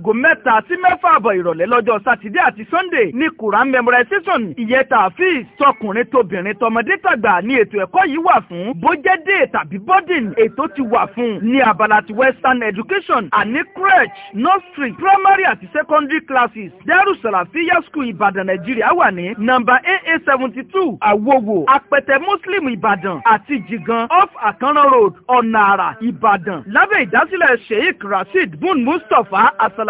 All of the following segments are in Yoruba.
aago mẹ́ta sí mẹ́fà àbọ̀ ìrọ̀lẹ́ lọ́jọ́ sátidé àti sunday ní quran memorization ìyẹn tààfíìs tọkùnrin tóbìnrin tọmọdé tàgbà ní ètò ẹ̀kọ́ yìí wà fún bójẹ́dé tàbí boarding ètò ti wà fún ní abala ti western education àní crèche nursery primary àti secondary classes dẹ́rù sàlàfíà school ìbàdàn nàìjíríà wà ní nọ́mbà aa seventy two àwòwò apẹtẹ muslim ìbàdàn àti jigan off àkànrán road ọ̀nà àrà ìbàdàn lábẹ́ ìdásílẹ̀ sheikh rasheed bun mustapha asala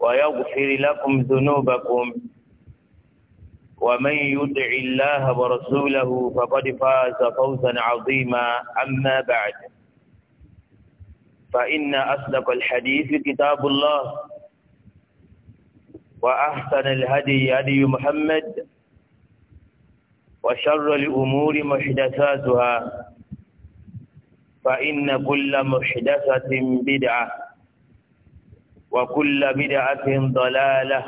ويغفر لكم ذنوبكم ومن يدع الله ورسوله فقد فاز فوزا عظيما أما بعد فإن أصدق الحديث كتاب الله وأحسن الهدي هدي محمد وشر الأمور محدثاتها فإن كل محدثة بدعة وكل بدعة ضلالة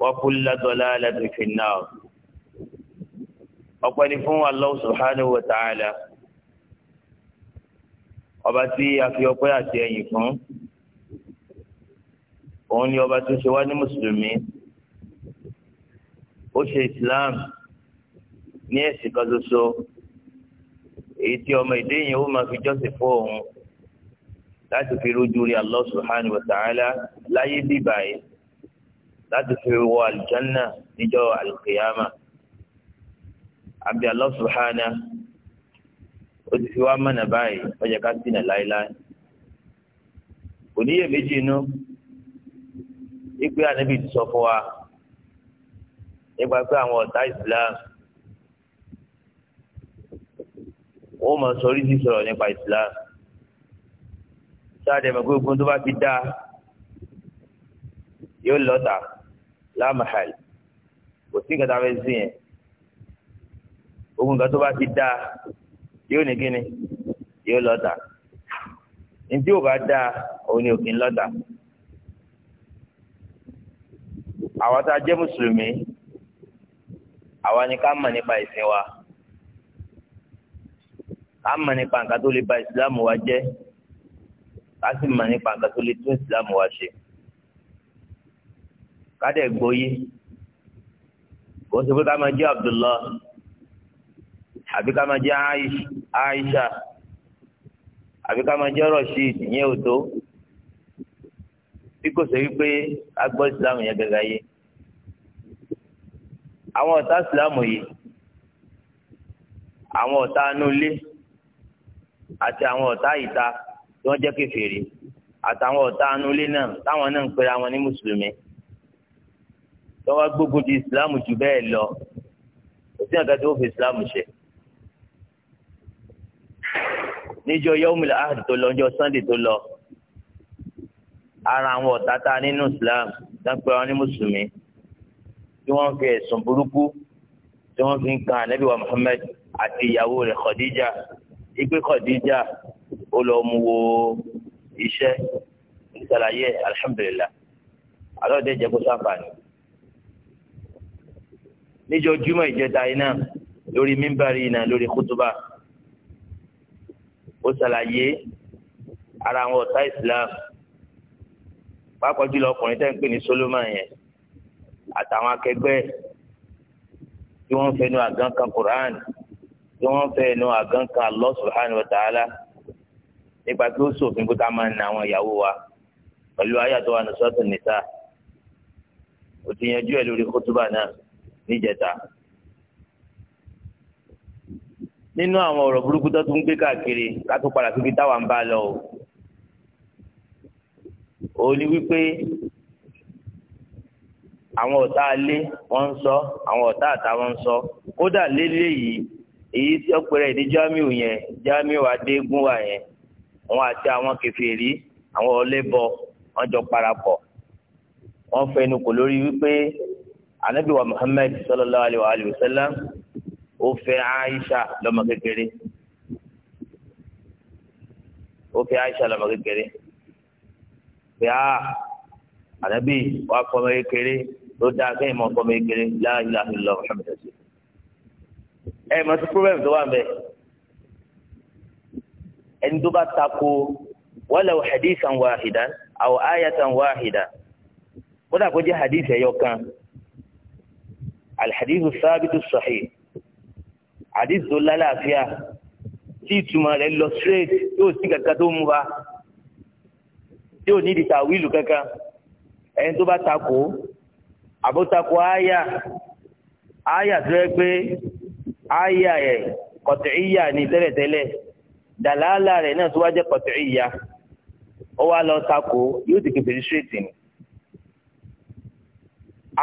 وكل ضلالة في النار ọpẹ́ ni fún Allah subhanahu wa ta'ala ọba tí a fi ọpẹ́ àti ẹ̀yìn fún òun ni ọba tó ṣe wá ní mùsùlùmí ó ṣe islam ní ẹ̀sìn kan ṣoṣo èyí tí ọmọ ìdí yìí ó máa fi jọ́sìn fún òun láti fi rojú rí Allah subhanahu wa ta'ala láyé bíbá yìí láti fi wọ aljanna níjọ́ alqiyama àbí Allah subhanahu ó ti fi wá mọ̀nà báyìí ọjà ká sínà láéláé kò níyè méjì inú ìgbé ànábì ti sọ fún wa nípa pé àwọn ọ̀tá Islam wọ́n mọ̀ sọ ti sọ̀rọ̀ nípa Islam táàdì ẹ̀mọ̀ gbogbo tó bá ti dá yóò lọ́ta lámàhàlì kò sí nǹkan tá a yẹn gbogbo nǹkan tó bá ti dá yóò ní kíni yóò lọ́ta ntí ò bá dá òun ni òkè ńlọ́ta àwọn tá a jẹ́ mùsùlùmí àwa ni ká mọ̀ nípa ìsìn wa ká mọ̀ nípa nǹkan tó lè ba ìsìlámù wa jẹ́ ká sì mọ̀ nípa nǹkan tó lè tún ìsìlámù wa ṣe ká dẹ̀ kò ń pé ká máa jẹ́ Abdullah àbí ká máa jẹ́ Aisha àbí ká máa jẹ́ Rashid ìyẹn ò tó bí kò sọ wípé a gbọ́ ìsìlámù yẹn gẹ́gẹ́ yé àwọn ọ̀tá ìsìlámù yìí àwọn ọ̀tá anú ilé àti àwọn ọ̀tá ìta tí wọ́n jẹ́ kèfèrí àtàwọn ọ̀tá anulé náà táwọn náà ń pera wọn ní mùsùlùmí tó wá gbógun ti ìsìláàmù jù bẹ́ẹ̀ lọ kò sí àgbà tí ó fi ìsìláàmù ṣe. níjọ yọmùlẹ ahad tó lọ níjọ sunday tó lọ ara àwọn ọ̀tá tá nínú islam tó ń pera wọn ní mùsùlùmí tí wọ́n fi ẹ̀sùn burúkú tí wọ́n fi ń kan ànábì wa muhammed àti ìyàwó rẹ̀ khadija ìpè khadija ó lọ mú wo iṣẹ́ nísàlàyé alihamudulilayi alọ́ọ̀dẹ́ jẹ́ kó sáfàní. níjọ júmọ̀ ìjẹta iná lórí mímbàrí iná lórí kútúbà ó ṣàlàyé ara àwọn ọ̀tá islam pápá jùlọ ọkùnrin tẹ́ ń pè ní solomon yẹn àtàwọn akẹgbẹ́ tí wọ́n ń fẹnu àgán kan quran tí wọ́n ń fẹnu àgán kan Allah subhanahu wa nípa pé ó ṣòfin kó tá a máa na àwọn ìyàwó wa pẹ̀lú ayàtọ̀ wa nùsọ́tò nìta ó ti yanjú ẹ̀ lórí kótóbà náà níjẹta. nínú àwọn ọ̀rọ̀ burúkú tó tún gbé káàkiri ká tó padà síbi táwa ń bá lọ o òun ni wípé àwọn ọ̀tá alé wọ́n ń sọ àwọn ọ̀tá àtà wọ́n ń sọ kódà lélẹ́yìí èyí tí ọ̀pẹ̀rẹ̀ ní jamiu yẹn jamiu adégúnwà yẹn òun àti àwọn kèfèrí àwọn ọlẹ́bọ wọ́n jọ parapọ̀ wọ́n fẹnu kò lórí wípé anabi wa muhammed sallallahu alayhi wa alayhi wa sallam ó fẹ́ aisha lọ́mọ kékeré ó fẹ́ aisha lọ́mọ kékeré pé a anabi wa fọmọ kékeré ló dáa kẹ́yìn mọ́ fọmọ kékeré la ilaha illallah muhammed ẹ̀ mọ̀ sí problem tó wà bẹ́ẹ̀ ẹni tó bá tako walau hadithan wahidan aw ayatan wahida kódà kó jẹ́ hadith ẹ̀yọ kan alhadithu sábìtú sahih hadith tó lálàáfíà tí ìtumọ̀ rẹ̀ lọ straight yóò sí kankan tó mú wa tí ò ní di tàwílù kankan ẹni tó bá tako àbótakò àyà àyà tó yẹ pé àyà ẹ̀ kọ̀tẹ̀ ìyà ní tẹ́lẹ̀tẹ́lẹ̀ dàlàálà rẹ̀ náà tó wá jẹ́ pọ̀tẹ́ ìyá ó wá lọ takò yóò ti kẹfẹ́ ṣètì ni.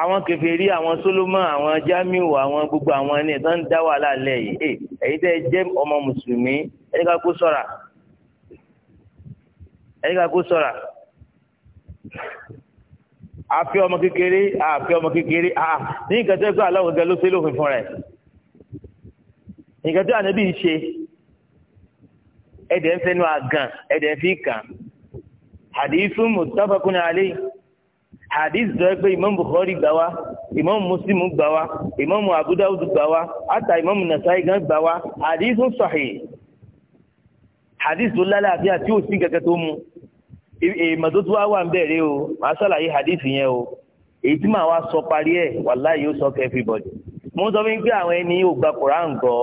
àwọn kẹfẹ́ rí àwọn Solomon àwọn Jamiu àwọn gbogbo àwọn ẹni tó ń dá wàhálà lẹ̀ yìí eh, ẹ̀yin tẹ́ ẹ jẹ́ ọmọ mùsùlùmí ẹ̀yin ká kó sọ̀ra ẹ̀yin ká kó sọ̀ra àfi ọmọ kékeré àfi ọmọ kékeré àà ní ìkẹtẹ́ sọ aláwọ̀ gẹ ló ṣe lófin fún rẹ̀ ìkẹtẹ́ ànábì ṣe ẹ̀dẹ̀ ń fẹ́nu àgàn ẹ̀dẹ̀ fi kàn hadithu muttafaqun alayhi hadith dọ̀ pé imam bukhari gbà wá imam muslim gbà wá imam abu dawud gbà wá ata imam nasai gan gbà wá hadithu sahih hadith tó lálàáfíà tí ò sí kẹ̀kẹ́ tó mu èèmọ̀ tó tún wá wà ń bẹ̀rẹ̀ o màá ṣàlàyé hadith yẹn o èyí tí màá wá sọ parí ẹ̀ wàláhì yóò sọ everybody mo sọ fún yín àwọn ẹni ò gba koran gbọ́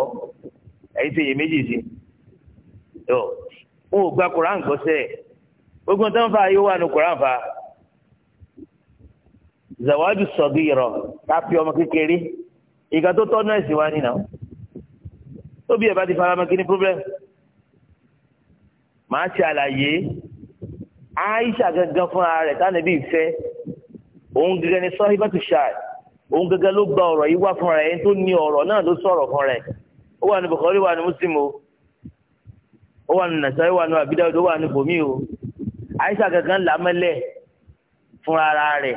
ẹ̀yin ti yè méjì sí ọ wọn ò gba koran gbọ́ gbogbo tó ń fa wà ní koran fa zawadu sọ̀bí yọrọ ọmọ kékeré ìgbà tó tọ́ náà sì wá nínà tóbi ẹ̀ bá ti fara mọ́ ni problem màá ṣe àlàyé aisha gangan fúnra rẹ̀ tánàbí ìfẹ́ òun gẹ́gẹ́ ni sọ́híbàtú ṣáàì òun ló gba ọrọ yìí wá fúnra tó ní náà ló fúnra ó wà ní ó wà nù nàṣà ó wà nù àbídá ó wà nù bòmí o àyíṣà kankan làmẹlẹ fúnra rẹ̀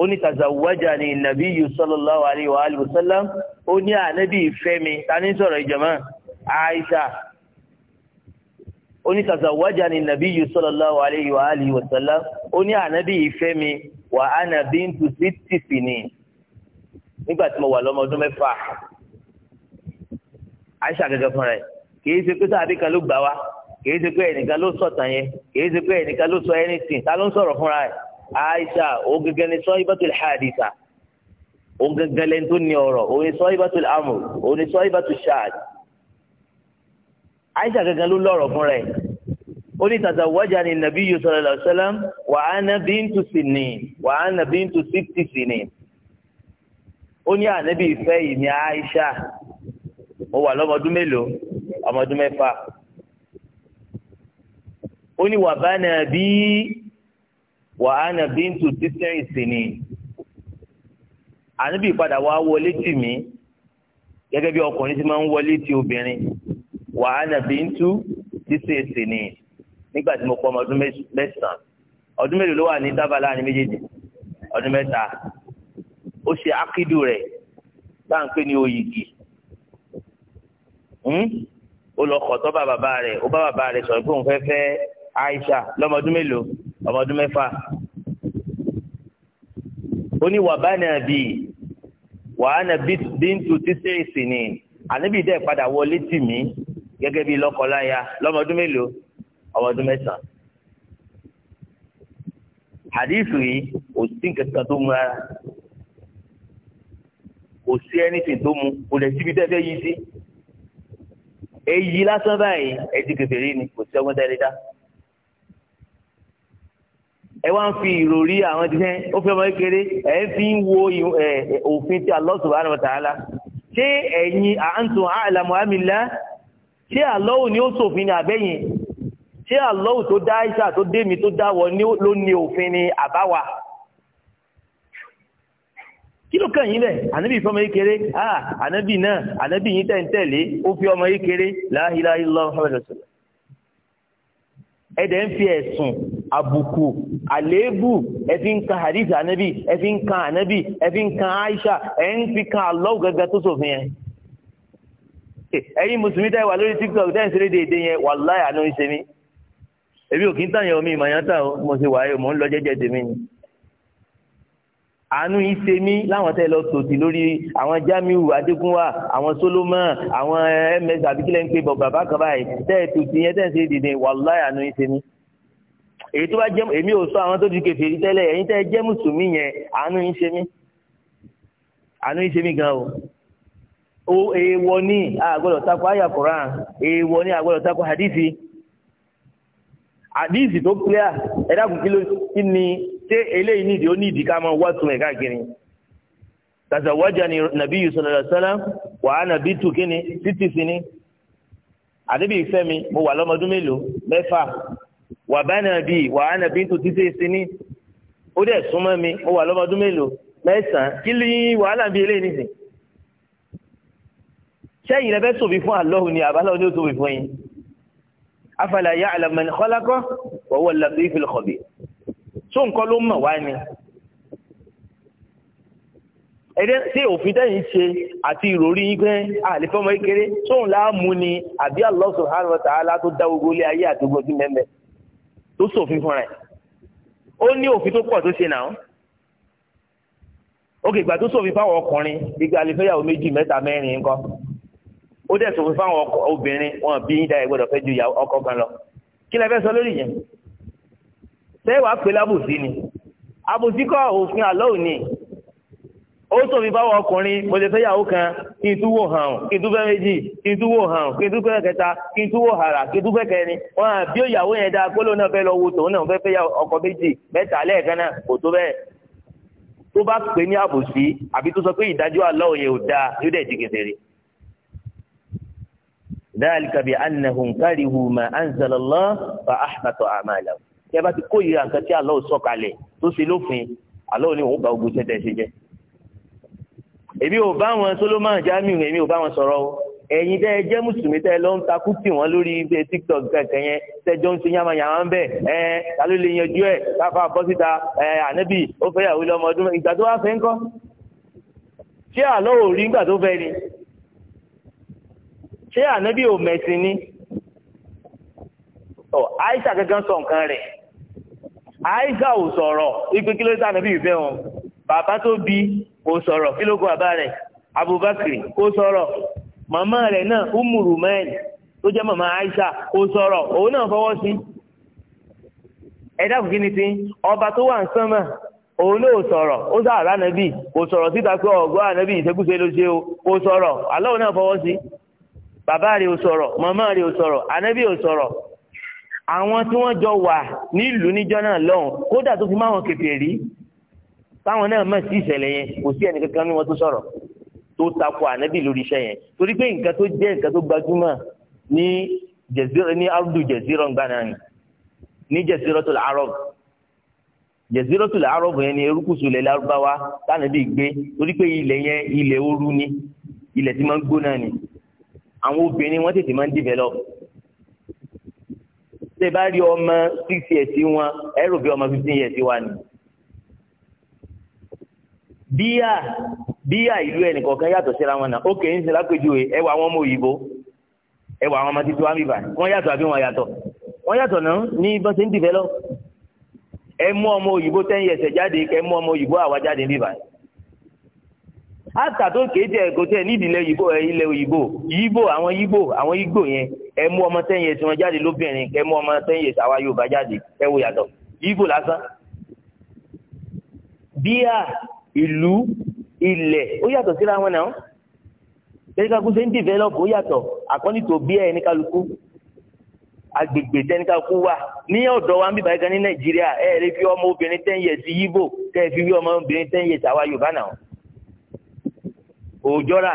ó ní tazawwaja ni nabiyyu sallallahu alayhi wa alihi wa sallam ó ní ànábì ìfẹ́ mi ta ní sọ̀rọ̀ ìjọba àyíṣà ó ní tazawwaja ni nabiyyu sallallahu alayhi wa alihi wa sallam ó ní ànábì ìfẹ́ mi wa ana bintu sitti sinin nígbà tí mo wà lọ́mọ ọdún mẹ́fà àyíṣà gẹ́gẹ́ fúnra rẹ̀ kìí ṣe pé sáà bíkan ló gbà wá kìí ṣe pé ẹnìkan ló sọ̀tàn yẹn kìí ṣe pé ẹnìkan ló sọ anything ta ló ń sọ̀rọ̀ fúnra ẹ̀ Aisha ogege ni sọ ibatul hadisa ogege lẹ́ni tó ní ọ̀rọ̀ òun sọ ibatul amr òun sọ ibatul shad Aisha gangan ló lọ́rọ̀ fúnra ẹ̀ ó ní tazawwaja ni nabiyyu sallallahu alaihi wasallam wa ana bintu sinin wa ana bintu sitti sinin ó ní ànábì ìfẹ́ yìí ní Aisha ó wà lọ́mọdún mélòó ọmọdún mẹ́fà ó ní wàbá náà bí wàhánà bíntu títẹ́ ìsìnì àníbì padà wá wọlé tì mí gẹ́gẹ́ bí ọkùnrin ti máa ń wọlé ti obìnrin wàhánà bíntu títẹ́ ìsìnì nígbà tí mo pọ́ ọmọ ọdún mẹ́sàn-án ọdún mélòó ló wà ní dábàá láàrin méjèèjì ọdún mẹ́ta ó ṣe ákídù rẹ̀ bá ń pè ní ó lọ kọ̀ tọ́ba bàbá rẹ̀ ó bá bàbá rẹ̀ sọ̀rọ̀ pé òun fẹ́ fẹ́ Aisha lọ́mọdún mélòó ọmọdún mẹ́fà ó ní wàbá náà bì wàhánà bíntu tíṣẹ́ ìsìnì àníbi dẹ́ padà wọlé tì mí gẹ́gẹ́ bí lọ́kọláya lọ́mọdún mélòó ọmọdún mẹ́sàn-án yìí kò sí kankan tó mu rárá kò sí ẹnìtì tó mu kò lè síbi tẹ́tẹ́ yìí sí èyí lásán báyìí ẹ̀dí kèfèrí ni kò sí ọgbọ́n tẹ́lẹ̀ dá ẹ wá ń fi ìròrí àwọn ti sẹ́n ó fi ọmọ kékeré ẹ̀ fi ń wo òfin tí Allah subhanahu wa ta'ala ṣé ẹ̀yin àǹtùn àlàmù àmìlá ṣé Allah ni ó ṣòfin ní àbẹ́yìn ṣé Allah tó dá Aisha tó dé mi tó dá wọ ló ní òfin ní àbáwá kí ló kàn Anabi bẹ́ẹ̀ ànábì fọmọ yìí kéré ah ànábì náà ànábì yìí tẹ̀ ń tẹ̀lé ó fi ọmọ yìí kéré la ilaha illallah muhammadur rasulullah. ẹ̀dẹ̀ ń fi ẹ̀sùn àbùkù àléébù ẹ fi ń kan hadith ànábì ẹ fi kan ànábì ẹ fi kan aisha ẹ ń fi kan Allah gẹ́gẹ́ tó sòfin yẹn. ẹ̀yin mùsùlùmí tẹ́ wà lórí tiktok tẹ́ ń ṣeré déédé yẹn wàláyà ló ń ṣe mí. èmi ò kí omi ìmọ̀ yẹn tàn mo ṣe wáyé mò ń lọ jẹ́jẹ́ tèmi ni àánú yìí ṣe mí láwọn tẹ́ lọ sòtì lórí àwọn Jamiu Adégúnwà àwọn Solomon àwọn eh, ms abikilẹ̀ ń pè bọ̀ bàbá kan báyìí tẹ́ ẹ tòtì yẹn tẹ́ ẹ ṣe dìde wàláì àánú yìí ṣe mí. èyí tó bá jẹ́ èmi ò sọ àwọn tó di kèfèrí tẹ́lẹ̀ ẹ̀yin tẹ́ ẹ jẹ́ mùsùlùmí yẹn àánú yìí àánú yìí gan o o èèwọ̀ ni àgbọ̀dọ̀ takò àyà Quran èèwọ̀ ni àgbọ̀dọ̀ takò hadithi hadithi tó clear ẹ̀dá kùkí ló ti ní ṣé eléyìí nídìí ó nídìí ká máa wá tún ẹ̀ káàkiri tàzàwájà ni nàbí yusuf alasala wàá nàbí tukini títí sini àdébí ìfẹ́mi mo wà lọ́mọdún mélòó mẹ́fà wà bá nàbí wàá nàbí tu títí sini ó dẹ̀ súnmọ́ mi mo wà lọ́mọdún mélòó mẹ́sàn-án kí ni wàhálà bíi eléyìí nìsín sẹ́yìn lẹ́fẹ́ sòbí fún Allahu ni àbálọ́ ni ó sòbí fún yín afala ya'lamu man khalaqa wa huwa al tó nǹkan ló mọ̀ wá ni ẹdẹ ṣé òfin tẹ̀yìn ṣe àti ìròrí yín pé àlè fọmọ kékeré tóun láà mú ni àbí Allah subhanahu wa ta'ala tó dá gbogbo ilé ayé àti gbogbo mẹ́mẹ́ tó ṣòfin fún rẹ̀ ó ní òfin tó pọ̀ tó ṣe náà ó kìgbà tó ṣòfin fáwọn ọkùnrin gbígbé àlefẹ́yàwó méjì mẹ́ta mẹ́rin ńkọ́ ó dẹ̀ ṣòfin fáwọn obìnrin wọn bí yín dáyẹ̀ gbọ́dọ̀ fẹ́ ju ọkọ kan lọ kí lẹ fẹ́ sọ lórí yẹn sẹ́wà pé lábùsí ni àbùsí kọ́ òfin àlọ́ òní ó tóbi báwọn ọkùnrin mo lè fẹ́yàwó kan kí n túwò hàn kí n túfẹ́ méjì kí n túwò hàn kí n túfẹ́ kẹta kí n túwò hàrà kí n túfẹ́ kẹrin wọn hàn bí òyàwó yẹn dáa pélò náà fẹ́ lọ wo tòun náà fẹ́ fẹ́ yà ọkọ méjì mẹ́ta lẹ́ẹ̀kan náà kò tó bẹ́ẹ̀ tó bá pè ní àbòsí àbí tó sọ pé ìdájọ́ àlọ́ òye ò dáa yóò dẹ̀ di kẹsẹ̀rẹ́. dáàlì kàbí anahùn kárìhù mà anzalallah fa ahbata àmàlàwò tí a bá ti kórìíra nǹkan tí Allah sọ kalẹ̀ tó ṣe lófin Allah ni òun gba ogun tẹ́tẹ́ ṣe jẹ́ èmi ò bá wọn Solomon Jamiu èmi ò bá wọn sọ̀rọ̀ o ẹ̀yin tẹ́ ẹ jẹ́ mùsùlùmí tẹ́ ẹ lọ ń takú tì wọ́n lórí tiktok kẹ̀kẹ́ yẹn tẹ́jọ́ ń ṣe yamayama ń bẹ̀ ẹ ta ló lè yanjú ẹ̀ káfa bọ́ síta ẹ ànábì ó fẹ́ yàwó lọ́mọ ọdún ìgbà tó wá fẹ́ ń kọ́ ṣé àlọ́ ò rí nígbà tó fẹ́ ni ṣé ànábì ò mẹ̀sìn ni ọ àìsà kankan sọ nǹkan rẹ̀ àìsà ò sọ̀rọ̀ ipe kí ló sànà bí ìfẹ́ wọn bàbá tó bi ò sọ̀rọ̀ kí ló kó bàbá rẹ̀ Abubakar kò sọ̀rọ̀ màmá rẹ̀ náà Umu tó jẹ́ màmá àìsà sọ̀rọ̀ òun náà fọwọ́ sí ẹ̀dá ti ọba tó wà ń sánmà òun náà sọ̀rọ̀ ó sọ̀rọ̀ síta pé ọ̀gọ́ ló ṣe o kò sọ̀rọ̀ náà fọwọ́ sí bàbá rẹ̀ àwọn tí wọ́n jọ wà nílùú níjọ́ náà lọ́hùn kódà tó fi máa wọn kẹfẹ́ rí táwọn náà mọ̀ sí ìṣẹ̀lẹ̀ yẹn kò sí ẹnì kankan ní wọn tó sọ̀rọ̀ tó takò ànábì lórí iṣẹ́ yẹn torí pé nǹkan tó jẹ́ nǹkan tó gbajúmọ̀ ní jẹ̀zírọ̀ ní arúdù jẹ̀zírọ̀ ń gbà náà ni ní jẹ̀zírọ̀ tó làárọ̀ jẹ̀zírọ̀ tó làárọ̀ yẹn ni erékùsù ilẹ̀ lárúbáwá tánàbì gbé torí pé ilẹ̀ yẹn ilẹ̀ ooru ni ilẹ̀ tí máa ń gbóná ni àwọn obìnrin wọ́n tètè máa ń develop tẹ bá rí ọmọ six years wọn ẹ rò bí ọmọ fifteen years wà ní. bíyà bíyà ìlú ẹnìkọ̀ọ̀kan yàtọ̀ síra wọn náà ó kè é ń sin lápèjúwe ẹ wà wọn mọ òyìnbó ẹ wà wọn ọmọ títí wọn bíbà wọn yàtọ̀ àbí wọn yàtọ̀ wọn yàtọ̀ náà ní bọ́n ṣe ń develop ẹ mú ọmọ òyìnbó ten years jáde kẹ mú ọmọ òyìnbó àwa jáde bíbà àtà kéde ẹ̀kọ́ tẹ̀ ní òyìnbó ilẹ̀ òyìnbó yíbò àwọn yíbò àwọn igbó yẹn ẹ mú ọmọ ten years wọn jáde lóbìnrin ẹ mú ọmọ ten years àwa jáde ẹ wò yàtọ̀ Ìgbò lásán bíà ìlú ilẹ̀ ó yàtọ̀ síra wọn náà tẹnikaku ṣe ń develop ó yàtọ̀ àkọ́nìtò bíà ẹni kálukú agbègbè tẹnikaku ní wa ń bíbá ní Nàìjíríà lè fi ọmọ obìnrin ẹ fi wí ọmọ obìnrin àwa Yorùbá náà òòjọ́ra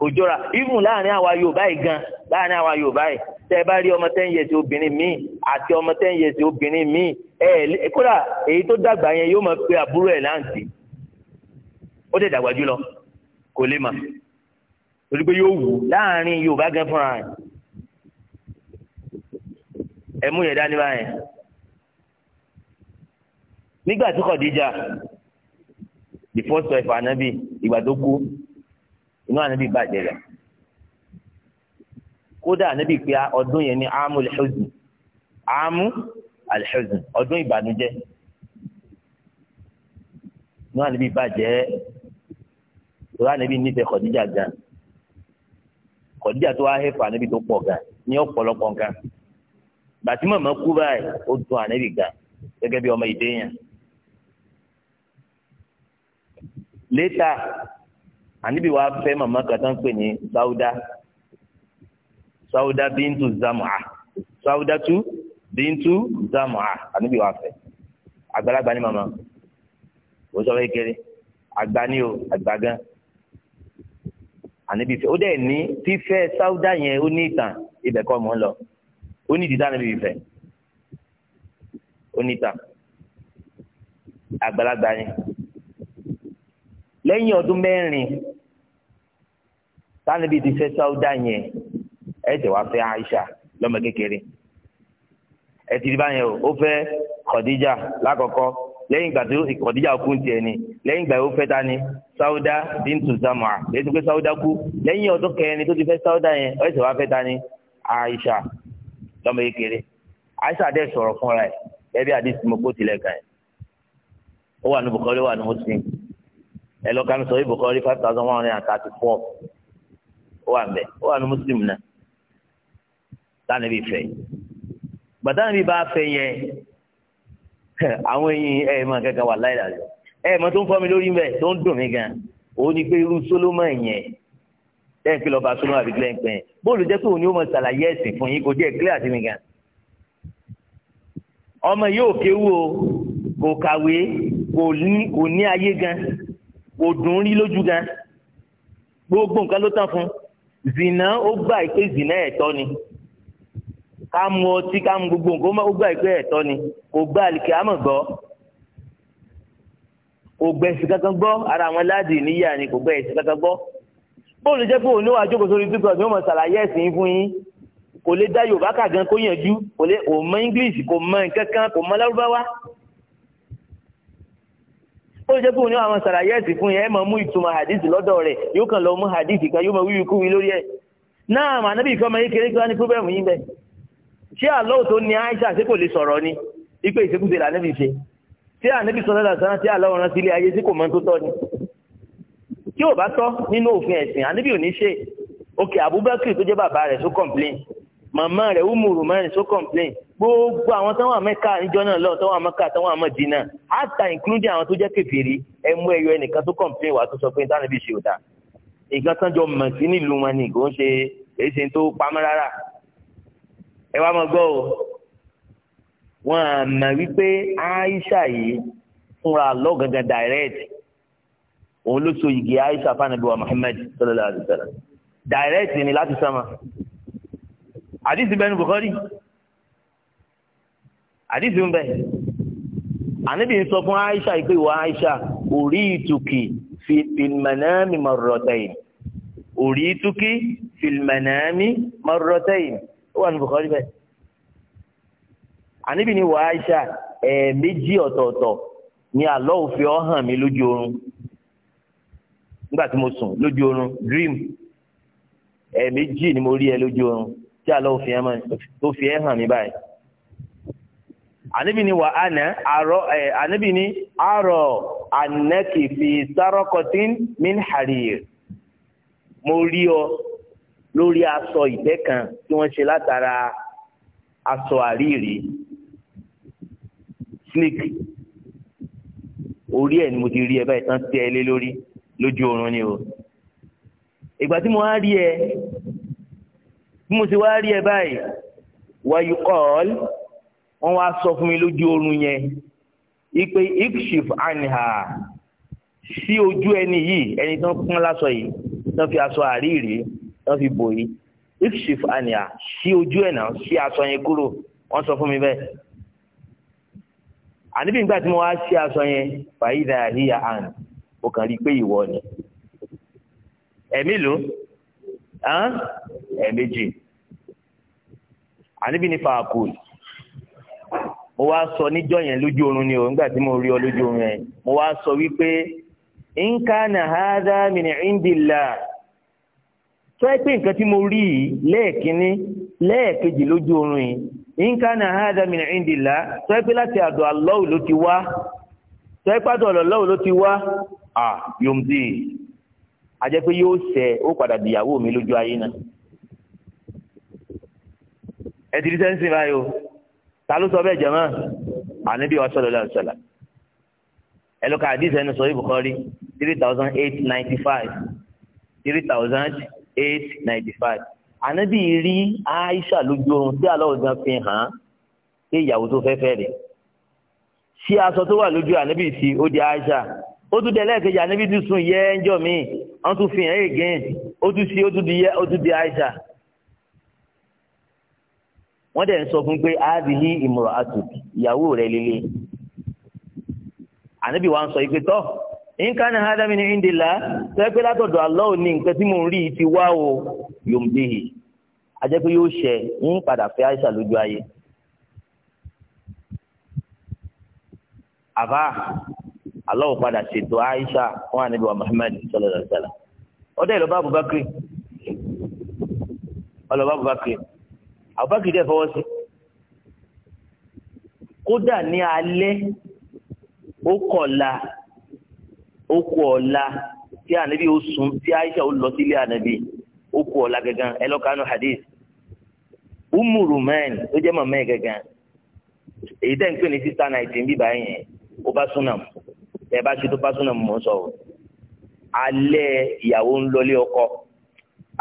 òjọra even láàrin àwa Yorùbá yìí gan láàrin àwa Yorùbá yìí tẹ ẹ bá rí ọmọ ten years obìnrin míì àti ọmọ ten years obìnrin míì ẹ kódà èyí tó dàgbà yẹn yóò máa pe àbúrò ẹ̀ láǹtì ó dẹ̀ dàgbà jùlọ kò lè mà torí pé yóò wù láàrin Yorùbá gan fúnra rẹ̀ ẹ mú yẹn dání báyẹn nígbà tí Khadija the first wife Ànábì ìgbà tó kú inú ànábì bàjẹ́ rẹ̀ kódà ànábì pé ọdún yẹn ní àmú al-huzn àmú al-huzn ọdún ìbànújẹ́ inú ànábì bàjẹ́ torí ànábì nífẹ̀ẹ́ Khadija gan Khadija tó wá hẹ́fà ànábì tó pọ̀ gan ní ọ̀pọ̀lọpọ̀ nǹkan bàtí màmá kú báyìí ó dùn ànábì gan gẹ́gẹ́ bí ọmọ ìdẹ́yìn létà àníbi wàá fẹ́ màmá kan tó ń pè ní sáúdà sáúdà bintu zamua sáúdà tú bíntu zamua àníbi wàá fẹ́ àgbàlagbà ni màmá kò sọ fẹ́ kéré àgbà ni o àgbà gan àníbi fẹ́ ó dẹ̀ ní fífẹ́ sáúdà yẹn ó ní ìtàn ibẹ̀ kọ́ mọ́ ń lọ ó ní ìdíjà níbi ìfẹ́ ó ní ìtàn àgbàlagbà yẹn lẹ́yìn ọdún mẹ́rin tánibí ti fẹ́ sáúdà yẹn ẹ tẹ̀ wá fẹ́ Aisha lọ́mọ kékeré ẹ ti rí báyẹn o ó fẹ́ Khadija lákọ̀ọ́kọ́ lẹ́yìn ìgbà tó Khadija kú tiẹ̀ ni lẹ́yìn ìgbà yẹn ó fẹ́ ta ni sáúdà bíntu Zam'a lẹ́yìn tó fẹ́ sáúdà kú lẹ́yìn ọdún kẹrin tó ti fẹ́ sáúdà yẹn ẹ tẹ̀ wá fẹ́ ta Aisha lọ́mọ kékeré Aisha dẹ̀ sọ̀rọ̀ fúnra ẹ̀ ẹbí adi mo kó tilẹ̀ kàn ẹ̀ ó wà ní Bukhari wà ní Muslim ẹ lọ kánú sọ yìí Bukhari five thousand one hundred and thirty four ó wà mbẹ ó wà ní Muslim náà táwọn ibi fẹ gbàtà níbi bá fẹ yẹ àwọn ẹyin ẹ máa kẹkẹ wà láyé lálẹ́ ẹ mọ tó ń fọ mi lórí mbẹ tó ń dùn mí gan òun ni pé irú Solomon yẹn ẹ fi lọ́ba súnmọ́ àbí gbẹ̀ngbẹ̀ bóòlù jẹ́ pé òun ni ó mọ ṣàlàyé ẹ̀sìn fún yín kò jẹ́ ìpínlẹ̀ àti nìkan. ọmọ yóò kéwu o kò kàwé kò ní ayé gan kò dùn rí lójú gan gbogbo nǹkan ló tán fún zina ó gbà pé zina ẹ̀tọ́ ni ká mu ọtí ká mu gbogbo nǹkan ó gbà pé ẹ̀tọ́ ni kò gbà àlìkè àmọ̀ gbọ́ kò gbẹ ẹ̀sìn kankan gbọ́ ara àwọn aládì níyà ni kò gbẹ ẹ̀sìn kankan gbọ́ bóòlù jẹ́ pé òun ní wàá jókòó sórí tiktok ni ó mọ̀ ṣàlàyé ẹ̀sìn fún yín kò lè dá Yorùbá kà gan kó yànjú kò lè kò mọ̀ English kò mọ̀ nǹkan kò mọ̀ Lárúbáwá ó lè jẹ́ pé òun ní àwọn sàlàyé ẹ̀sìn fún yẹn ẹ̀ máa mú ìtumọ̀ hadith lọ́dọ̀ rẹ̀ yóò kàn lọ mú hadith kan yóò máa wíwí kúwí lórí ẹ̀ náà mà níbi ìfẹ́ ọmọ yìí kéré kí ní problem yín bẹ́ẹ̀ ṣé àlọ́ tó ní Aisha ṣé kò lè sọ̀rọ̀ ni ipe ìṣekúṣe là níbi ìṣe ṣé àníbi sọ̀rọ̀ là sọ́nà tí àlọ́ ọ̀ràn sílé ayé tí kò mọ tó tọ́ ni tí ò bá tọ́ nínú òfin ẹ̀sìn àníbi ò ní ṣe òkè gbogbo àwọn tó wà mẹ́ka níjọ́ náà lọ́wọ́ tó wà mẹ́ka tó wà mẹ́dínà àtà ìnkúlùdì àwọn tó jẹ́ kèfèrí ẹ mú ẹyọ ẹnìkan tó kọ̀m̀pín wà tó sọ pé nítorí ṣe ò dá ìgbà kan jọ mọ̀ sí nílùú wọn ni kò ń ṣe èyí ṣe tó pamọ́ rárá ẹ wá mọ gbọ́ o wọn à mọ̀ wípé Aisha yìí fúnra lọ́ gangan direct òun ló so igi Aisha fanabi wa Muhammad sallallahu alaihi wasallam direct ni láti sánmà àdìsí bẹ́ẹ̀ ni Bukhari àdìsí ń bẹ ànábì ń sọ fún Aisha ìpè wọ Aisha orí ìtùkì fìlmẹ̀nàmì mọ̀rọ̀tẹ̀yìn orí ìtùkì fìlmẹ̀nàmì mọ̀rọ̀tẹ̀yìn ó wà ní Bukhari bẹ́ẹ̀ ànábì ní wọ Aisha ẹ̀ẹ̀méjì ọ̀tọ̀ọ̀tọ̀ ni àlọ́ òfin ọ̀ hàn mí lójú oorun nígbà tí mo sùn lójú oorun dream ẹ̀ẹ̀méjì ni mo rí ẹ lójú oorun tí àlọ́ òfin ẹ̀ hàn mí báyìí ànábì ni wà ánà àrọ̀ ànábì ni àrọ̀ ànẹ́kì fi sárọ́kọtín min harir mo rí ọ lórí aṣọ ìtẹ́ kan tí wọ́n ṣe látara aṣọ àríyìí slick orí ẹ̀ ni mo ti rí ẹ báyìí tán tẹ́ ẹ lé lórí lójú ni o ìgbà tí mo wá rí ẹ mo ti wá rí ẹ báyìí wáyú kọ́ọ̀lù wọ́n wá sọ fún mi lójú oorun yẹn ipe ikshif anha sí ojú ẹni yìí ẹni tó ń pọ́n lásọ yìí tó fi aṣọ àríìrí tó fi bò yìí ikshif anha sí ojú ẹ̀ náà sí aṣọ yẹn kúrò wọ́n sọ fún mi bẹ́ẹ̀ àníbi nígbà tí mo wá sí aṣọ yẹn fàyídà àríyá àn ó kàn rí i pé ìwọ ni ẹ̀mí ló ẹ̀ẹ́mẹ́jì àníbi ní fàákùlù mo wá sọ níjọ́ yẹn lójú oorun ni o nígbà tí mo rí ọ lójú oorun yẹn mo wá sọ wípé nkánà hádà min indillah tó ẹ pé nǹkan tí mo rí yìí lẹ́ẹ̀kínní lẹ́ẹ̀kejì lójú oorun yìí nkánà hádà min indillah tó ẹ pé láti àdó Allahu ló ti wá tó ẹ pé ló ti wá à yomdi àjẹ́ pé yóò ṣẹ ó padà dìyàwó mi lójú ayé náà ẹ ti di sẹ́ńsìn báyìí o ta ló sọ bẹ́ẹ̀ jẹ̀mọ́ ànábì wa sallallahu alaihi wasallam ẹ lọ́ka àdìsí ẹni sọ three thousand eight ninety five three thousand eight ninety five ànábì rí Aisha lójú oorun tí aláwọ̀ gan fi hàn án pé ìyàwó tó fẹ́ fẹ́ rẹ̀ sí aṣọ tó wà lójú ànábì sí ó di Aisha ó tún dé lẹ́ẹ̀kejì ànábì tún sùn yẹ́ ń jọ míì wọ́n tún fi hàn é gẹ́ẹ́ ó tún sí ó tún di Aisha wọ́n dẹ̀ ń sọ fún pé áàdìhí ìmọ̀ràn àtù ìyàwó rẹ̀ líle ànábì wa ń sọ ìpè tọ́ nǹkan náà ádámì ní ìndìlá tó yẹ pé látọ̀dọ̀ Allah ní nǹkan tí mò ń rí ti wá o yomdehi ajẹ́ pé yóò ṣẹ ń padà fẹ́ àìsà lójú ayé àbá Allah padà ṣètò àìsà fún ànábì wa Muhammad sallallahu alaihi wasallam ọdẹ ìlọba Abubakar ọlọba Abubakar. Abubakar dẹ̀ fọwọ́ sí kódà ní alẹ́ ó kọ̀la ó kú ọ̀la tí ànábì ó sùn tí Aisha ó lọ sílé ànábì ó kú ọ̀la gangan ẹ lọ́kàánú hadith umuru Ruman tó jẹ́ màmá ẹ̀ gangan èyí tẹ́ ń pè ní sista nineteen bíbá yẹn ó bá súnà mu ẹ bá ṣe tó bá súnà mu mọ̀ sọ̀rọ̀ ìyàwó ń ọkọ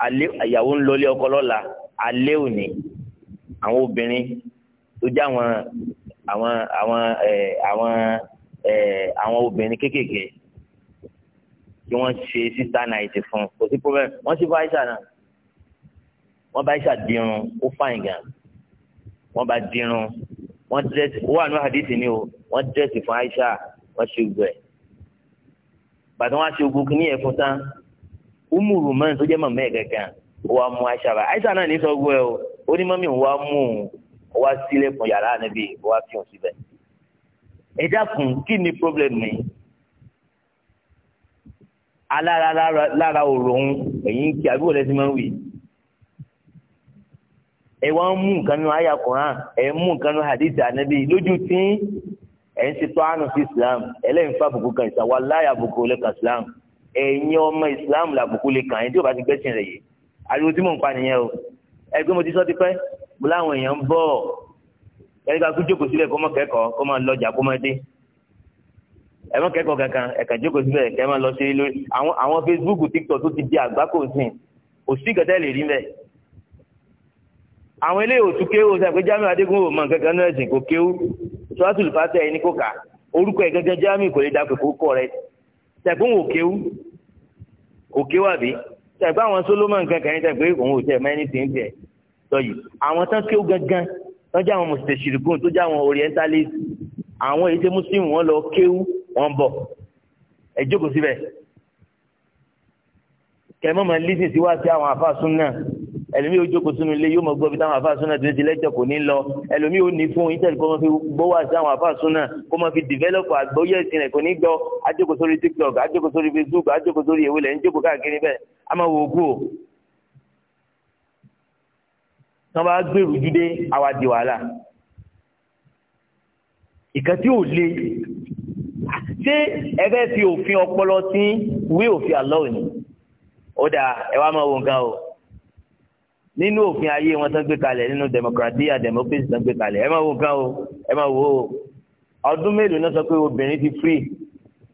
alẹ́ ìyàwó ń ọkọ lọ́la alẹ́ òní àwọn obìnrin tó jẹ́ àwọn àwọn àwọn àwọn àwọn obìnrin kéékèèké tí wọ́n ṣe sister night fún kò sí problem wọ́n sì bá Aisha náà wọ́n bá Aisha dirun ó fàyìn gan wọ́n bá dirun wọ́n dírẹ́sì ó wà ní hadith ni o wọ́n dírẹ́sì fún Aisha wọ́n ṣe gbọ́ ẹ̀ bàtà wọn aṣọ ogun kìíní yẹn fún tán Umu Ruman tó jẹ́ màmá ẹ̀ gẹ̀gẹ̀ ó wà mú Aisha bá Aisha náà ní sọ gbọ́ ẹ o onímọ̀mí wa mú un wá sílẹ̀kùn yàrá níbi wá fi hàn síbẹ̀ ẹ dákun kí ni problem mi alára lára òòrùn ẹ̀yìn kí àbí wọlé sí máa ń wì ẹ wá ń mú nǹkan nínú àyà Kùránì ẹ ń mú nǹkan nínú hadith ànábì lójú tí ẹ ń ṣetọ́ àánú sí Islam ẹlẹ́yìn fún àbùkù kan ìsàwọ̀ aláya àbùkù lè kan Islam ẹ̀yin ọmọ Islam làbùkù lè kàn yín tí o bá ti gbẹ́sìn rẹ̀ yìí ariwo tí mò nìyẹn o ẹgbẹ́ mo ti sọ́ ti pẹ́ mo láwọn èèyàn ń bọ̀ ẹni ká kú jókòó sílẹ̀ kó mọ̀ kẹ́kọ̀ọ́ kó máa lọ́jà kó máa dé ẹ mọ̀ kẹ́kọ̀ọ́ kankan ẹ̀ka jókòó sílẹ̀ kẹ́ máa lọ sí lórí àwọn àwọn Facebook TikTok tó ti di àgbákò sìn òsì kẹtẹ́ lè rí mẹ́ àwọn eléyìí òtún kéwò sàpé Jamiu Adégún ò mọ kankan náà ẹ̀sìn kò kéwò sọ́tùlù fàtẹ́ ẹni kò kà orúkọ ẹ̀ gẹ́gẹ́ Jamiu kò lè dapò kó kọ́ rẹ sẹ̀kún òkéwò òkéwò àbí tẹ̀gbọ́n àwọn Solomon kankan yìí tẹ̀gbọ́n òun ò tẹ̀ mọ́ ẹni tì ń tẹ̀ lọ́yìn àwọn tán kéwú gangan tán jẹ́ àwọn mùsùlùmí tó jẹ́ àwọn orientalist àwọn èyí tẹ́ muslim wọn lọ kéwú wọn bọ̀ ẹ jókòó síbẹ̀ kẹmọ́ máa lísì sí wá sí àwọn àfàsùn náà ẹlòmí yóò jókòó sínú ilé yóò mọ gbọ́ bí táwọn àfàsùn náà ti ń ti lẹ́jọ̀ kò ní lọ ẹlòmí yóò ní fún intanet kó máa fi gbọ́ wá sí àwọn àfàsùn náà kó máa fi dìvẹ́lọ́pù àgbọ́yé rẹ̀ kò ní gbọ́ ajókòó sórí tiktok ajókòó sórí facebook ajókòó sórí èwe lẹ́yìn jókòó káàkiri bẹ́ẹ̀ a máa wò kú o tí wọ́n bá gbèrú júdé àwa di wàhálà ìkan tí ò le ṣé ẹ fẹ́ fi òfin ọpọlọ sí wí òfin àlọ́ òní ó dáa ẹ wá máa wo nǹkan o nínú òfin ayé wọn tán gbé kalẹ̀ nínú democratia democracy tán gbé kalẹ̀ ẹ máa wo nǹkan o ẹ máa wo o ọdún mélòó náà sọ pé obìnrin ti free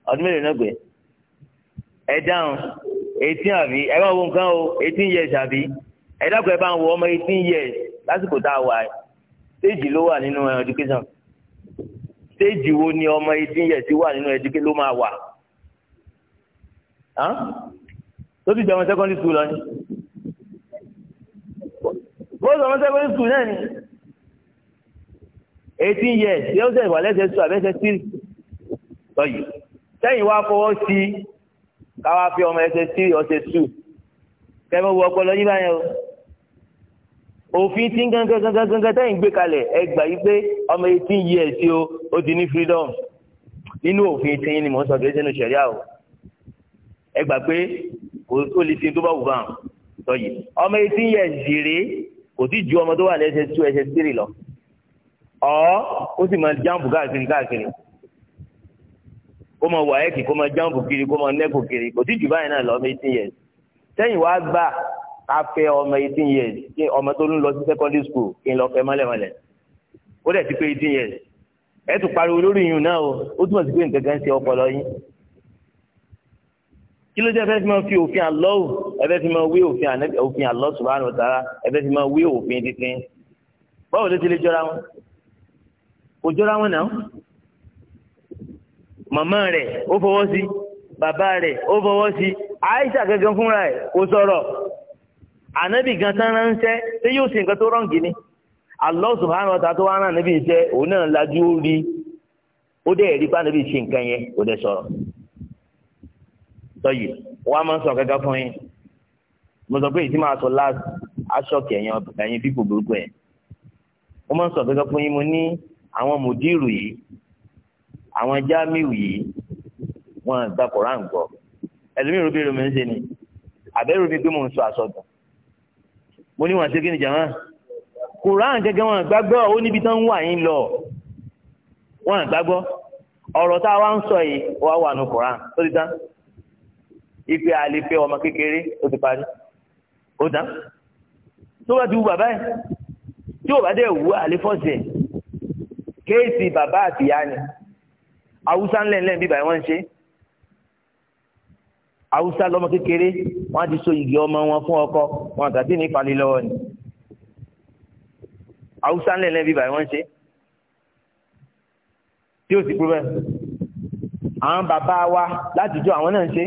ọdún mélòó náà gbé ẹ dáhùn eighteen àbí ẹ bá wo nǹkan o eighteen years àbí ẹ dákun ẹ bá ń wo ọmọ eighteen years lásìkò tá a wà ẹ stage ló wà nínú education stage wo ni ọmọ eighteen years wà nínú education ló máa wà tó ti jẹ́ ọmọ secondary school lọ ni bóyá ọmọ secondary school náà ni eighteen years yóò ṣe ìwà lẹ́sẹ̀ sùn àbẹ́sẹ̀ sí lọ́yìí sẹ́yìn wá fọwọ́ sí i káwá fi ọmọ ẹsẹ tí ọsẹ tù kẹmẹ wọ ọpọlọ yín báyẹn o òfin tí gángan gángan gángan tẹ́yìn gbé kalẹ̀ ẹ gbà yí pé ọmọ eighteen years tí o ó ti ní freedom nínú òfin tí ni mò ń sọ kìí sínú ṣẹ̀ríà o ẹ gbà pé kò tó lè ṣe tó bá wù bá hàn sọyìí ọmọ eighteen years jèrè kò tí ju ọmọ tó wà ní ẹsẹ ẹsẹ three lọ ọ ó sì máa jáàmù káàkiri káàkiri kó máa wà ẹ́kì kó máa jáǹpù kiri kó máa nẹ́kù kiri kò sí jù báyìí náà lọ ọmọ eighteen years sẹ́yìn wá gbà ká fẹ́ ọmọ eighteen years kí ọmọ tó ń lọ sí secondary school kí n lọ fẹ́ mọ́lẹ̀mọ́lẹ̀ ó dẹ̀ ti pé eighteen years ẹ tún pariwo lórí yìnyín náà o ó túmọ̀ sí pé nǹkan kan ń ṣe ọpọlọ yín kí ló jẹ́ fẹ́ fi máa fi òfin àlọ́ o ẹ̀fẹ́ fi máa wé òfin òfin àlọ́ subhanahu wa ta'ala ẹ̀fẹ́ fi máa wé òfin títí báwo ló ti lè jọra wọn kò jọra wọn náà Mama rẹ̀ ó fọwọ́ sí bàbá rẹ̀ ó fọwọ́ sí Aisha gẹ́gẹ́ fúnra ẹ̀ kò sọ̀rọ̀ ànábì gan tán ránṣẹ́ ṣé yóò ṣe nǹkan tó rọǹgì ni Allah subhanahu wa ta'ala tó wá rán ànábì iṣẹ́ òun náà lajú ó rí ó dẹ̀ rí bá ànábì ṣe nǹkan yẹn kò dẹ̀ sọ̀rọ̀ tọ́yì wọ́n á máa ń sọ gẹ́gẹ́ fún yín mo sọ pé ìdí máa sọ láti aṣọ́ọ̀kì ẹ̀yìn ẹ̀yìn fífò burúkú ẹ̀ wọ́n máa sọ gẹ́gẹ́ fún yín mo ní àwọn mòdìrú yìí àwọn jamiu yìí wọn gba koran gbọ́ ẹlòmíì rúbi rúmi ń ṣe ni àbẹ́rù mi pé mò ń sọ àsọdùn mo ní wọn ṣe kí ni jàmá koran gẹ́gẹ́ wọn gbàgbọ́ ó níbi tán ń wà yín lọ wọn gbàgbọ́ ọ̀rọ̀ tá a wá ń sọ yìí wà wà nù koran tó ti tán ife àlefe ọmọ kékeré ó ti parí ó tán tó bá ti wù bàbá yẹn tí ò bá dẹ̀ wù àlefọ́sẹ̀ kéèsì bàbá àtìyá ni haúsá ńlẹ̀ ńlẹ̀ bíbá wọn ń ṣe haúsá lọ́mọ kékeré wọn á ti so igi ọmọ wọn fún ọkọ wọn àtàtì ní ìpalẹ̀ lọ́wọ́ ni haúsá ńlẹ̀ ńlẹ̀ bíbá wọn ń ṣe tí ó sì kú bẹ́ẹ̀ àwọn bàbá wa látijọ́ àwọn náà ń ṣe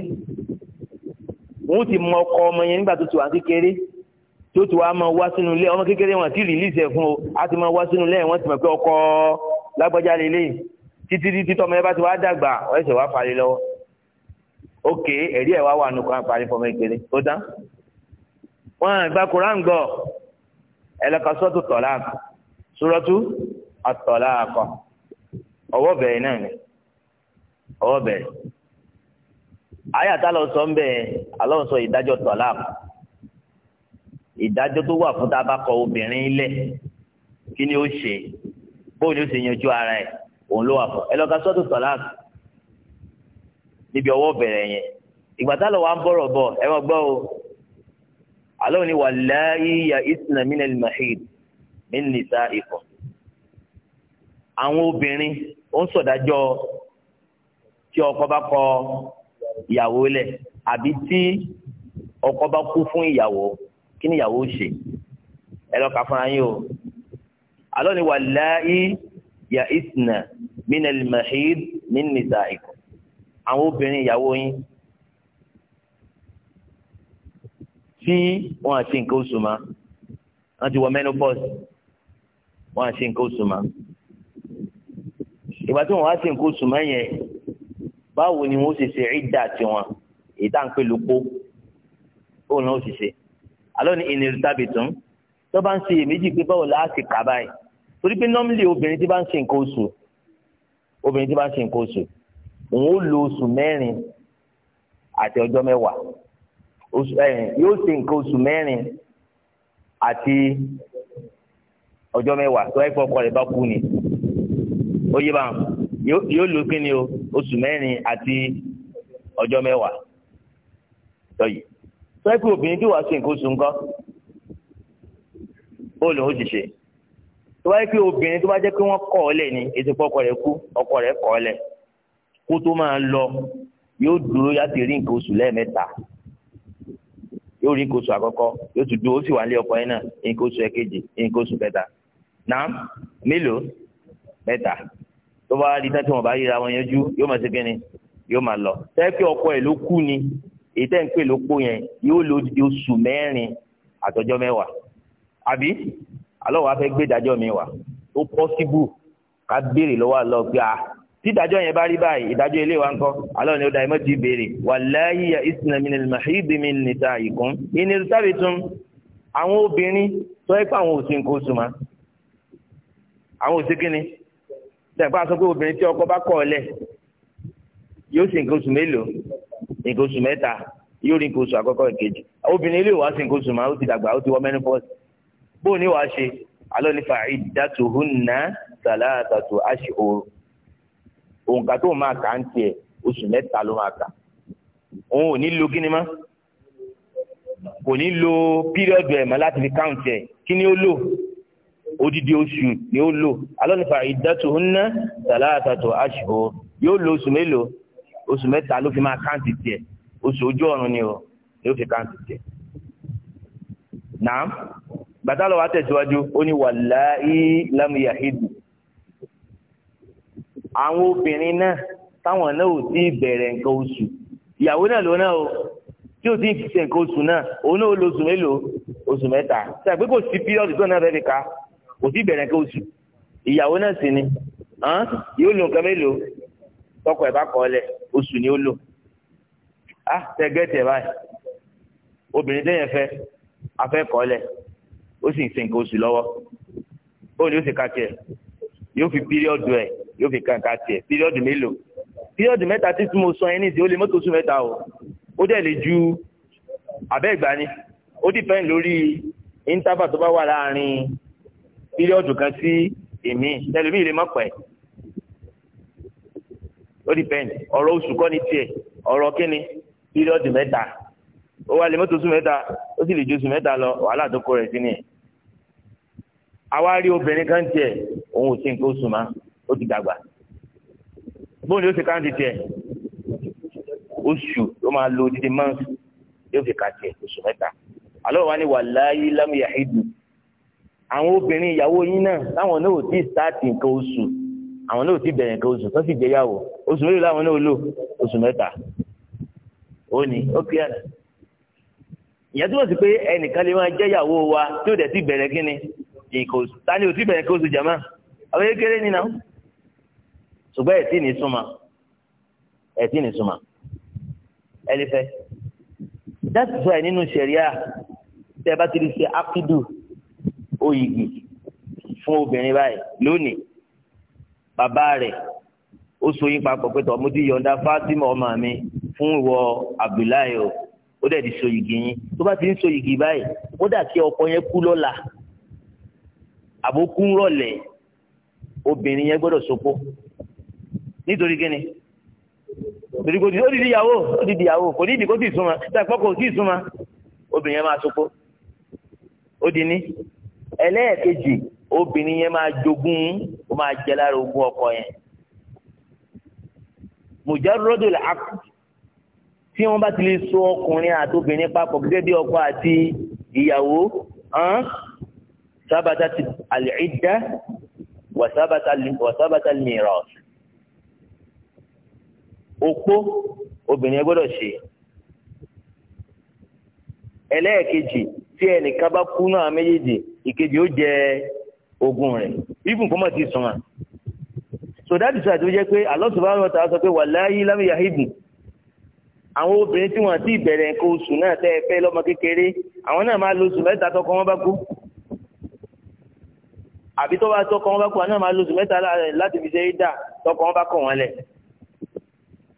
wọn ó ti mọ ọkọ ọmọ yẹn nígbà tó ti wà kékeré tó ti wá máa wá sínú ilé ọmọ kékeré wọn ti rìlíìsì ẹ̀ fún o á ti máa wá sínú ilé wọn ti mọ̀ pé ọkọ lágbájá lélẹ́yìn títí títí tọmọ ẹ bá ti wá dàgbà ẹsẹ̀ wá parí lọ́wọ́ ókè ẹ̀rí ẹ̀ wá wà nù kan parí fọmọ ìpele ó tán wọn àgbà koran gbọ́ ẹlẹ́kọ̀sọ́tò tọ̀lá sùrọ́tù àtọ̀lá akọ ọwọ́ bẹ̀rẹ̀ náà ni ọwọ́ bẹ̀rẹ̀ ayé àtàlọ́ sọ ń bẹ̀ alọ́ sọ ìdájọ́ tọ̀lá ìdájọ́ tó wà fún tá a bá kọ obìnrin lẹ̀ kí ni ó ṣe bóun ni ó ṣe yanjú ara ẹ̀ òun ló wà fún ẹ lọ́ka sọ́tò tọ́lák níbi ọwọ́ bẹ̀rẹ̀ yẹn ìgbà tá lọ wà ń bọ̀rọ̀ bọ̀ ẹ wọ́n gbọ́ o alẹ́ òní wallahi ya isna min al-mahid min nisaikum àwọn obìnrin ó ń sọ̀dájọ́ tí ọkọ bá kọ ìyàwó lẹ̀ àbí tí ọkọ bá kú fún ìyàwó kí ni ìyàwó ṣe ẹ lọ́ka fún ayé o alẹ́ òní wallahi ya'isna minal mahid min nisa'ikum àwọn obìnrin ìyàwó yín tí wọ́n àti nǹkan oṣù ma wọ́n ti wọ menopause wọ́n àti nǹkan oṣù ma ìgbà tí wọ́n wá sí nǹkan oṣù ma yẹn báwo ni wọ́n ṣe ṣe ìdá tiwọn ìdá ń pè lóko òun náà ó ṣe ṣe alọ́ ni ìnirìtàbìtún tó bá ń ṣe èméjì pé báwo la á sì kà báyìí torí pé nọ́mìlì obìnrin tí bá ń ṣe nǹkan oṣù obìnrin tí bá ń ṣe nǹkan oṣù òun ó lo oṣù mẹ́rin àti ọjọ́ mẹ́wàá oṣù ẹ̀yìn yóò ṣe nǹkan oṣù mẹ́rin àti ọjọ́ mẹ́wàá tó ẹ̀ fọkọ rẹ̀ bá kú ni ó yé báwọn yóò lo kíni o oṣù mẹ́rin àti ọjọ́ mẹ́wàá lọ́yìí tó ẹ̀ obìnrin tí wàá ṣe nǹkan oṣù ńkọ́ bóòlù ó ti ṣe tó bá yẹ pé obìnrin tó bá jẹ́ pé wọ́n kọ̀ ọ́ lẹ̀ ni ètò ọkọ rẹ̀ kú ọkọ rẹ̀ kọ̀ ọ́ lẹ̀ kó tó máa lọ yóò dúró láti rí nǹkan oṣù lẹ́ẹ̀mẹ́ta yóò rí nǹkan oṣù àkọ́kọ́ yóò tún dúró ó sì wà ní ọkọ yẹn náà nǹkan oṣù ẹ̀kejì nǹkan oṣù kẹta náà mélòó mẹ́ta tó bá rí tán tí wọ́n bá yíra wọn yanjú yóò máa ṣe kí ni yóò máa lọ tẹ́ẹ̀kì ọkọ ẹ̀ ló kú ni èyí tẹ́ ń pè lóko yẹn yóò lò oṣù mẹ́rin àtọjọ́ mẹ́wàá àbí alọ́ wa fẹ́ gbé ìdájọ́ mi wá ó pọ́síbù ká béèrè lọ́wọ́ àlọ́ pé a ah, tí ìdájọ́ yẹn bá rí báyìí ìdájọ́ ilé wa ń kọ́ alọ́ ni ó da ẹ̀mọ́ ti béèrè wàláyé ya ìsìnàmì ní mahidi mi nìta ìkún ìní sábì tún àwọn obìnrin tó ẹ́ pé àwọn ò sí nǹkan oṣù mọ́ àwọn ò sí tẹ̀gbọ́n a sọ pé obìnrin tí ọkọ bá kọ̀ ọ́ lẹ̀ yóò sì nǹkan oṣù mélòó nǹkan oṣù mẹ́ta yóò rí nǹkan oṣù àkọ́kọ́ ìkejì obìnrin ilé wa sì nǹkan oṣù mọ́ ó ti dàgbà ó ti wọ mẹ́nu fọ́ọ̀sì bó ní wàá ṣe alọ́ nífa iddatuhunna salatatu ashhur òǹkà tó máa kà ń tiẹ̀ oṣù mẹ́ta ló máa kà òun ò ní lo kíni mọ́ kò ní lo píríọ̀dù ẹ̀ mọ́ láti fi káùntì ẹ̀ kí ni ó lò odidi oṣù ni ó lò alọ́ nífa iddatuhunna salatatu ashhur yóò lo oṣù mélòó oṣù mẹ́ta ló fi máa káǹtì tiẹ̀ oṣù ojú ọ̀run ni o ló fi káǹtì tiẹ̀. Nàá gbàtà lọ́wọ́ àtẹ̀síwájú ó ní wàláì lámìyàhídù àwọn obìnrin náà táwọn náà ò tí ì bẹ̀rẹ̀ nǹkan oṣù ìyàwó náà ló náà o tí ò tí ì ṣe nǹkan oṣù náà òun náà ó lo oṣù mélòó oṣù mẹ́ta ṣàgbé kò sí píríọ̀dù tó náà fẹ́ẹ́ fi ka kò tí ì bẹ̀rẹ̀ nǹkan oṣù ìyàwó náà sì ni yóò lo nǹkan mélòó tọkọ ẹ̀ bá kọ́ ọ oṣù ni ó lò á ah, tẹ gẹ́tẹ̀ báyìí obìnrin ó sì ń ṣe nǹkan oṣù lọ́wọ́ ó ní ó sì ka tiẹ̀ yóò fi píríọ̀dù ẹ̀ yóò fi kàǹkà tiẹ̀ píríọ̀dù mélòó píríọ̀dù mẹ́ta tí mo sọ yẹn ó lè mọ́tò mẹ́ta o ó dẹ̀ lè ju abẹ́ ìgbà ni ó dìpẹ́ǹ lórí íńtábà tó bá wà láàrin píríọ̀dù kan sí èmi tẹlifí lè má pẹ́ ó dìpẹ́ǹ ọ̀rọ̀ oṣù kọ́ ni tiẹ̀ ọ̀rọ̀ kíni mẹ́ta ó wá lè mọ́tò oṣù mẹ́ta ó sì lè ju oṣù mẹ́ta lọ wàhálà tó kó rẹ̀ sí ni. àwa rí obìnrin kan tiẹ̀ òun ò sí nǹkan oṣù mọ́ ó ti dàgbà bóun ni ó ti tiẹ̀ oṣù ló máa lo odidi mọ́ọ̀sì yóò fi ka tiẹ̀ oṣù mẹ́ta àlọ́ wa ni wàláyé lámìyà ìdù àwọn obìnrin ìyàwó yín náà táwọn náà ò tí ì sáàtì nǹkan oṣù àwọn náà ò tí ì bẹ̀rẹ̀ nǹkan oṣù tó sì gbéyàwó oṣù mélòó làwọn náà lò oṣù mẹ́ta ó ní ó kí ẹ̀rẹ̀ ìyẹn túmọ̀ sí pé ẹnìkan lè máa jẹ́ ìyàwó wa tí ó dẹ̀ ti bẹ̀rẹ̀ kí ni ìkóso ta ni ò ti bẹ̀rẹ̀ kóso jàmá àwọn kékeré nínà ṣùgbọ́n ẹ̀ tí ní súnmọ́ ẹ̀ tí ní súnmọ́ ẹ lè fẹ́ that's why nínú ṣẹ̀ríà tẹ́ ẹ bá ti di ṣe ápídù oyìgì fún obìnrin báyìí lónìí bàbá rẹ̀ ó so yín papọ̀ pé tọ́ mo ti yọ̀ǹda Fátímà ọmọ mi fún ìwọ Abdullahi o dẹ̀ di soyigi yín tó bá ti ń soyigi báyìí kódà kí ọkọ yẹn kú lọ́la àbókú rọ̀lẹ́ obìnrin yẹn gbọ́dọ̀ sopó nítorí kíni torí kò ní ó di ìyàwó ó di ìyàwó kò ní ìdí kó tì súnmọ́ tàpọ̀ kò tì súnmọ́ obìnrin yẹn máa sopó ó di ní ẹlẹ́ẹ̀kejì obìnrin yẹn máa jogún ó máa jẹ lára ogún ọkọ yẹn mujarrodul aqd tí wọ́n bá ti lè so ọkùnrin àti obìnrin papọ̀ gẹ́gẹ́ bí ọkọ àti ìyàwó hàn sábàtà al-idda wà sábàtà al-miras opó obìnrin gbọ́dọ̀ ṣe ẹlẹ́ẹ̀kejì tí ẹnìkan bá kú náà méjèèjì ìkejì ó jẹ ogún rẹ̀ ibùn kọ́mọ̀ ti sùn à sọdáàdì sọ àti ó jẹ́ pé Allah subhanahu wa ta'ala sọ pé wàláyé lámìyàhídùn àwọn obìnrin tí wọ́n ti bẹ̀rẹ̀ nǹkan oṣù náà tẹ́ ẹ fẹ́ lọ́mọ kékeré àwọn náà máa lo oṣù mẹ́ta tọkọ wọn bá kú àbí tó bá tọkọ wọn bá kú àwọn náà máa lo oṣù mẹ́ta láti fi ṣe é dà tọkọ wọn bá kọ̀ wọ́n lẹ̀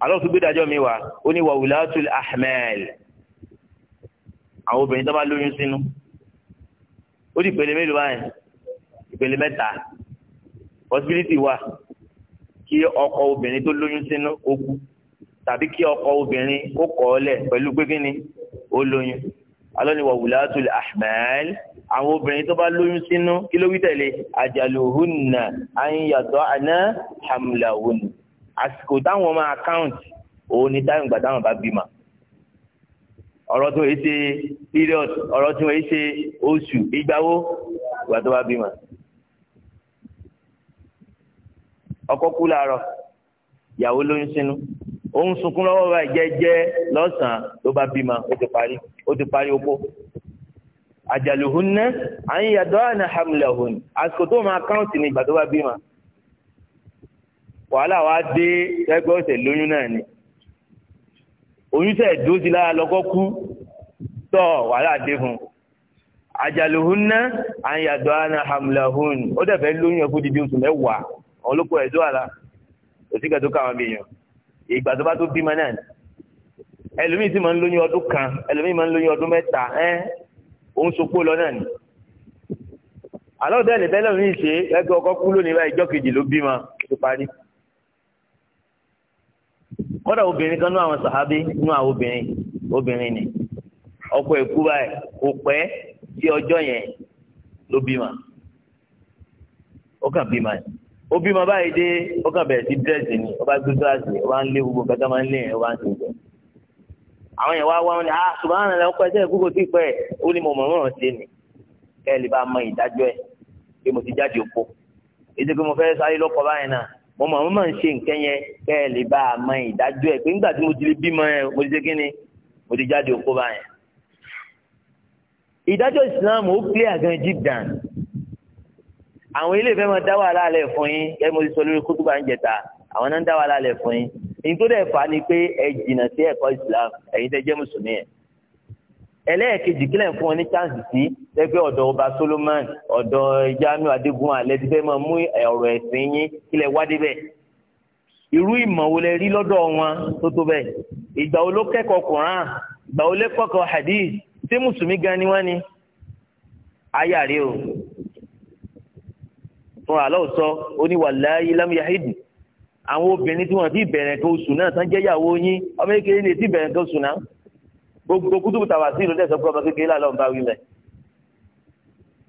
alọ́ọ̀tú gbẹ́dájọ́ mi wá ó ní wàhùlátùl ahmel àwọn obìnrin tó bá lóyún sínú ó di ìpele mélòó báyìí ìpele mẹ́ta possibility wà kí ọkọ obìnrin tó lóyún sínú ó kú tàbí kí ọkọ obìnrin ó kọ̀ ọ́ lẹ̀ pẹ̀lú pé kíni ó lóyún alọ́ni wà wùlátùl ahmal àwọn obìnrin tó bá lóyún sínú kí ló wí tẹ̀lé àjàlùhùnà àyìnyàtọ̀ àná hamlahùnà àsìkò táwọn máa count òun ni táwọn ìgbà táwọn bá bímọ ọ̀rọ̀ tí wọ́n yé ṣe period ọ̀rọ̀ tí wọ́n yé ṣe oṣù ìgbàwó ìgbà tó bá bímọ. ọkọ kú láàárọ̀ ìyàwó lóyún sínú ó ń sunkún lọ́wọ́ báyìí jẹ́jẹ́ lọ́sàn-án ló bá bímọ ó ti parí ó ti parí opó àjàlùhúnná àyìn yàtọ̀ àná hamlẹ̀hún àsìkò tó máa káùntì ní ìgbà tó bá bímọ wàhálà wa dé ẹgbẹ́ ọ̀sẹ̀ lóyún náà ni oyún tẹ̀ dó sí lára lọ́kọ́ kú tọ́ wàhálà dé fún un àjàlùhúnná àyìn yàtọ̀ àná hamlẹ̀hún ó dẹ̀ fẹ́ lóyún ẹ̀kú dídí oṣù mẹ́wàá àwọn olóko ẹ̀dọ́ àlà òsì kẹ́tọ́ káwọn bèèyàn ìgbà tó bá tó bímọ náà ẹlòmíì sì máa ń lóyún ọdún kan ẹlòmíì máa ń lóyún ọdún mẹ́ta ẹ́ òun sopó lọ náà ni àlọ́ ọ̀dọ́ ẹ̀lẹ́fẹ́ lọ́run ṣe ẹgbẹ́ ọkọ kú lónìí báyìí ìjọ kejì ló bímọ tó parí. kọ́dà obìnrin kan nú àwọn sàhábí nú àwọn obìnrin obìnrin ni ọkọ ẹ̀kú báyìí kò pẹ́ sí ọjọ́ yẹn ló bímọ ó kàn bímọ yìí Obi bímọ báyìí dé ó kàn bẹ̀rẹ̀ sí dírẹ́sì ni ó bá gbé gíláàsì ó bá ń lé gbogbo nǹkan máa ń lé yẹn ó ń ṣe jẹ àwọn yẹn wá wá wọn ni ah ṣùgbọ́n àwọn ọkọ ẹsẹ̀ gbogbo sí pẹ́ ó ní mo mọ̀ mọ̀ ṣe ni kẹ́ ẹ lè bá mọ ìdájọ́ ẹ̀ pé mo ti jáde òpó èdè pé mo fẹ́ sáré lọ́kọ̀ báyìí náà mo mọ̀ mọ̀ ń ṣe nǹkan yẹn kẹ́ ẹ lè bá mọ ìdájọ́ ẹ̀ pé nígbà tí àwọn ilé ìfẹ́ máa dá wàhálà lẹ̀ fún yín ẹ mo ti sọ lórí kótóbà ń jẹta àwọn náà ń dá wàhálà lẹ̀ fún yín ní tó dẹ̀ fà á ni pé ẹ jìnnà sí ẹ̀kọ́ Islam ẹ̀yin tẹ́ jẹ́ mùsùlùmí ẹ̀ ẹlẹ́ẹ̀kejì kílẹ̀ fún ọ ní chance sí lẹ́gbẹ́ ọ̀dọ̀ ọba Solomon ọ̀dọ̀ Jamiu Adigun alẹ́ ti fẹ́ máa mú ọ̀rọ̀ ẹ̀sìn yín kílẹ̀ wá débẹ̀ irú ìmọ̀ wo lẹ rí lọ́dọ̀ wọn tó tó bẹ́ẹ̀ ìgbà wo ló kẹ́kọ̀ọ́ Quran ìgbà wo lẹ́kọ̀ọ́ hadith ṣé mùsùlùmí gan ni wọ́n ni ayàrí o fún àlọ́ sọ ó ní wàláyé lámúyáhídì àwọn obìnrin tí wọ́n ti bẹ̀rẹ̀ nǹkan oṣù náà tán jẹ́yàwó yín ọmọ kékeré lè ti bẹ̀rẹ̀ nǹkan oṣù náà gbogbo kútùbù tàwa sí ìlú dẹ́sọ̀ pé ọmọ kékeré làlọ́ ń bá wí mẹ́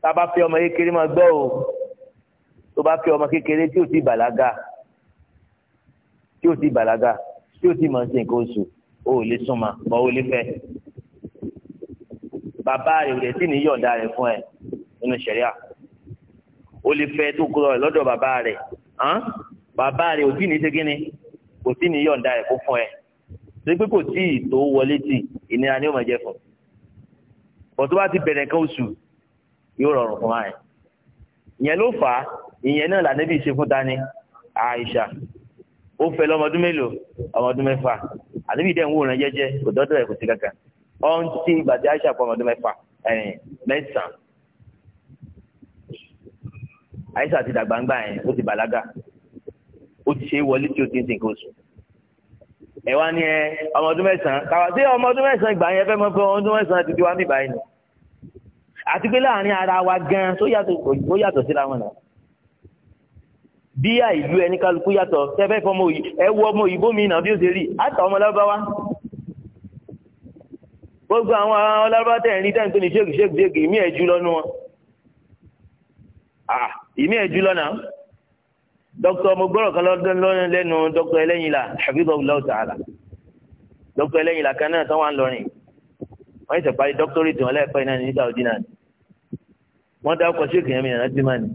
tá a bá fẹ́ ọmọ kékeré máa gbọ́ o tó bá fẹ́ ọmọ kékeré tí ò ti bàlágà tí ò ti bàlágà tí ò ti máa ń nǹkan oṣù o ò lè súnmọ́ bọ́ o lè fẹ́ bàbá rẹ̀ ò lè ní yọ̀ǹda rẹ̀ fún ẹ nínú ṣẹ̀ríà o lè fẹ́ tó kúrò rẹ̀ lọ́dọ̀ bàbá rẹ̀ hàn bàbá rẹ̀ ò tí ní ségéni kò tí ní yọ̀ǹda rẹ̀ kó fún ẹ ṣé pé kò tí ì tó wọlé tì ìnira ni ó máa jẹ fún bọ̀ tó bá ti bẹ̀rẹ̀ kan oṣù yóò rọrùn fún wa yẹn ìyẹn ló fà á ìyẹn náà lànàbí ṣe fún tani Aisha ó fẹ́ lọ́mọdún mélòó ọmọdún mẹ́fà ànàbí dẹ̀ ń wòran jẹ́jẹ́ kò dọ́dọ̀ kò sí kankan ọ̀hún tí bàtí Aisha fọ ọmọdún mẹ́fà ẹ̀yìn mẹ́sàn-án àyíṣà ti dàgbà ńgbà yẹn ó ti bàlágà ó ti ṣe é wọlé tí ó ti ń sìnkó sùn ẹ wá ní ẹ ọmọ ọdún mẹ́sàn-án kàwá sí ọmọ ọdún mẹ́sàn-án ìgbà yẹn fẹ́ mọ̀ pé ọmọ ọdún mẹ́sàn-án ti di wá níbàá yìí àti pé láàrin ara wa gan tó yàtọ̀ ó yàtọ̀ síra wọn náà bí àìlú ẹni kálukú yàtọ̀ tẹ́fẹ́ fọmọ òyì ẹ wọ ọmọ òyìnbó mi náà bí ó ṣe rí àtọ̀ ọmọ lábáwá gbogbo àwọn ọlọ́rọ̀ ìmí ẹ̀jú lọ́nà dókítà mo gbọ́dọ̀ kan lọ́dún lọ́rin lẹ́nu dókítà ẹlẹ́yìnlá hafizahullah ta'ala dókítà ẹlẹ́yìnlá kan náà tán wà ń lọrin wọ́n yìí sẹ̀párí dókítọ́rì wọn lẹ́ẹ̀pẹ́ náà ní dàwọ́dí náà wọ́n dá ọkọ̀ ṣéèkì yẹn mi nàá ti máa nì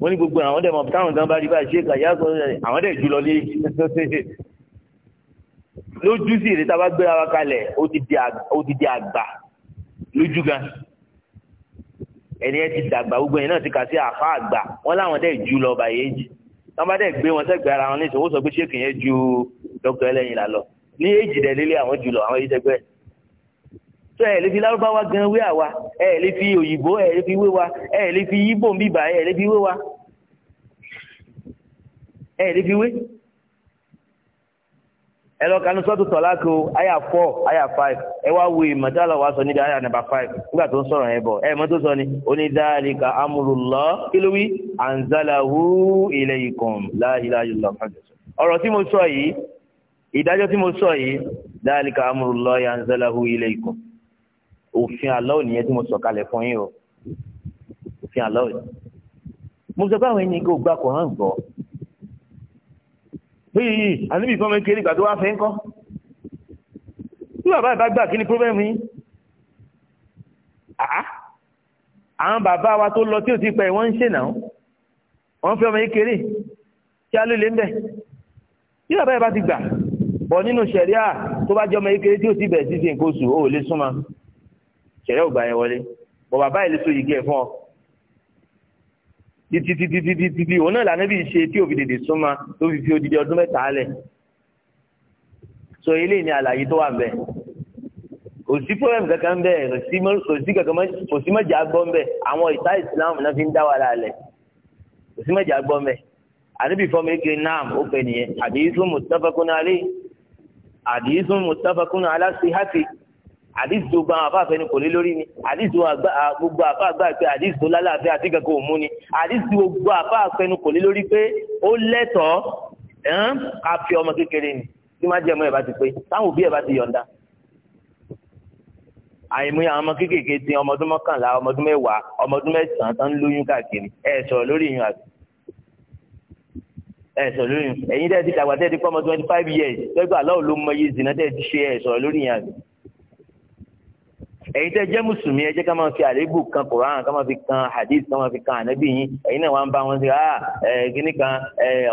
wọ́n ní gbogbo àwọn dẹ̀mọ̀ táwọn gan bá rí báyìí ṣéèkì àyà sọ àwọn dẹ̀ jù lọ lé lójú sí ìrètá bá gbéra wa kalẹ̀ ó ti di àgbà lójú gan ẹni ẹ ti dàgbà gbogbo yẹn náà ti kà sí àfa àgbà wọn láwọn dẹ̀ ju lọ bàyẹ̀ jì wọn bá dẹ̀ gbé wọn sẹ́gbẹ̀ẹ́ ara wọn ní ìṣòwò sọ pé ṣé kìnyẹn ju dr ẹlẹ́yin là lọ ní èjì dẹ̀ lélẹ̀ àwọn jù lọ àwọn èyí sẹ́gbẹ̀ẹ́ tó ẹ̀ lè fi lárúbáwá gan wé àwa ẹ̀ lè fi òyìnbó ẹ̀ lè fi wé wa ẹ̀ lè fi yíbò ń bíbà ẹ̀ lè fi wé wa ẹ̀ lè fi wé ẹ lọ kanu sọ́tù tọ́lákò àyà four àyà five ẹ wá wo ìmọ̀tálọ̀ wa sọ níbi àyà nàbà five nígbà tó ń sọ̀rọ̀ yẹn bọ̀ ẹ mọ́ tó sọ ni onídàálíkà amúrùlọ́ kílówí ànzálàhù ilaykum la ilaha illallah ọ̀rọ̀ tí mo sọ yìí ìdájọ́ tí mo sọ yìí dáálíkà amúrùlọ́ ànzálàhù ilaykum òfin Allah nìyẹn tí mo sọ kalẹ̀ fún yín o òfin Allah mo sọ pé yìí àníbì kan mẹ́kẹ́rẹ́ ìgbà tó wá fẹ́ ń kọ́ tí bàbá ìbá gbà kí ni pírọ́bẹ̀mù yìí àá àwọn bàbá wa tó lọ tí ò ti pẹ́ wọ́n ń ṣe náà wọ́n fẹ́ ọmọ yìí kéré kí á ló lé ń bẹ̀ tí bàbá ìbá ti gbà bọ̀ nínú ṣẹ̀ríà tó bá jẹ́ ọmọ yìí kéré tí ò ti bẹ̀rẹ̀ sí ti nǹkan oṣù ó lè súnmọ́ ṣẹ̀ríà ò gbà yẹn wọlé bọ̀ bàbá ìlú títítítítítí òun náà lànàbí ṣe tí òfin dèdè súnmọ́ tó fi fi odidi ọdún mẹ́ta lẹ̀ so eléyìí ni àlàyé tó wà ń bẹ̀ kò sí fúrẹ́mù kankan ń bẹ̀ kò sí kankan kò sí mọ̀jà gbọ́ ń bẹ̀ àwọn ìta ìsìlámù náà fi ń dá wà lálẹ̀ kò sí mọ̀jà gbọ́ ń fọmọ eke nam ó pè nìyẹn àdìsún mustapha kúnalé àdìsún mustapha kúnalá sí hàtì àdìsí tó gba àwọn afáfẹ́ ni kò lé lórí ni àdìsí gbogbo àfá àgbà pé àdìsí tó lálàáfẹ́ àti kankan ò mú ni àdìsí gbogbo àfá àfẹ́ ni kò lé lórí pé ó lẹ́tọ̀ọ́ ká fi ọmọ kékeré ni tí má jẹ́ ọmọ ẹ̀ bá ti pé táwọn òbí ẹ̀ bá ti yọ̀ǹda àìmọye àwọn ọmọ kéékèèké ti ọmọ ọdún mọ́kànlá ọmọ ọdún mẹ́wàá ọmọ ọdún mẹ́sàn-án tán lóyún káàkiri ẹ̀ sọ̀rọ̀ lórí yín àbí ẹ̀ sọ̀rọ̀ lórí yín ẹ̀yin tẹ́ ti dàgbà tẹ́ ti pọ́ ọmọ twenty five years lọ́gbà lọ́wọ́ ló mọ iye ìsìn náà tẹ́ ti ṣe ẹ̀ sọ̀rọ̀ lórí yín àbí ẹ̀yin tẹ́ jẹ́ mùsùlùmí ẹ jẹ́ ká máa fi àlébù kan koran ká máa fi kan hadith ká máa fi kan ànábì yín ẹ̀yin náà wà ń bá wọn sí ah kíní kan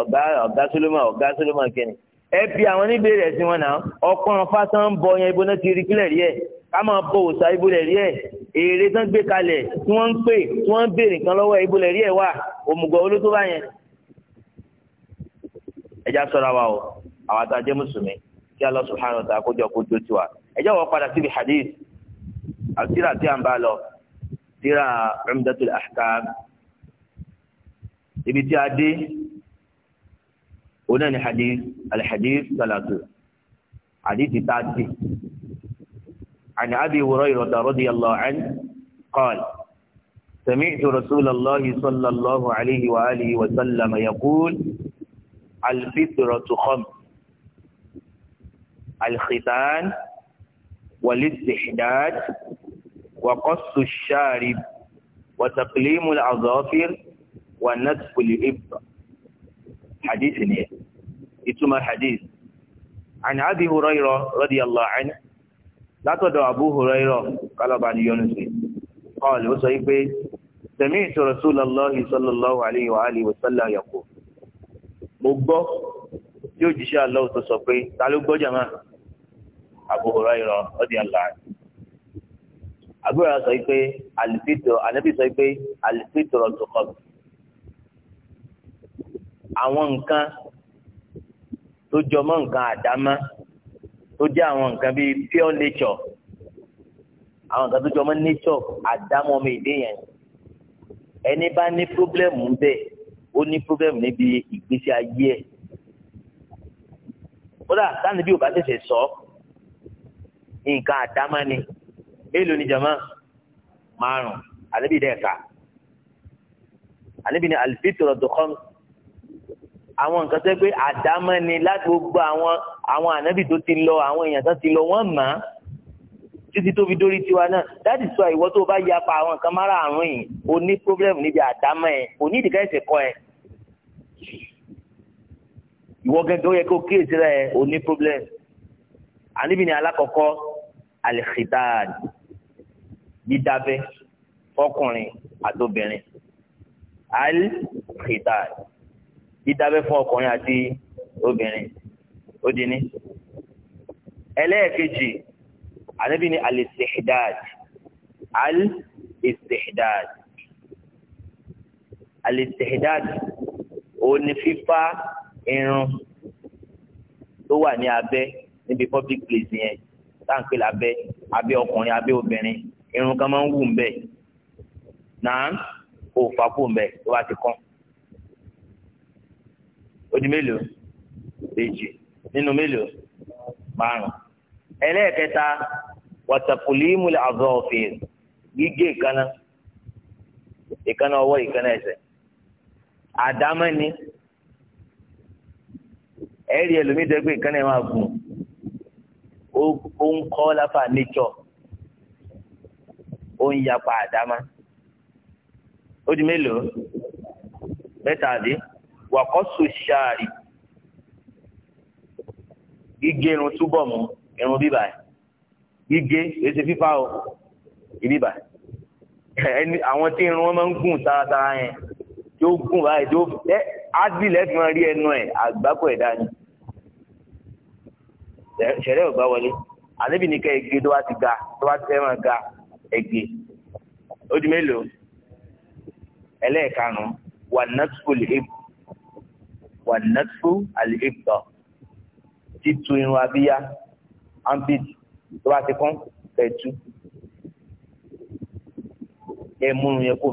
ọ̀gá ọ̀gá sólómà ọ̀gá sólómà kẹ́ni. ẹ bi àwọn níbèrè ẹ̀sìn wọn náà ọkùnrin fásán ń bọ yẹn ibo náà ti rí kílẹ̀ rí ẹ̀ ká máa bọ òòsà ibo lẹ̀ rí ẹ̀ èrè tán gbé kalẹ̀ tí wọ́n ń pè tí wọ́n ń béèrè nǹkan lọ́wọ́ ibo lẹ̀ rí ẹ̀ wà òmùgọ̀ olótó bá yẹn. ẹ já wa o àwọn àtàjẹ́ mùsùlùmí kí Allah subhanahu wa ta'ala kó jọ kó tó tiwa ẹ já padà síbi hadith àtìrà tí a ń bá lọ tírà Umdatul Ahkam ibi tí a dé oní ẹni hadith alhadith salatu hadith tààtì عن أبي هريرة رضي الله عنه قال سمعت رسول الله صلى الله عليه وآله وسلم يقول الفطرة خمس الختان والاستحداد وقص الشارب وتقليم الأظافر ونتف الإبط حديث نية إتما حديث عن أبي هريرة رضي الله عنه لا تدع أبو هريرة قال بعد يونس قال وصيب سمعت رسول الله صلى الله عليه وآله وسلم يقول مبا يوجد شاء الله تصفي تعالوا بجمع Abu Hurairah radiyallahu anhu Abu Hurairah sọ pé alifitọ anabi sọ pé alifitọ tó kọ àwọn nǹkan tó jọmọ́ nǹkan àdámá tó jẹ́ àwọn nǹkan bíi pure nature àwọn nǹkan tó jọmọ́ nature àdámọ́ mi ìdí yẹn ẹni bá ní problem ń bẹ ó problem níbi ìgbésí ayé ẹ̀ kódà sáà níbi ò bá tẹ̀sẹ̀ sọ ọ́ nǹkan àdámání èèlò ni jama márùn ànábì dẹ́ka ànábì ni alifitoro dùkọ́m àwọn nǹkan tẹ́ pé àdámání láti gbogbo àwọn àwọn ànábì tó ti lọ àwọn èèyàn tó ti lọ wọ́n mọ̀ á títí tó fi dórí tiwa náà láti sọ ìwọ tó bá yapa àwọn nǹkan márààrún yìí o ní pírọ́blẹ́mù níbi àdámọ́ ẹ̀ o ní ìdíkà ẹ̀sẹ̀ kọ́ ẹ̀ ìwọ gẹ́gẹ́ ó yẹ kó kíyèsí rẹ̀ o ní pírọ́blẹ́mù àníbi ni alákọ̀ọ́kọ́ alikitan dídábẹ́ fọkùnrin àtobìnrin alikitan dídábẹ́ fún ọkùnrin àti obìnrin ó di ní. ẹlẹ́ẹ̀kejì ànábì ní alistihdad alistihdad alistihdad òun ni fífá irun tó wà ní abẹ́ níbi public place yẹn táǹpé lábẹ́ abẹ́ ọkùnrin abẹ́ obìnrin irun kan máa ń wù ń bẹ̀ náà ò fà kù ń bẹ̀ tó bá ti kán ó di mélòó èjì nínú mélòó márùn ẹlẹ́ẹ̀kẹta wàtàkùlímùlẹ̀ àzọ òfin gígé ìkànnà ìkànnà ọwọ́ ìkànnà ẹsẹ̀ àdámẹ́ni ẹ̀rí ẹlòmídẹ́gbẹ́ ìkànnà ẹ̀ máa gùn ó ń kọ́ láfà níjọ́ ó ń yapa àdámá ó di mélòó mẹ́ta àdé wàkọ́sù ṣáàrì gígé irun túbọ̀ mú irun bíbà gígé èsì fífá o ìbíbà ẹni àwọn tí irun wọn máa ń gùn taratara yẹn tí gùn báyìí tí ẹ ádìlẹ fi máa rí ẹnu ẹ àgbákò ẹ̀dá ni ṣẹ̀rẹ́ ò gbá wọlé àníbi ní kẹ́ ege tó bá ti ga tó bá ti fẹ́ máa ga ege ó di mélòó ẹlẹ́ẹ̀karùn-ún wà nàtúfò lè ébù wà nàtúfò àlè ébù tọ̀ títú irun abíyá ampid tó bá ti kán kẹ́ tú kẹ́ múrun yẹn kò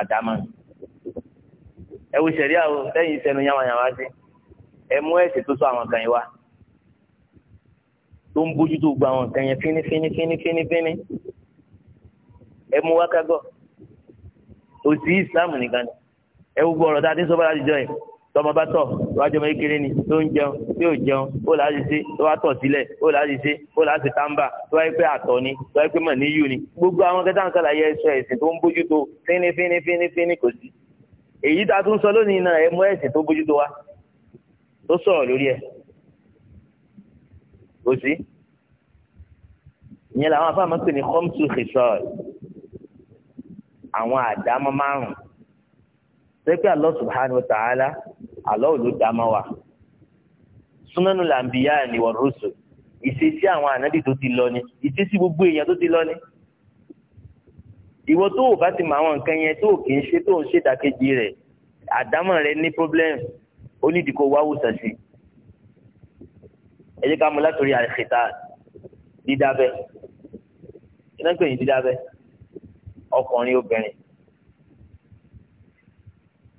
àdámà ẹ wo sẹ̀ríà o lẹ́yìn ìsẹnu yàmàyàmà sí ẹ mú ẹ̀sìn tó sọ àwọn kan yìí wá tó ń bójútó gba àwọn nǹkan yẹn fíní fíní fíní fíní fíní ẹ mú wá kágọ òsì islam nìkan ni ẹ wú gbọ́ ọ̀rọ̀ tá a ti ń sọ bá láti jọ yìí tọmọ bá tọ̀ wájú ọmọ kékeré ni tó ń jẹun tí ò jẹun ó láti ṣe tó wá tọ̀ sílẹ̀ ó láti ṣe ó láti tàǹbà tó wáyé pé àtọ̀ ni tó wáyé pé mọ níyù ni gbogbo àwọn kẹta ń sàlàyé ẹsọ ẹ̀sìn tó ń bójútó fíní fíní fíní fíní kò sí èyí tá a tún sọ lónìí náà ẹ mú ẹ̀sìn tó bójútó wa tó sọ̀rọ̀ lórí ẹ̀ kò sí ìyẹn làwọn afáàmọ́ pè ní khamsu khisal àwọn àdámọ́ márùn sẹ́pẹ́ Allah subhanahu wa ta'ala Allah ló dámọ́ wa súnánù làǹbíyá ni wọ́n rúṣù ìṣesí àwọn ànábì tó ti lọ ni ìṣesí gbogbo èèyàn tó ti lọ ni ìwọ tó o bá ti mọ àwọn nǹkan yẹn tó o kì í ṣe tó o ń ṣèdàkejì rẹ̀ àdámọ̀ rẹ ní pọ́blẹ́mù ó ní ìdíkò wá sí i ẹ jẹ́ ká mú látòrí àìsíta dídábẹ́ iná ń pè ní dídábẹ́ ọkùnrin obìnrin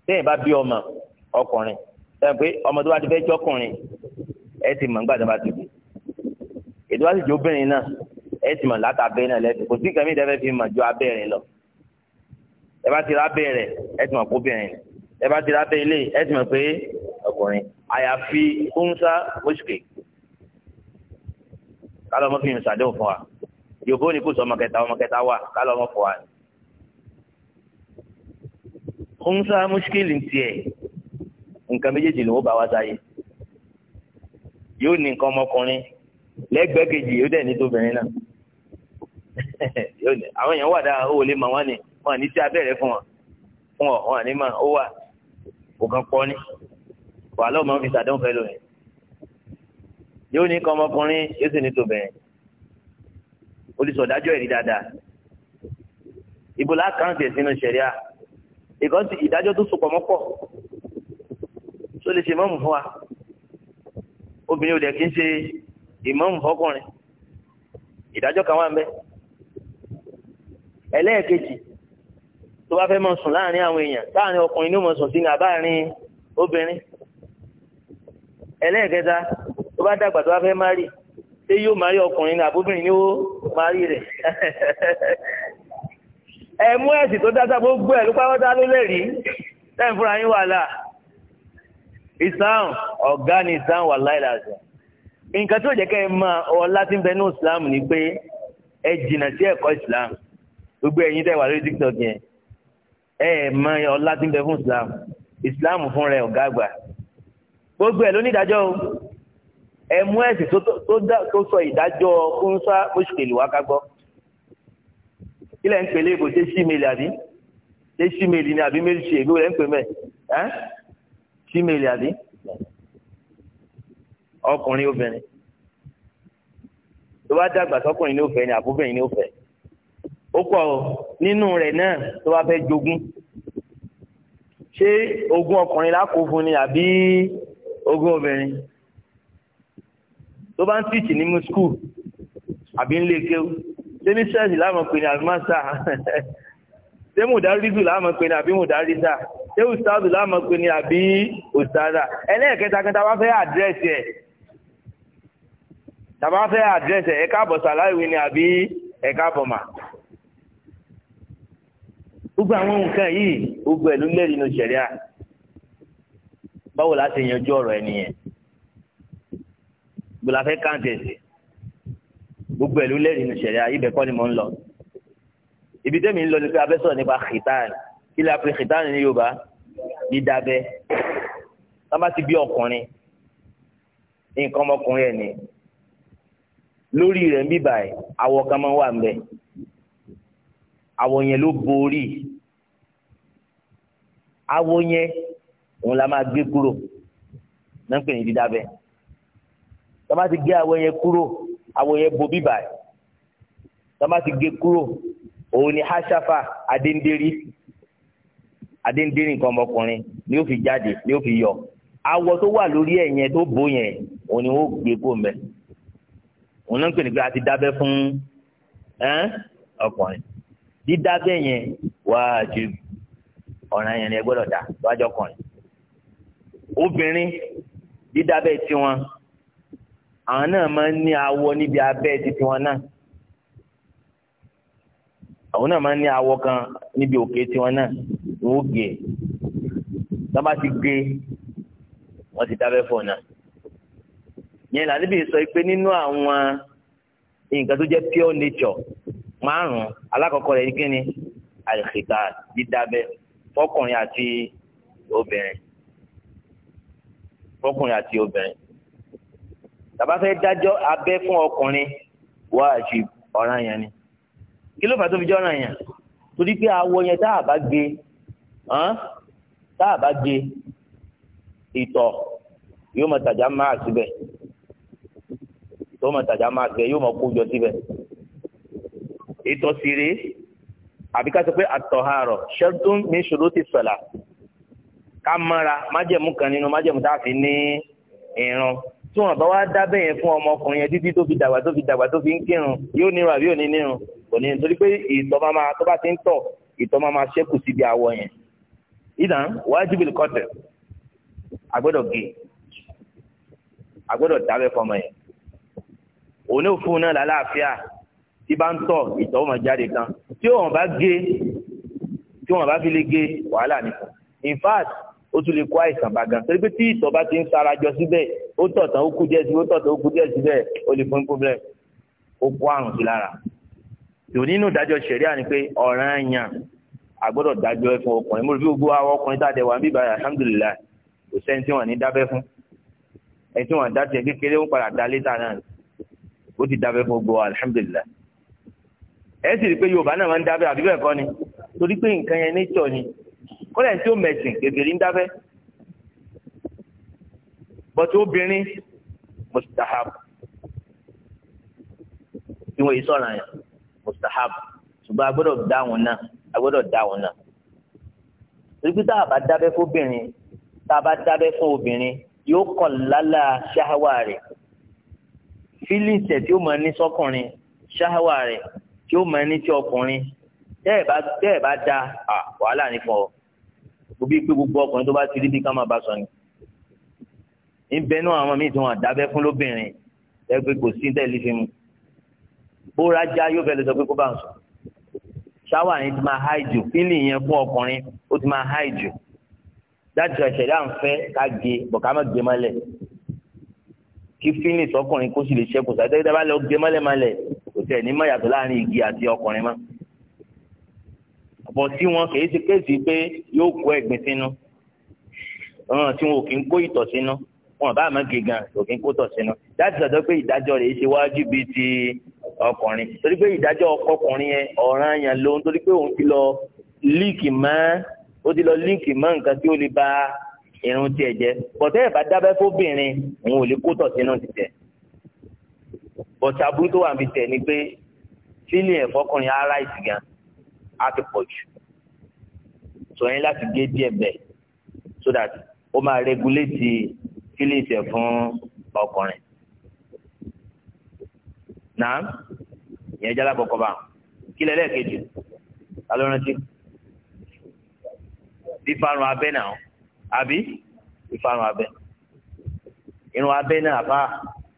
téèyàn bá bí ọmọ ọkùnrin sẹ́yìn pé ọmọ tó bá ti fẹ́ jọ́kùnrin ẹ ti mọ̀ nígbà tó bá ti bí ètò wá sì jẹ́ obìnrin náà ẹ ti mọ̀ látàbẹ́ náà lẹ́sìn kò sí nǹkan mìíràn fẹ́ fi mọ̀ ju abẹ́rẹ́ lọ ẹ bá ti rábẹ́ rẹ̀ ẹ ti mọ̀ kó obìnrin ẹ bá ti rábẹ́ ilé ẹ ti mọ̀ pé ọkùnrin àyàfi kúńsá mọ́ṣùkè kálọ̀ mọ́ fi yùn sàdéhùn fún wa yòbó ni kò sọ ọmọ kẹta ọmọ kẹta wà kálọ̀ mọ́ fún wa. ń sá mùsíkìlì tiẹ̀ nǹkan méjèèjì ló bá wa sáyé yóò ní nǹkan ọmọkùnrin lẹ́gbẹ̀ẹ́ kejì yóò dẹ̀ ní tóbìnrin náà àwọn èèyàn wà dáa ó lè mọ̀ wọ́n ni wọ́n ní sí abẹ́rẹ́ fún wọn fún ọ̀ wọ́n ní mà ó wà kò kàn pọ́ ni wàhálà ọmọ fi sàdéhùn fẹ́ lóyún yóò ní kọ́ ọmọkùnrin yóò sì ní tòbẹ̀rẹ̀ olùsọ̀dájọ́ ẹ̀rí dáadáa ìbò lákàntì ẹ̀sìn ṣẹ̀ríà ìkọ́sí ìdájọ́ tó sopọ̀ mọ́pọ̀ tó lè ṣe mọ́mù fún wa obìnrin ò dẹ̀ kí ń ṣe ìmọ̀mù fọkùnrin ìdájọ́ kan wà ń bẹ ẹlẹ́ẹ̀kejì tó bá fẹ́ mọ sùn láàrin àwọn èèyàn láàrin ọkùnrin ní mọ sùn sí ní àbáàrin obìnrin ẹlẹ́ẹ̀kẹta bá dàgbà tó bá fẹ́ má rí ṣé yóò má rí ọkùnrin náà àbóbìnrin ni ó má rí rẹ̀ ẹ mú ẹ̀sìn tó dáadáa gbogbo ẹ̀ ló pátá ló lẹ́rìí tẹ́ǹ fúnra yín wà láà ìsáhùn ọ̀gá ni ìsáhùn wà láì láàzọ nǹkan tó jẹ́ kẹ́ ẹ máa ọlá tí ń bẹ ní islam ni pé ẹ jìnnà sí ẹ̀kọ́ islam gbogbo ẹ̀yin tẹ́ wà lórí tiktok yẹn ẹ ẹ̀ mọ ọlá tí ń bẹ fún islam islam fúnra ẹ̀ ọ̀gá àgbà gbogbo ẹ̀ ló ní ìdájọ́ o ẹ mú ẹ̀sìn tó sọ ìdájọ́ kúnsá mọ́ṣúkèlì wá kágbọ́ kílẹ̀ ń pèlè ìbò déṣí mélì àbí déṣí mélì ni àbí méjì ṣe ìgbéwò lẹ́ ń pè mẹ́ ẹ́ ṣí mélì àbí ọkùnrin obìnrin tó bá dàgbà sọkùnrin ní òfẹ ni àbúbìnrin ní òfẹ ó pọ̀ nínú rẹ̀ náà tó bá fẹ́ jogún ṣé ogún ọkùnrin lákòó fún ni àbí ogún obìnrin. tó bá ń tíìtì nínú skul àbí ńlé kéwú ṣé mísírẹ́sì láàmú pé ní àbí máṣá ṣé mùdárídù láàmú pé ní àbí mùdárídà ṣé ustaadu láàmú pé ní àbí ustaada ẹlẹ́ẹ̀kẹta wá fẹ́ àdírẹ́sì ẹ̀ tàbá fẹ́ àdírẹ́sì ẹ̀ ni àbí ẹ̀ka àbọ̀mà gbogbo àwọn nǹkan yìí gbogbo ẹ̀ ló lẹ́rìí nínú ṣẹ̀ríà báwo la yanjú ọ̀rọ̀ ẹ̀ nìyẹn gbọ́dọ̀ afẹ́ káńtì ẹ̀sìn gbogbo ẹ̀lú lẹ́yìn ìṣẹ̀lẹ̀ ibẹ̀ kọ́ ni mò ń lọ ibi tẹ́mi ń lọ ni pé abẹ́ sọ̀rọ̀ nípa khitan kí la pe khitan ní Yorùbá dídábẹ́ sábà ti bí ọkùnrin nǹkan ọmọkùnrin ẹ̀ ni lórí rẹ̀ ń bíbà ẹ̀ awọ kan máa wà mbẹ́ awọ yẹn ló borí awọ yẹn òun la máa gbé kúrò náà ń pè ní dídábẹ́ tọ́ba ti gé àwọ̀ yẹn kúrò àwọ̀ yẹn bo bíbà ẹ̀ tọ́ba ti gé kúrò òun ni hashafa adéǹdérí adéǹdérí nǹkan ọmọkùnrin ni ó fi jáde ni ó fi yọ àwọ̀ tó wà lórí ẹ̀ yẹn tó bò yẹn òun ni wọ́n gbé kó mẹ́ òun náà ń pè ní pé a ti dábẹ́ fún ọkùnrin dídábẹ́ yẹn wàá ju ọ̀ràn yẹn ni ẹ gbọ́dọ̀ dá wájọ́ kùnrin obìnrin dídábẹ́ tiwọn àwọn náà máa ń ní awọ níbi abẹ́ títí wọn náà àwọn náà máa ń ní awọ kan níbi òkè tiwọn náà wọn ó gé tó bá ti gé wọn ti dábẹ́ fọ̀ náà yẹn làdébí sọ pé nínú àwọn nǹkan tó jẹ́ pure nature márùn alákọ̀ọ́kọ́ rẹ̀ kí ni àlìkìtà dídábẹ́ fọkùnrin àti obìnrin fọkùnrin àti obìnrin tàbá fẹ́ dájọ́ abẹ́ fún ọkùnrin wájib ọ̀ràn yẹn ni kí ló fà tó fi jẹ́ ọ̀ràn yẹn torí pé awọ yẹn tá a bá gbé tá a bá gbé ìtọ̀ yóò máa tàjà máa síbẹ̀ tó máa tàjà máa síbẹ̀ yóò máa kó síbẹ̀ ìtọ̀ sì rèé àbí ká sọ pé àtọ̀hárọ̀ ṣẹ́dún mi ṣòro ti sọ̀la ká mọ́ra májẹ̀mú kan nínú májẹ̀mú tá a fi ní ìrun tí wọn bá wá dábẹ́ yẹn fún ọmọkùnrin yẹn títí tó fi dàgbà tó fi dàgbà tó fi ń kírun yóò nírun àbí òní nírun kò ní nítorí pé ìtọ̀ máa máa tó bá ti ń tọ̀ ìtọ̀ máa máa ṣẹ́kù síbi àwọ̀ yẹn ìdá wájú bìlì kọ́tẹ̀ àgbọ́dọ̀ gé àgbọ́dọ̀ dábẹ́ fọmọ yẹn òní òfun náà lálàáfíà tí bá ń tọ̀ ìtọ̀ ó máa jáde kan tí wọn bá gé tí wọn bá fi lè gé wàhálà nìkan ó tún lè kó àìsàn bá gan torí pé tí ìtọ̀ bá ti ń sarajọ síbẹ̀ ó tọ̀tàn ó kú díẹ̀ síbẹ̀ ó tọ̀tàn ó kú díẹ̀ síbẹ̀ ó lè fún problem ó kó àrùn sí lára tò nínú ìdájọ́ ṣẹ̀ríà ni pé ọ̀ràn yàn àgbọ́dọ̀ dájọ́ ẹ fún ọkùnrin mo rí gbogbo àwọn ọkùnrin tá a dẹ̀ wà níbà alhamdulilayi kò sẹ́ni tí wọ́n ní dábẹ́ fún ẹni tí wọ́n dá tiẹ̀ kékeré ń padà dá létà náà ó ti dábẹ́ fún gbogbo alhamdulilayi ẹ sì rí i pé Yorùbá náà máa ń dábẹ́ àbí bẹ́ẹ̀ ni torí pé nǹkan yẹn nature ni kọ́lẹ̀ tí ó mẹ̀sìn gègèrè ń dábẹ́ bọ́tí obìnrin mustahab tí wọ́n yìí sọ̀rọ̀ yẹn mustahab ṣùgbọ́n a gbọ́dọ̀ dá wọn náà a gbọ́dọ̀ dá wọn náà torí tá a bá dábẹ́ fóbìnrin tá a bá dábẹ́ fún obìnrin yóò kàn lálá ṣáháwá rẹ̀ fílíǹsì tí ó máa ní sọ́kùnrin ṣáháwá rẹ̀ tí ó máa ní ti ọkùnrin tẹ́ ẹ̀ bá dá wàhálà ní ọ òbí pé gbogbo ọkùnrin tó bá ti rí bí ká máa bá sọ ni ńbẹ náà àwọn míì tí wọn àdábẹ́ fún lóbìnrin ẹgbẹ kò sí tẹlifí mu bóra já yóò fẹ́ lè sọ pé kó bá ń sọ ṣáwà yẹn ti máa háì jù fílì yẹn fún ọkùnrin ó ti máa háì jù láti ṣẹ̀ṣẹ̀ dá ń fẹ́ ká gé bọ̀ má gé mọ́lẹ̀ kí fílì sọkùnrin kó sì lè ṣẹ́kù sáyẹ́dẹ́gbẹ́dẹ́ bá lọ gé mọ́lẹ̀ mọ́lẹ̀ kò tẹ̀ ní bọ̀ tí wọn kì í ṣe kéèsì pé yóò kó ẹ̀gbin sínú tí wọn ò kí ń kó ìtọ̀ sínú wọn bá àmọ́ gígan ò kí ń kó tọ̀ sínú láti sọ̀tọ̀ pé ìdájọ́ rẹ̀ ṣe wájú bíi ti ọkùnrin torí pé ìdájọ́ ọkọkùnrin yẹn ọ̀ràn yẹn ló ń torí pé òun ti lọ líǹkì mọ́ ó ti lọ líǹkì mọ́ nǹkan tí ó lè ba irun tiẹ̀ jẹ́ bọ̀tẹ́ ẹ̀ bá dábẹ́ fóbìnrin òun ò lè kó tọ̀ sínú ti tẹ̀ bọ̀tẹ́ aburú tó wà níbi tẹ̀ ni pé fílì ẹ̀fọ́kùnrin ara ìsìgàn á ti pọ̀ jù sọ yín láti gé díẹ̀ bẹ́ẹ̀ so that ó máa regulate feelings ẹ̀ fún ọkùnrin náà ìyẹn jẹ́ alákọ̀ọ́kọ́ bá kí lẹ́lẹ́kejì ta ló rántí fífarun abẹ́ náà àbí fífarun abẹ́ irun abẹ́ náà bá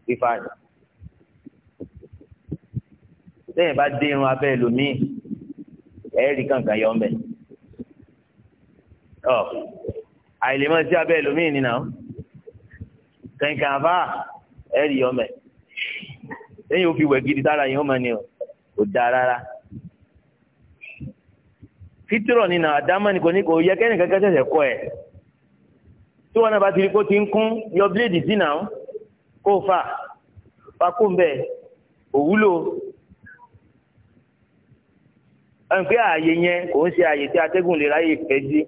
fífarun lẹ́yìn bá dé irun abẹ́ lòmíì. ẹ̀ẹ́rì kankan yọ ọ́nbẹ̀. ọ àìlèmọ̀ sí abẹ́ ẹlòmíì nínà kankan àbá ẹ̀ẹ́rì yọ ọ́nbẹ̀. lẹ́yìn òfin gidi yìí ó máa ní o kò dáa ni kò ní kò yẹ kẹ́nìkan kẹ́sẹ̀sẹ̀ kọ́ ẹ̀ tí wọn náà bá ti rí kó ti ń kún yọ bíléèdì kó fà kó ń ẹn pé ààyè yẹn kò ń ṣe ààyè tí atẹ́gùn lè ráyè fẹ́ dí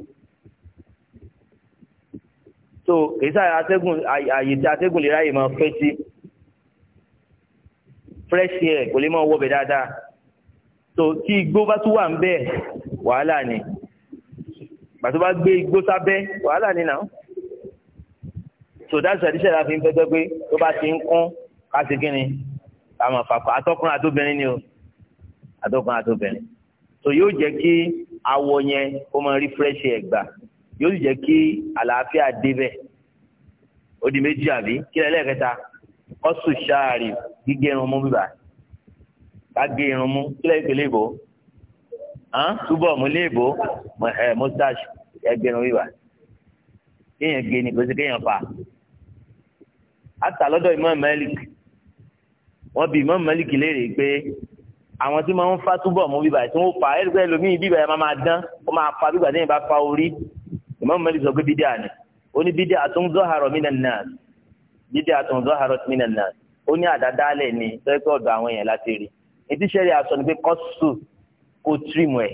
so kìí sáà atẹ́gùn ààyè tí atẹ́gùn lè ráyè máa fẹ́ sí fresh air kò lè máa wọ bẹ̀ dáadáa so tí igbó bá tún wà ń bẹ̀ wàhálà ni bàtú bá gbé igbó sábẹ́ wàhálà ni náà so that's why tíṣẹ́ la fi ń fẹ́ pé tó bá ti ń kún ká ṣe kí ni àmọ̀ àtọkùnrin àtobìnrin ni o àtọkùnrin àtobìnrin so yóò jẹ́ kí awọ yẹn kó máa refresh ẹ̀ gbà yóò sì jẹ́ kí àlàáfíà débẹ̀ ó di méjì àbí kí lẹ́lẹ́kẹta ọ̀sùn ṣáàrì gígé irun mú bíbá ká gé irun mú kí lẹ́yìn pẹ̀lú ìbò túbọ̀ mú lé ìbò ẹgbẹ́ irun bíbá kéèyàn gé ni kò kéèyàn fà á tà lọ́dọ̀ wọ́n bi Imam Malik léèrè pé àwọn tí máa ń fa túbọ̀ mú bíbà tí wọ́n fa ẹ̀rí pé ẹlòmíì bíbà yẹn máa máa dán ó máa fa bíbà tí yẹn bá fa orí Imam Malik sọ pé bídíà ni ó ní bídíà tó ń zọ́hàrọ̀ minan nas bídíà tó ń zọ́hàrọ̀ minan nas ó ní àdádálẹ̀ ni tẹ́kọ̀ ọ̀dọ̀ àwọn èèyàn láti rí etí sẹ́rí aṣọ ni pé kọ́sù kò tírìmù ẹ̀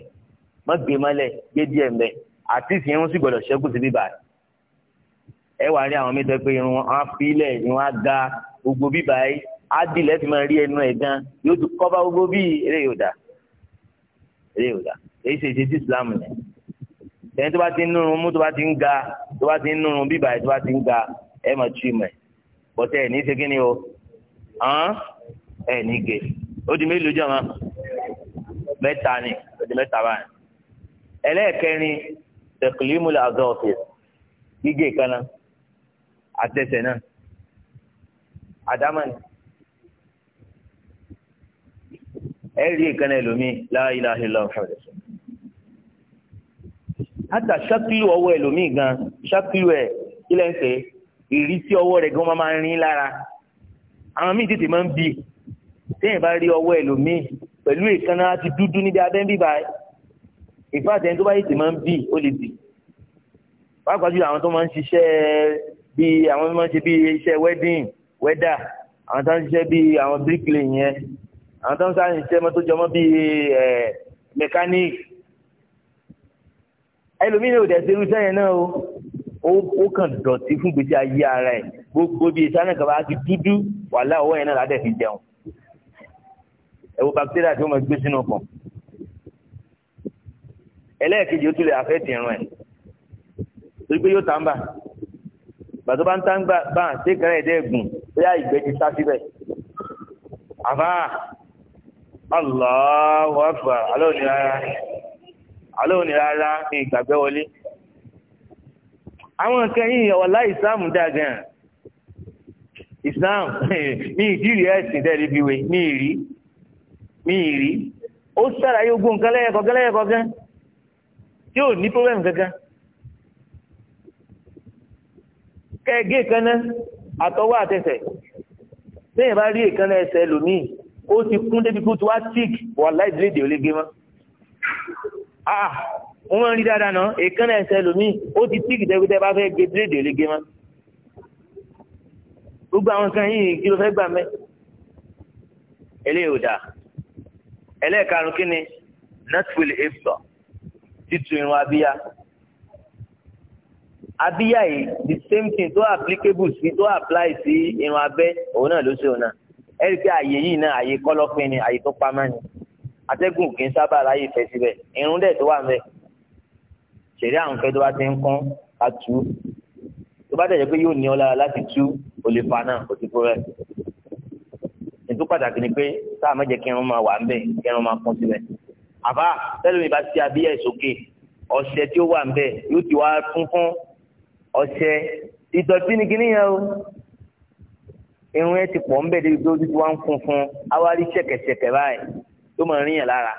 má gbé mọ́lẹ̀ gbé díẹ̀ mẹ́ àti ìsìn sì gbọ́dọ̀ ṣẹ́kù sí bíbà ẹ wà rí àwọn mi tẹ́ adìlẹ̀ ti máa rí ẹnu ẹ̀ gan yóò tún kọ́ bá gbogbo bíi eré yóò dà eré yóò dà èyí ṣe ìṣesí Islam nìyẹn tẹ̀yìn tó bá ti ń nírun mú tó bá ti ń ga tó bá ti ń nírun bíbà tó bá ti ń ga ẹ máa tú ìmọ̀ ẹ̀ bọ́tẹ́ ẹ̀ ní í ṣe kí ni o ẹ̀ ní gé ó di mélòó jọ̀ mọ́ mẹ́ta ni ó di mẹ́ta báyìí ẹlẹ́ẹ̀kẹrin tẹ̀kùlímùlà àgọ́ọ̀fẹ́ gígé kaná àtẹsẹ̀ náà àdámọ́ni ẹ̀rí ìkànnì ẹlòmíì láàyè àhìlá ọ̀hún. hátà ṣákìlù ọwọ́ ẹlòmíì gan ṣákìlù ẹ̀ kílẹ̀ ń pè é ìrísí ọwọ́ rẹ̀ gan máa ń rin lára àwọn míì tètè máa ń bi téèyàn bá rí ọwọ́ ẹlòmíì pẹ̀lú ìkànnà ti dúdú níbi abẹ́ ń bíbá ìfáàtẹ̀ tó bá yìí tètè máa ń bi ó lè bì pàápàá jùlọ àwọn tó máa ń ṣiṣẹ́ bí àwọn tó máa ń ṣe bí iṣẹ́ wedding wẹ́dà àwọn tó máa ń ṣiṣẹ́ bí àwọn bíríkìlì yẹn àwọn tó ń sáré iṣẹ́ mọ́tò jọmọ́ bíi mechanic ẹlòmíràn ò dẹ̀ ṣe irúṣẹ́ yẹn náà o ó kàn dọ̀tí fún gbèsè ayé ara ẹ̀ gbogbo bíi sáré kan bá ti dúdú wàhálà ọwọ́ yẹn náà ládẹ̀ fi jẹun ẹ̀wọ̀ bacteria tí wọ́n máa gbé sínú ọkàn ẹlẹ́ẹ̀kejì ó tún lè àfẹ́tì irun ẹ̀ torí pé yóò tá ń bà bàtó bá ń tá ń bà ṣé kẹrẹ́ ẹ̀dẹ́gùn bóyá ìgbẹ́ ti sá síbẹ̀ àfáà Allahu àwọn nǹkan yìí ọ̀la ìsáàmù dáa ìsáàmù ní ìdírí ẹ̀sìn dẹ́rẹ́ ní ìrí ní ìrí ó nǹkan tí ní pọ́blẹ́mù kankan kẹ́ẹ̀gé kan àtọwọ́ àtẹsẹ̀ ó ti kún débi kó tó wá tíìk wà láì délé dè gé mọ́ ah wọ́n máa ń rí dáadáa náà èèkàn náà ẹsẹ̀ lómi ó ti tíìk dẹ́gbẹ́dẹ́ bá fẹ́ gé délé dè ó lé gé mọ́ gbogbo àwọn kan yìí kí ló fẹ́ gbà mẹ́ eléyìí ò dáa ẹlẹ́ẹ̀karùn kí ni nursery ebsor títú irun abíyá abíyá yìí the same thing tó applicable sí tó apply sí irun abẹ́ òun náà ló ṣe òun náà ẹ̀rí pé àyè yìí náà àyè kọ́lọ́fín ni àyè tó pamọ́ ni atẹ́gùn kì í sábà ráyè fẹ́ síbẹ̀ irun dẹ̀ tó wà mẹ́ ṣẹ̀rí àwọn fẹ́ tó bá ti ń kán ká tú tó bá dẹ̀jẹ̀ pé yóò ní ọ lára láti tú o lè fa náà kò ti kó rẹ̀ ètò pàtàkì ni pé sáà mẹ́jẹ̀ kí irun máa wà ńbẹ̀ kí irun máa kún síbẹ̀ àbá tẹ́lẹ̀mí bá ti abíyẹ̀ sókè ọṣẹ tí ó wà ńbẹ̀ yóò ti wá fúnfún ọṣẹ ìdọ̀tí ni kíní yẹn o irun ẹ ti pọ̀ ń bẹ̀ débi pé ojú ti wá ń funfun awárí ṣẹ̀kẹ̀ṣẹ̀kẹ̀ báyìí tó máa ń ríyàn lára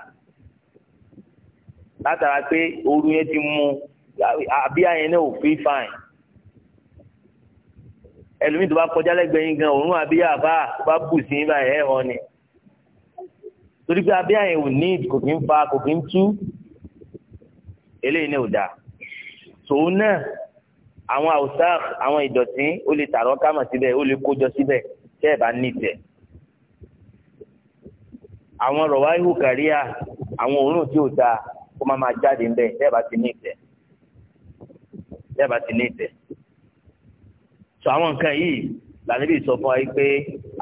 látara pé ooru yẹn ti mú àbí àyẹn náà ò fi fine ẹlòmíì tó bá kọjá lẹ́gbẹ̀ẹ́ yín gan òórùn àbí àbá bá bù sí báyìí ẹ̀ hàn ni torí pé abí àyẹn ò ní kò kí ń fa kò kí ń tú eléyìí náà ò dáa tòun náà àwọn àwùsáàk àwọn ìdọ̀tí ó lè tààrọ́ kámọ̀ síbẹ̀ ó lè kójọ síbẹ̀ tẹ́ ẹ̀ bá ní ìtẹ̀. àwọn rọ̀wáìhù kàríà àwọn òórùn tí ó dáa kó má máa jáde ńbẹ̀ tẹ́ ẹ̀ bá ti ní ìtẹ̀. tẹ́ ẹ̀ bá ti ní sọ àwọn nǹkan yìí lànàbí sọ fún wa pé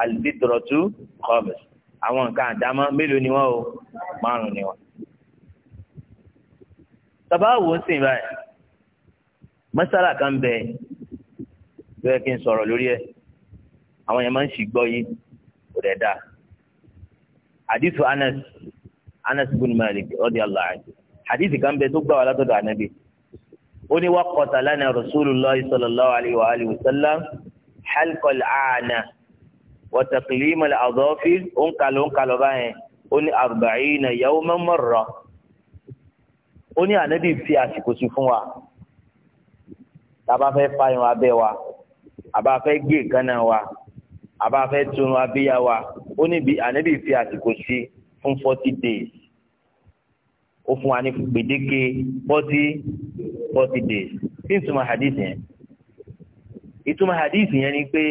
àlùbídọ̀rọ̀tú kọ́ọ̀mù àwọn nǹkan àdámọ́ mélòó ni wọ́n o márùn-ún ni wọ́n. tàbá wo mọ́sálà kan bẹ tó yẹ kí n sọ̀rọ̀ lórí ẹ̀ àwọn yẹn máa ń sì gbọ́ yìí kò dẹ̀ dáa hadithu anas anas bin malik radiyallahu anhu hadithi kan bẹ tó gbà wà látọ̀dọ̀ ànábì ó ní waqata lana rasulillah sallallahu alayhi wa alihi wa sallam halqal aana wa taqlimal adhafir ó ń kalọ̀ ó ó ní arba'ina yawman marra ó ní ànábì fi àsìkò sí fún wa tába fẹ́ fa irun abẹ́ wa àbá fẹ́ gé ìkànnà wa àbá fẹ́ tunu abíyá wa ó níbi ànábì fi àsìkò sí fún forty days ó fún wa ní gbèdéke forty forty days kí n túmọ̀ hadith yẹn ìtumọ̀ hadith yẹn ni pé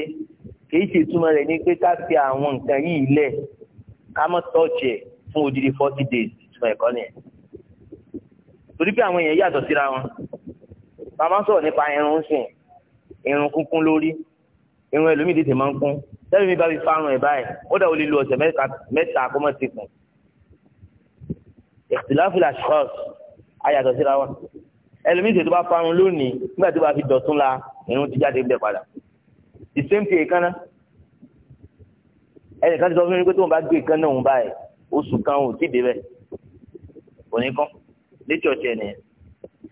kìí ṣe ìtumọ̀ rẹ̀ ni pé ká fi àwọn nǹkan yìí lẹ̀ ká mọ́ tọ́ọ̀ṣì ẹ̀ fún odidi forty days ìtumọ̀ ẹ̀kọ́ nìyẹn torí pé àwọn èèyàn yàtọ̀ síra wọn bàbá ń sọ̀rọ̀ nípa irun sìn irun kúnkún lórí irun ẹlòmíì tètè máa ń kún tẹ́lẹ̀ mi bá fi fárun ẹ̀ báyìí ó dà ó lè lo ọ̀sẹ̀ mẹ́ta kó má ti kùn ìtìláfìlà ṣọ́ọ̀ṣì ayàtọ̀ síra wa ẹlòmíì tètè bá fárun lónìí nígbà tó bá fi dọ̀tún la irun ti jáde bẹ̀ padà the same thing kan náà ẹnìkan ti sọ fún mi pé tóun bá gbé kan náà òun báyìí oṣù kan ò tí ì débẹ̀ òní kan létí ọ̀tí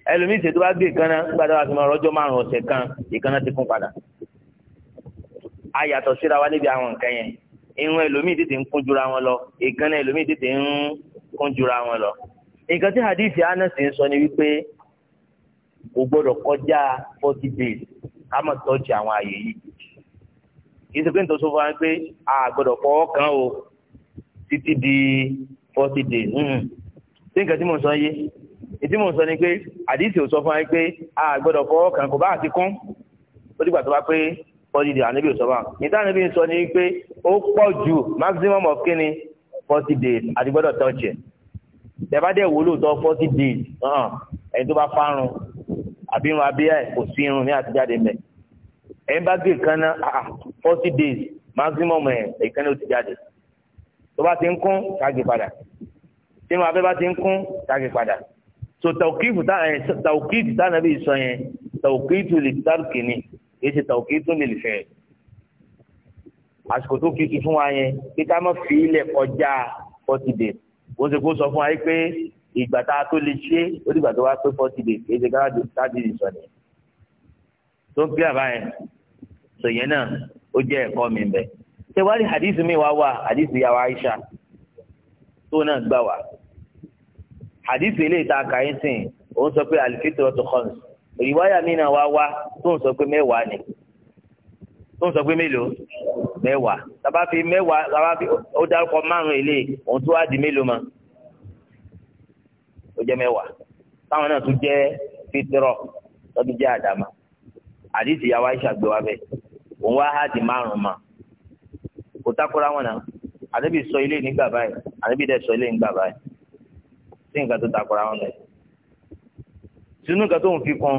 ẹlòmíì ṣètò bá gbé ìkànnà gbàdá wa fi máa rọjò márùn ọ̀sẹ̀ kan ìkànnà ti kún padà a yàtọ̀ síra wa níbi àwọn nǹkan yẹn irun ẹlòmíì tètè ń kún jura wọn lọ ìkànnà ẹlòmíì tètè ń kún jura wọn lọ nǹkan tí hadith Anas ń sọ ni wípé kò gbọdọ̀ kọjá forty days ká má tọ́jú àwọn àyè yìí kìí ṣe pé nítorí sọfún wa pé a gbọdọ̀ fọwọ́ kan o títí di forty days ṣé nǹkan tí mo sọ yé ìdí mò ń sọ ni pé àdìsí ò sọ fún wa pé a gbọ́dọ̀ fọwọ́ kan kò bá àti kún ó dìgbà tó bá pé forty days ànábì ò sọ fún wa níta ànábì sọ ni pé ó pọ̀ ju maximum of kíni forty days àti gbọ́dọ̀ touch ẹ̀ tẹ̀bá dẹ̀ wúlò tó forty days ẹni tó bá fárun àbí irun abíyá ẹ̀ kò sí irun ní àtijáde mẹ́ ẹni bá gbé kan náà forty days maximum ẹ̀ ìkànnì ó ti jáde tó bá ti ń kún ká gé padà tí irun abẹ́ bá ti ń kún ká gé padà so tawkifu tá ẹ eh, tawkifu tá nàbí sọ yẹn tawkifu lè tárùkì ni èyí ṣe tawkifu lè fẹ́ àsìkò tó kí fún wa yẹn kí ká má fi ilẹ̀ kọjá forty days ó ṣe kó sọ fún wa yìí pé ìgbà tá a tó lè ṣe ó dìgbà tó wá pé forty days èyí ṣe ká dájú ìsọ ni tó ń pè àbá yẹn náà ó jẹ́ ẹ̀kọ́ mi bẹ́ẹ̀ ṣé wàá rí hadith mi wá wà hadith yà Aisha tó náà gbà wá hadith eléyìí tá a kà yín sìn ó ń sọ pé alifitro tó kọ́ ní ìwáyà mi náà wá wá tó ń sọ pé mẹ́wàá ni tó ń sọ pé mélòó mẹ́wàá tábà fi mẹ́wàá tábà fi ó dárúkọ márùn-ún eléyìí òun tó wá di mélòó ma ó jẹ́ mẹ́wàá táwọn náà tún jẹ́ fitrọ tọ́bi jẹ́ àdàmà àdìsí yà wá ìṣàgbé wa bẹ́ẹ̀ òun wá hàdì márùn ma kò takora wọn náà àdébì sọ ilé nígbà báyìí àdébì dẹ̀ sọ ilé nígbà báyìí sí nǹkan tó takora wọn lẹ́yìn sínú nǹkan tó ń fi kún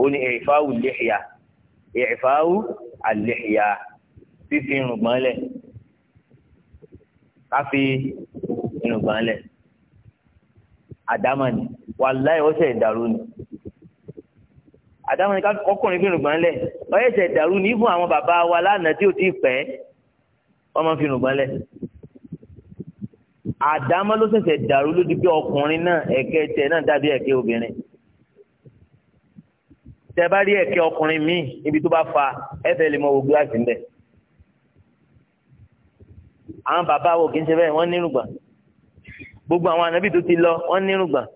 ó ní ìfáwù lẹ́hìá ìfáwù àlẹ́hìá fífi irùngbọ̀n lẹ̀ ká fi irùngbọ̀n lẹ̀ àdámọ̀ ni wàláì ó ṣe ìdàrú ni àdámọ̀ ni kọkùnrin fi irùngbọ̀n lẹ̀ ó ṣe ni ìfún àwọn bàbá wa lánàá tí ò tí pẹ́ wọ́n máa fi irùngbọ̀n lẹ̀ àdámọ́ ló ṣẹ̀ṣẹ̀ dàrú lójú pé ọkùnrin náà ẹ̀kẹ́ tẹ̀ náà dàbí ẹ̀kẹ́ obìnrin tẹ bá rí ẹ̀kẹ́ ọkùnrin míì ibi tó bá fa ẹ̀fẹ̀ lè mọ wo gíláàsì ńbẹ̀ àwọn bàbá wo kì í ṣe bẹ́ẹ̀ wọ́n nírùngbọ̀n gbogbo àwọn ànábì tó ti lọ wọ́n nírùngbọ̀n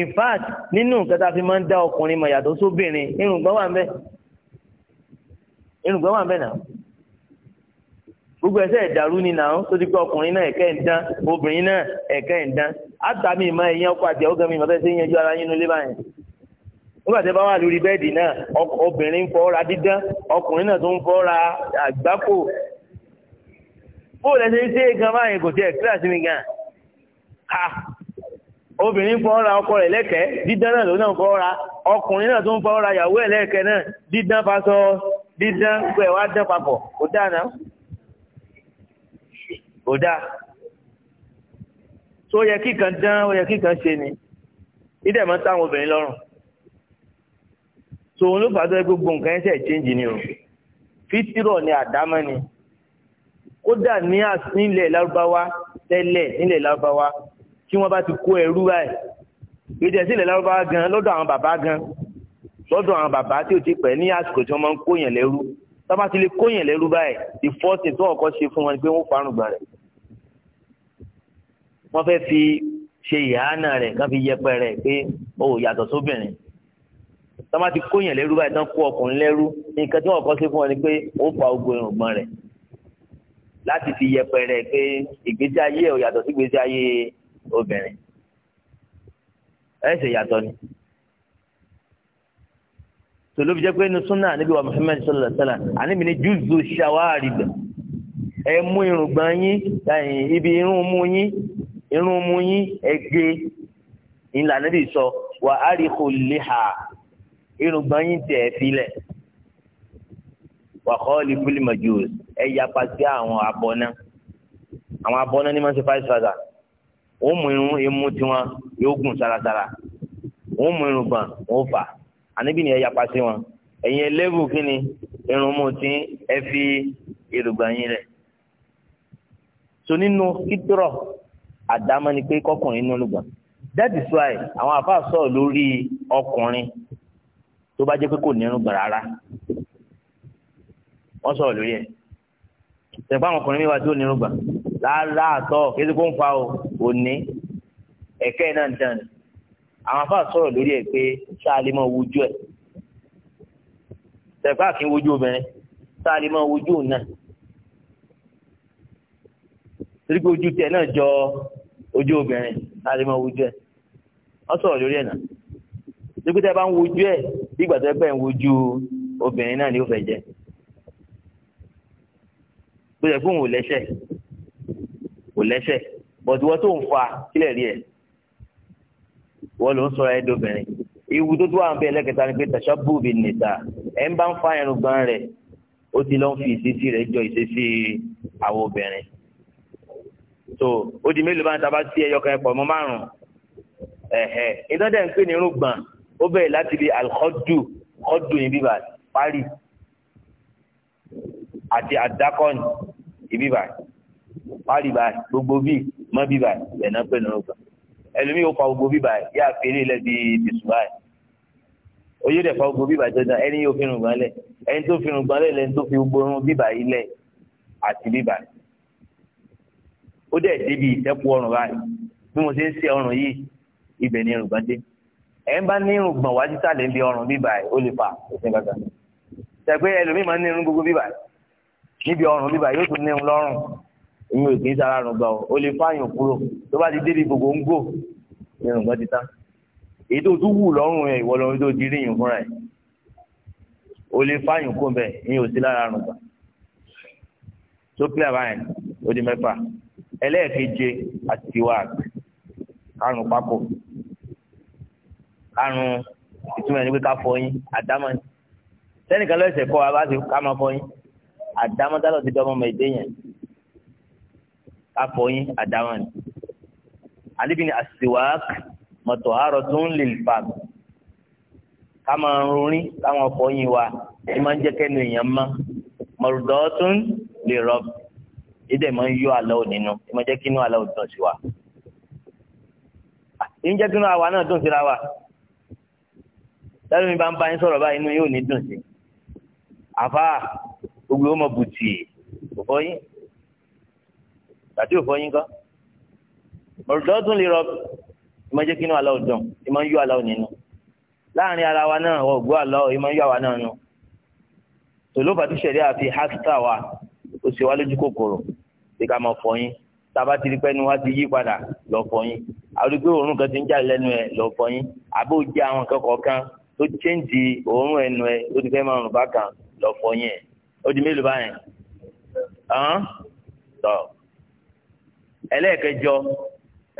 in fact nínú nǹkan tá a fi máa ń dá ọkùnrin mọ̀ yàtọ̀ sóbìnrin irùngbọ̀n wà ń bẹ̀ irùngbọ̀n wà ń bẹ̀ náà gbogbo ẹsẹ̀ ìdàrú ni nàá tó ti pé ọkùnrin náà ẹ̀kẹ́ ń dán obìnrin náà ẹ̀kẹ́ ń dán àtàmì ìmọ̀ ẹ̀yìn ọkọ̀ àti ọ̀gá mi ìmọ̀ bẹ́ẹ̀ ṣe ń yanjú ara yín nulẹ̀ báyìí nígbà tí a bá wà lórí bẹ́ẹ̀dì náà obìnrin ń fọ́ra dídán ọkùnrin náà tó ń fọ́ra àgbákò bóòlù ẹsẹ̀ ṣe é gan báyìí kò tiẹ̀ kíláàsì mi gan ha obìnrin fọ́ra ọkọ rẹ̀ lẹ́kẹ̀ẹ́ dídán náà ló náà fọ́ra ọkùnrin náà tó ń fọ́ra ìyàwó ẹ̀ lẹ́kẹ̀ẹ́ náà dídán fasọ dídán gbẹ̀ wá dán papọ̀ kò dáa náà kò dáa tó yẹ kíkan dán ó yẹ kíkan ṣe ni ìdẹ̀mọ́ táwọn obìnrin lọ́rùn tó òun ló fà á tó yẹ gbogbo nǹkan ẹ̀ṣẹ̀ change ni o fitirọ̀ ni àdámọ́ ni kódà ní nílẹ̀ lárúbáwá tẹ́lẹ̀ nílẹ̀ lárúbáwá tí wọ́n bá ti kó ẹrú báyìí ìdẹ̀ sílẹ̀ lárúbáwá gan lọ́dọ̀ àwọn bàbá gan lọ́dọ̀ àwọn bàbá tí ò ti pẹ́ ní àsìkò tí wọ́n máa ń kóyàn lẹ́rú tó bá ti lè kóyàn lẹ́rú báyìí the first thing tó ọkọ ṣe fún wọn ni pé wọ́n parun gbà rẹ̀ wọ́n fẹ́ fi ṣe ìhánà rẹ̀ kán fi yẹpẹ rẹ̀ pé o ò yàtọ̀ sóbìnrin tọ́mà ti kóyàn lẹ́rú báyìí tán kó ọkùnrin lẹ́rú nǹkan tí wọ́n kọ́ sí fún ọ ni pé ó fa ogun irùngbọ̀n rẹ̀ láti fi yẹpẹ rẹ̀ pé ìgbésí ayé ò yàtọ̀ sí ìgbésí ayé obìnrin ẹsẹ̀ yàtọ̀ ni tòlóbi jẹ́ pé inú súnà níbi wa Muhammad sallallahu alaihi wa sallam àníbi ni júùsù ṣàwárì gbà ẹ mú irùngbọ̀n yín ibi irun mú yín irun mu yín ẹgbẹ ńlá níbi sọ wà á rí kò lè hà irùngbọ̀n yín tẹ filẹ̀ wà kọ́ọ̀lì fúlìmọ̀jù ẹ yapa sí àwọn abọ́ná àwọn abọ́ná ní mọ́sí fáìsì fàdà wọ́n mú irun imú tiwọn yóò gùn sárasára wọ́n mú irùngbọ̀n wọ́n fà àníbí ni ẹ yapa sí wọn ẹ̀yin ẹlẹ́bù kínni irun mú tí ẹ fi irùngbọ̀n yín rẹ̀ so nínú kíkúrọ̀ àdámọ́ ni pé kọkùnrin ní olùgbọ̀n that is why àwọn àfáà sọ̀rọ̀ lórí ọkùnrin tó bá jẹ́ pé kò ní irùngbọ̀n rárá wọ́n sọ̀rọ̀ lórí ẹ̀ tẹ̀pá àwọn ọkùnrin mi wá tó ní irùngbọ̀n rárá àtọ̀ kéde kó ń fa o ò ní ẹ̀kẹ́ náà dán ni àwọn àfáà sọ̀rọ̀ lórí ẹ̀ pé sáà lè mọ wojú ẹ̀ tẹ̀pá kì í wojú obìnrin sáà lè mọ wojú náà torí pé ojú tiẹ̀ náà jọ ojú obìnrin láti máa wojú ẹ̀ wọ́n sọ̀rọ̀ lórí ẹ̀ náà dókítà tẹ́ bá ń wojú ẹ̀ bí ìgbà tó ẹ pẹ́ ń wojú obìnrin náà ni ó fẹ́ jẹ́ gbọ́dọ̀ fún òun lẹ́sẹ̀ kò lẹ́sẹ̀ bọ̀dù wọ́n tó ń fa kílẹ̀ rí ẹ̀ wọ́n ló ń sọ̀rọ̀ ẹ̀ dóbìnrin ìwù tó tó wà ń bẹ ẹlẹ́kẹta ni pé tàṣà búùbì nìta ẹ̀ ń bá ń fa irun gan rẹ̀ ó ti lọ́ ń fi ìṣesí rẹ̀ jọ ìṣesí àwọn obìnrin so ó di mélòó bá ń sábà sí ẹyọ kan ẹ̀pọ̀ mọ́ márùn-ún ẹ̀hẹ̀ ìdọ́dẹ̀ ń pè ní irúgbọ̀n ó bẹ̀rẹ̀ láti di alhọ́dù họ́dù ìbíbà parí àti àdákọ́ni ìbíbà parí bá gbogbo bíi mọ́ bíbà ẹ̀ náà pè ní irúgbọ̀n ẹlòmíì ó fa gbogbo bíbà yá fèrè lẹ́bi bìsùwà oyè dẹ̀ fa gbogbo bíbà dandan ẹni yóò fi irùngbọ̀n lẹ̀ ẹni tó fi irùngbọ̀n lẹ̀ lẹ́ni tó fi gbogbo irun bíbà yìí lẹ̀ àti bíbà yìí ó dẹ̀ débi ìtẹ́kù ọrùn rà bí mo ṣe ń ṣe ọrùn yìí ibẹ̀ ni irùngbọ̀n dé ẹ̀ ń bá ní irùngbọ̀n wájú sàlẹ̀ ń bí ọrùn bíbà ẹ̀ ó lè fà òfin kankan tẹ̀gbẹ́ ẹlòmíì máa ń ní irun gbogbo bíbà níbi ọrùn bíbà yóò tún ní irun lọ́rùn èmi ò kì í sara rùn gbà ó lè fáyàn kúrò tó bá ti débi gbogbo ń gbò irùngbọ̀n ti tán èyí tó tún wù lọ́rùn yẹn ìwọ lọ́rùn tó di ẹlẹ́ẹ̀keje àtiwák karùn pákó karùn ìtumọ̀ ẹni pé ká fọyín àdámọ́ sẹ́nìkan lọ́sẹ̀ kọ́ wa bá ti ká máa fọyín àdámọ́ tálọ̀ ti dọ́mọ́ mẹ́ẹ̀dé yẹn ká fọyín àdámọ́ ni àdébí ni àtiwák mọ̀tò àárọ̀ tó ń lè fà ká máa ronrín ká máa fọyín wa ẹ máa ń jẹ́ kẹ́nu èèyàn mọ́ mọ̀rùdọ́ tó ń lè rọ́ọ̀bù ìdẹ̀ máa ń yọ aláwọ̀ nínú ẹ máa jẹ́ kí inú aláwọ̀ dùn sí wa. ìyẹn jẹ́ kí inú àwa náà dùn síra wa lẹ́nu mi bá ń bá yín sọ̀rọ̀ báyìí inú yóò ní dùn sí àfa gbogbo ọmọ bùtì kò fọ́ yín tàbí ò yín kọ́ mọ̀rọ̀dọ́ tún lè rọ ìmọ̀ jẹ́ kí inú aláwọ̀ dùn ìmọ̀ yọ aláwọ̀ nínú láàrin ara wa náà wọ́n gbọ́ aláwọ̀ ìmọ̀ yọ àwa náà nù tòlófà tí sẹ̀rí hákítà wa ó sì lójú kòkòrò ṣé ká máa fọyín tába ti rí pẹ́ni wá ti yí padà lọ fọyín àrùgbé òórùn kan ti ń jà lẹ́nu ẹ̀ lọ fọyín àbí ó jẹ́ àwọn kẹ́kọ̀ọ́ kan tó chéǹjì òórùn ẹnu ẹ̀ ó ti fẹ́ máa rùn bákan lọ fọyín ẹ̀ ó di mélòó báyẹn hàn tọ ẹlẹ́ẹ̀kẹjọ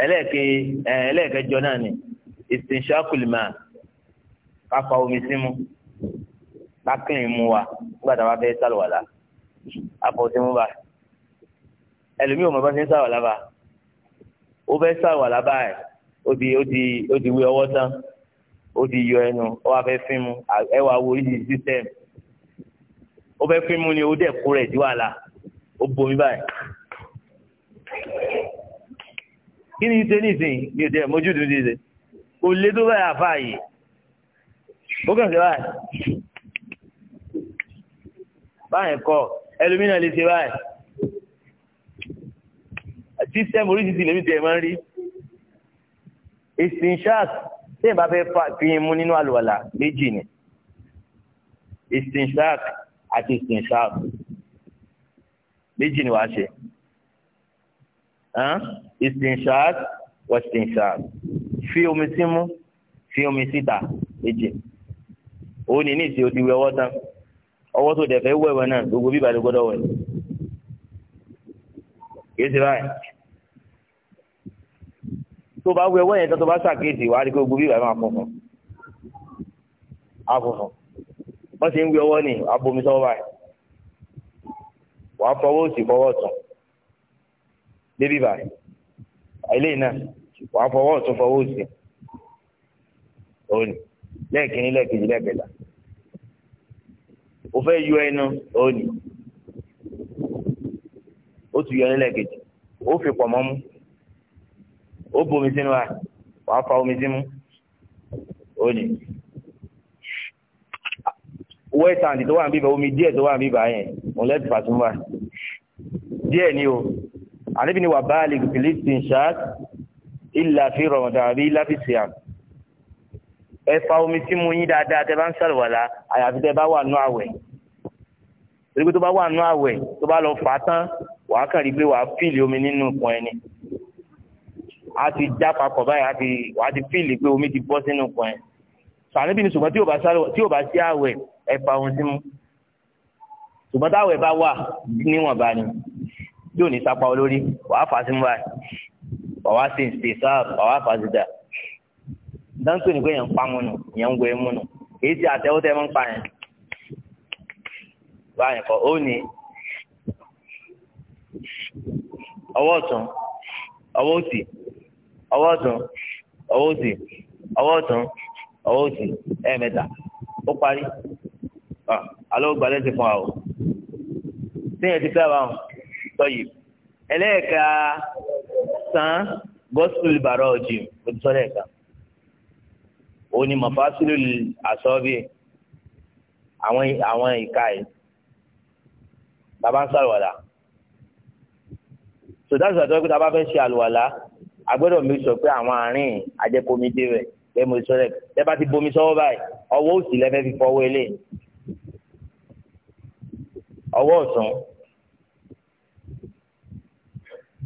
ẹlẹ́ẹ̀kẹ ẹlẹ́ẹ̀kẹjọ náà ni ìsìnṣákùlìmọ̀ káfa omi símú kákìrín mú wa nígbà tá a bá fẹ́ sálùwàlà àfọ̀símú báyìí ẹlòmíì ò mọ bá ṣe ń sàwà lába ó fẹ́ sàwà lába ẹ̀ ó di ó di ó di wé ọwọ́ tán ó di yọ ẹnu ó wá fẹ́ fín mu ẹ wá wo oríṣi system ó fẹ́ fín mu ni ó dẹ̀ kú rẹ̀ ju àlà ó bomi báyìí kí ni ṣe nísìnyí mi ò tẹ̀ mójútó ní ṣe kò lé tó báyà fààyè ó kàn ṣe báyìí báyìí kọ ẹlòmínà lè ṣe báyìí sísẹ́mù oríṣiríṣi lèmi tẹ̀ máa ń rí istinshaq tẹ́yìn bá fẹ́ fi mú nínú àlùwàlà méjì ni istinshaq àti istinshaq méjì ni wàá ṣe istinshaq wa istinshaq fi omi sí mú fi omi síta méjì òun ní ní ìsìn òdi wẹ ọwọ́ tán ọwọ́ tó dẹ̀ fẹ́ náà gbogbo bíbá ló gbọ́dọ̀ wẹ̀ kí ó ti báyìí tó bá wẹ wọ́n yẹn tó bá ṣàkíyèsí wàá rí kó gbogbo bíbá máa funfun afunfun wọ́n ti ń wí ọwọ́ ní abomi sọ́wọ́ báyìí wàá fọwọ́ òsì fọwọ́ ọ̀tún débí báyìí eléyìí náà wàá fọwọ́ ọ̀tún fọwọ́ òsì òní lẹ́ẹ̀kínní lẹ́ẹ̀kejì lẹ́ẹ̀kẹta o fẹ́ yọ ẹnu òní o tún yọ ẹnu lẹ́ẹ̀kejì o fi pọ̀ mọ́ ó bomi sínú wa wàá fa omi símú ó ní west hand tó wà ń bíbá omi díẹ̀ tó wà ń bíbá yẹn òun lẹ́tì fà sínú wa díẹ̀ ni o àníbi ni wà báàlì kìlìsìn ṣáàt ìlà fi rọ̀mọ̀dà àbí ìlà fi ṣìyàn ẹ fa omi símú yín dáadáa tẹ bá ń ṣàlùwàlà àyàfi tẹ bá wà nú àwẹ̀ torí pé tó bá wà nú àwẹ̀ tó bá lọ fà á tán wàá kàn rí i pé wàá fìlì omi nínú ìpọn ẹni a ti já papọ̀ báyìí a ti wà á ti fíìlì pé omi ti bọ́ sínú kan ẹ̀ sànẹ́bí ni ṣùgbọ́n tí ò bá sí àwẹ̀ ẹ̀ fa ohun sí mu ṣùgbọ́n táwẹ̀ bá wà níwọ̀nba ni yóò ní sapa olórí wàá fà á sí mu báyìí wàá wá sí ìsè sáàbù wàá fà á sí dà dáńtò ní pé yẹn ń pa mu nù yẹn ń wẹ̀ mu nù èyí ti àtẹwọ́ tẹ́ mọ́ ń pa yẹn báyìí kọ́ ó ní ọwọ́ ọ̀tún ọwọ́ òsì ọwọ́ ọ̀tún ọwọ́ òsì ọwọ́ ọ̀tún ọwọ́ òsì ẹ̀ẹ̀mẹ́ta ó parí alọ́ gbalẹ̀ ti fún wa o sẹ́yìn ti káàbà wọn sọ́yìí ẹlẹ́ẹ̀ka sàn gospel bàrọ̀ ọ̀jì kò ti sọ lẹ́ẹ̀ka ó ní mọ̀fásílù àsọ́bí àwọn àwọn ìka yìí bàbá ń sàlùwàlà sòdásùwàtò ẹgbẹ́ tá a bá fẹ́ ṣe àlùwàlà agbọ́dọ̀ mi sọ pé àwọn àárín ajẹ́kọ́mi dé rẹ̀ bẹ́ẹ̀ mo sọ rẹ̀ bẹ́ẹ̀ bá ti bomi sọ́wọ́ báyìí ọwọ́ òsì lẹ́fẹ́ fi fọwọ́ ilé ọwọ́ ọ̀sán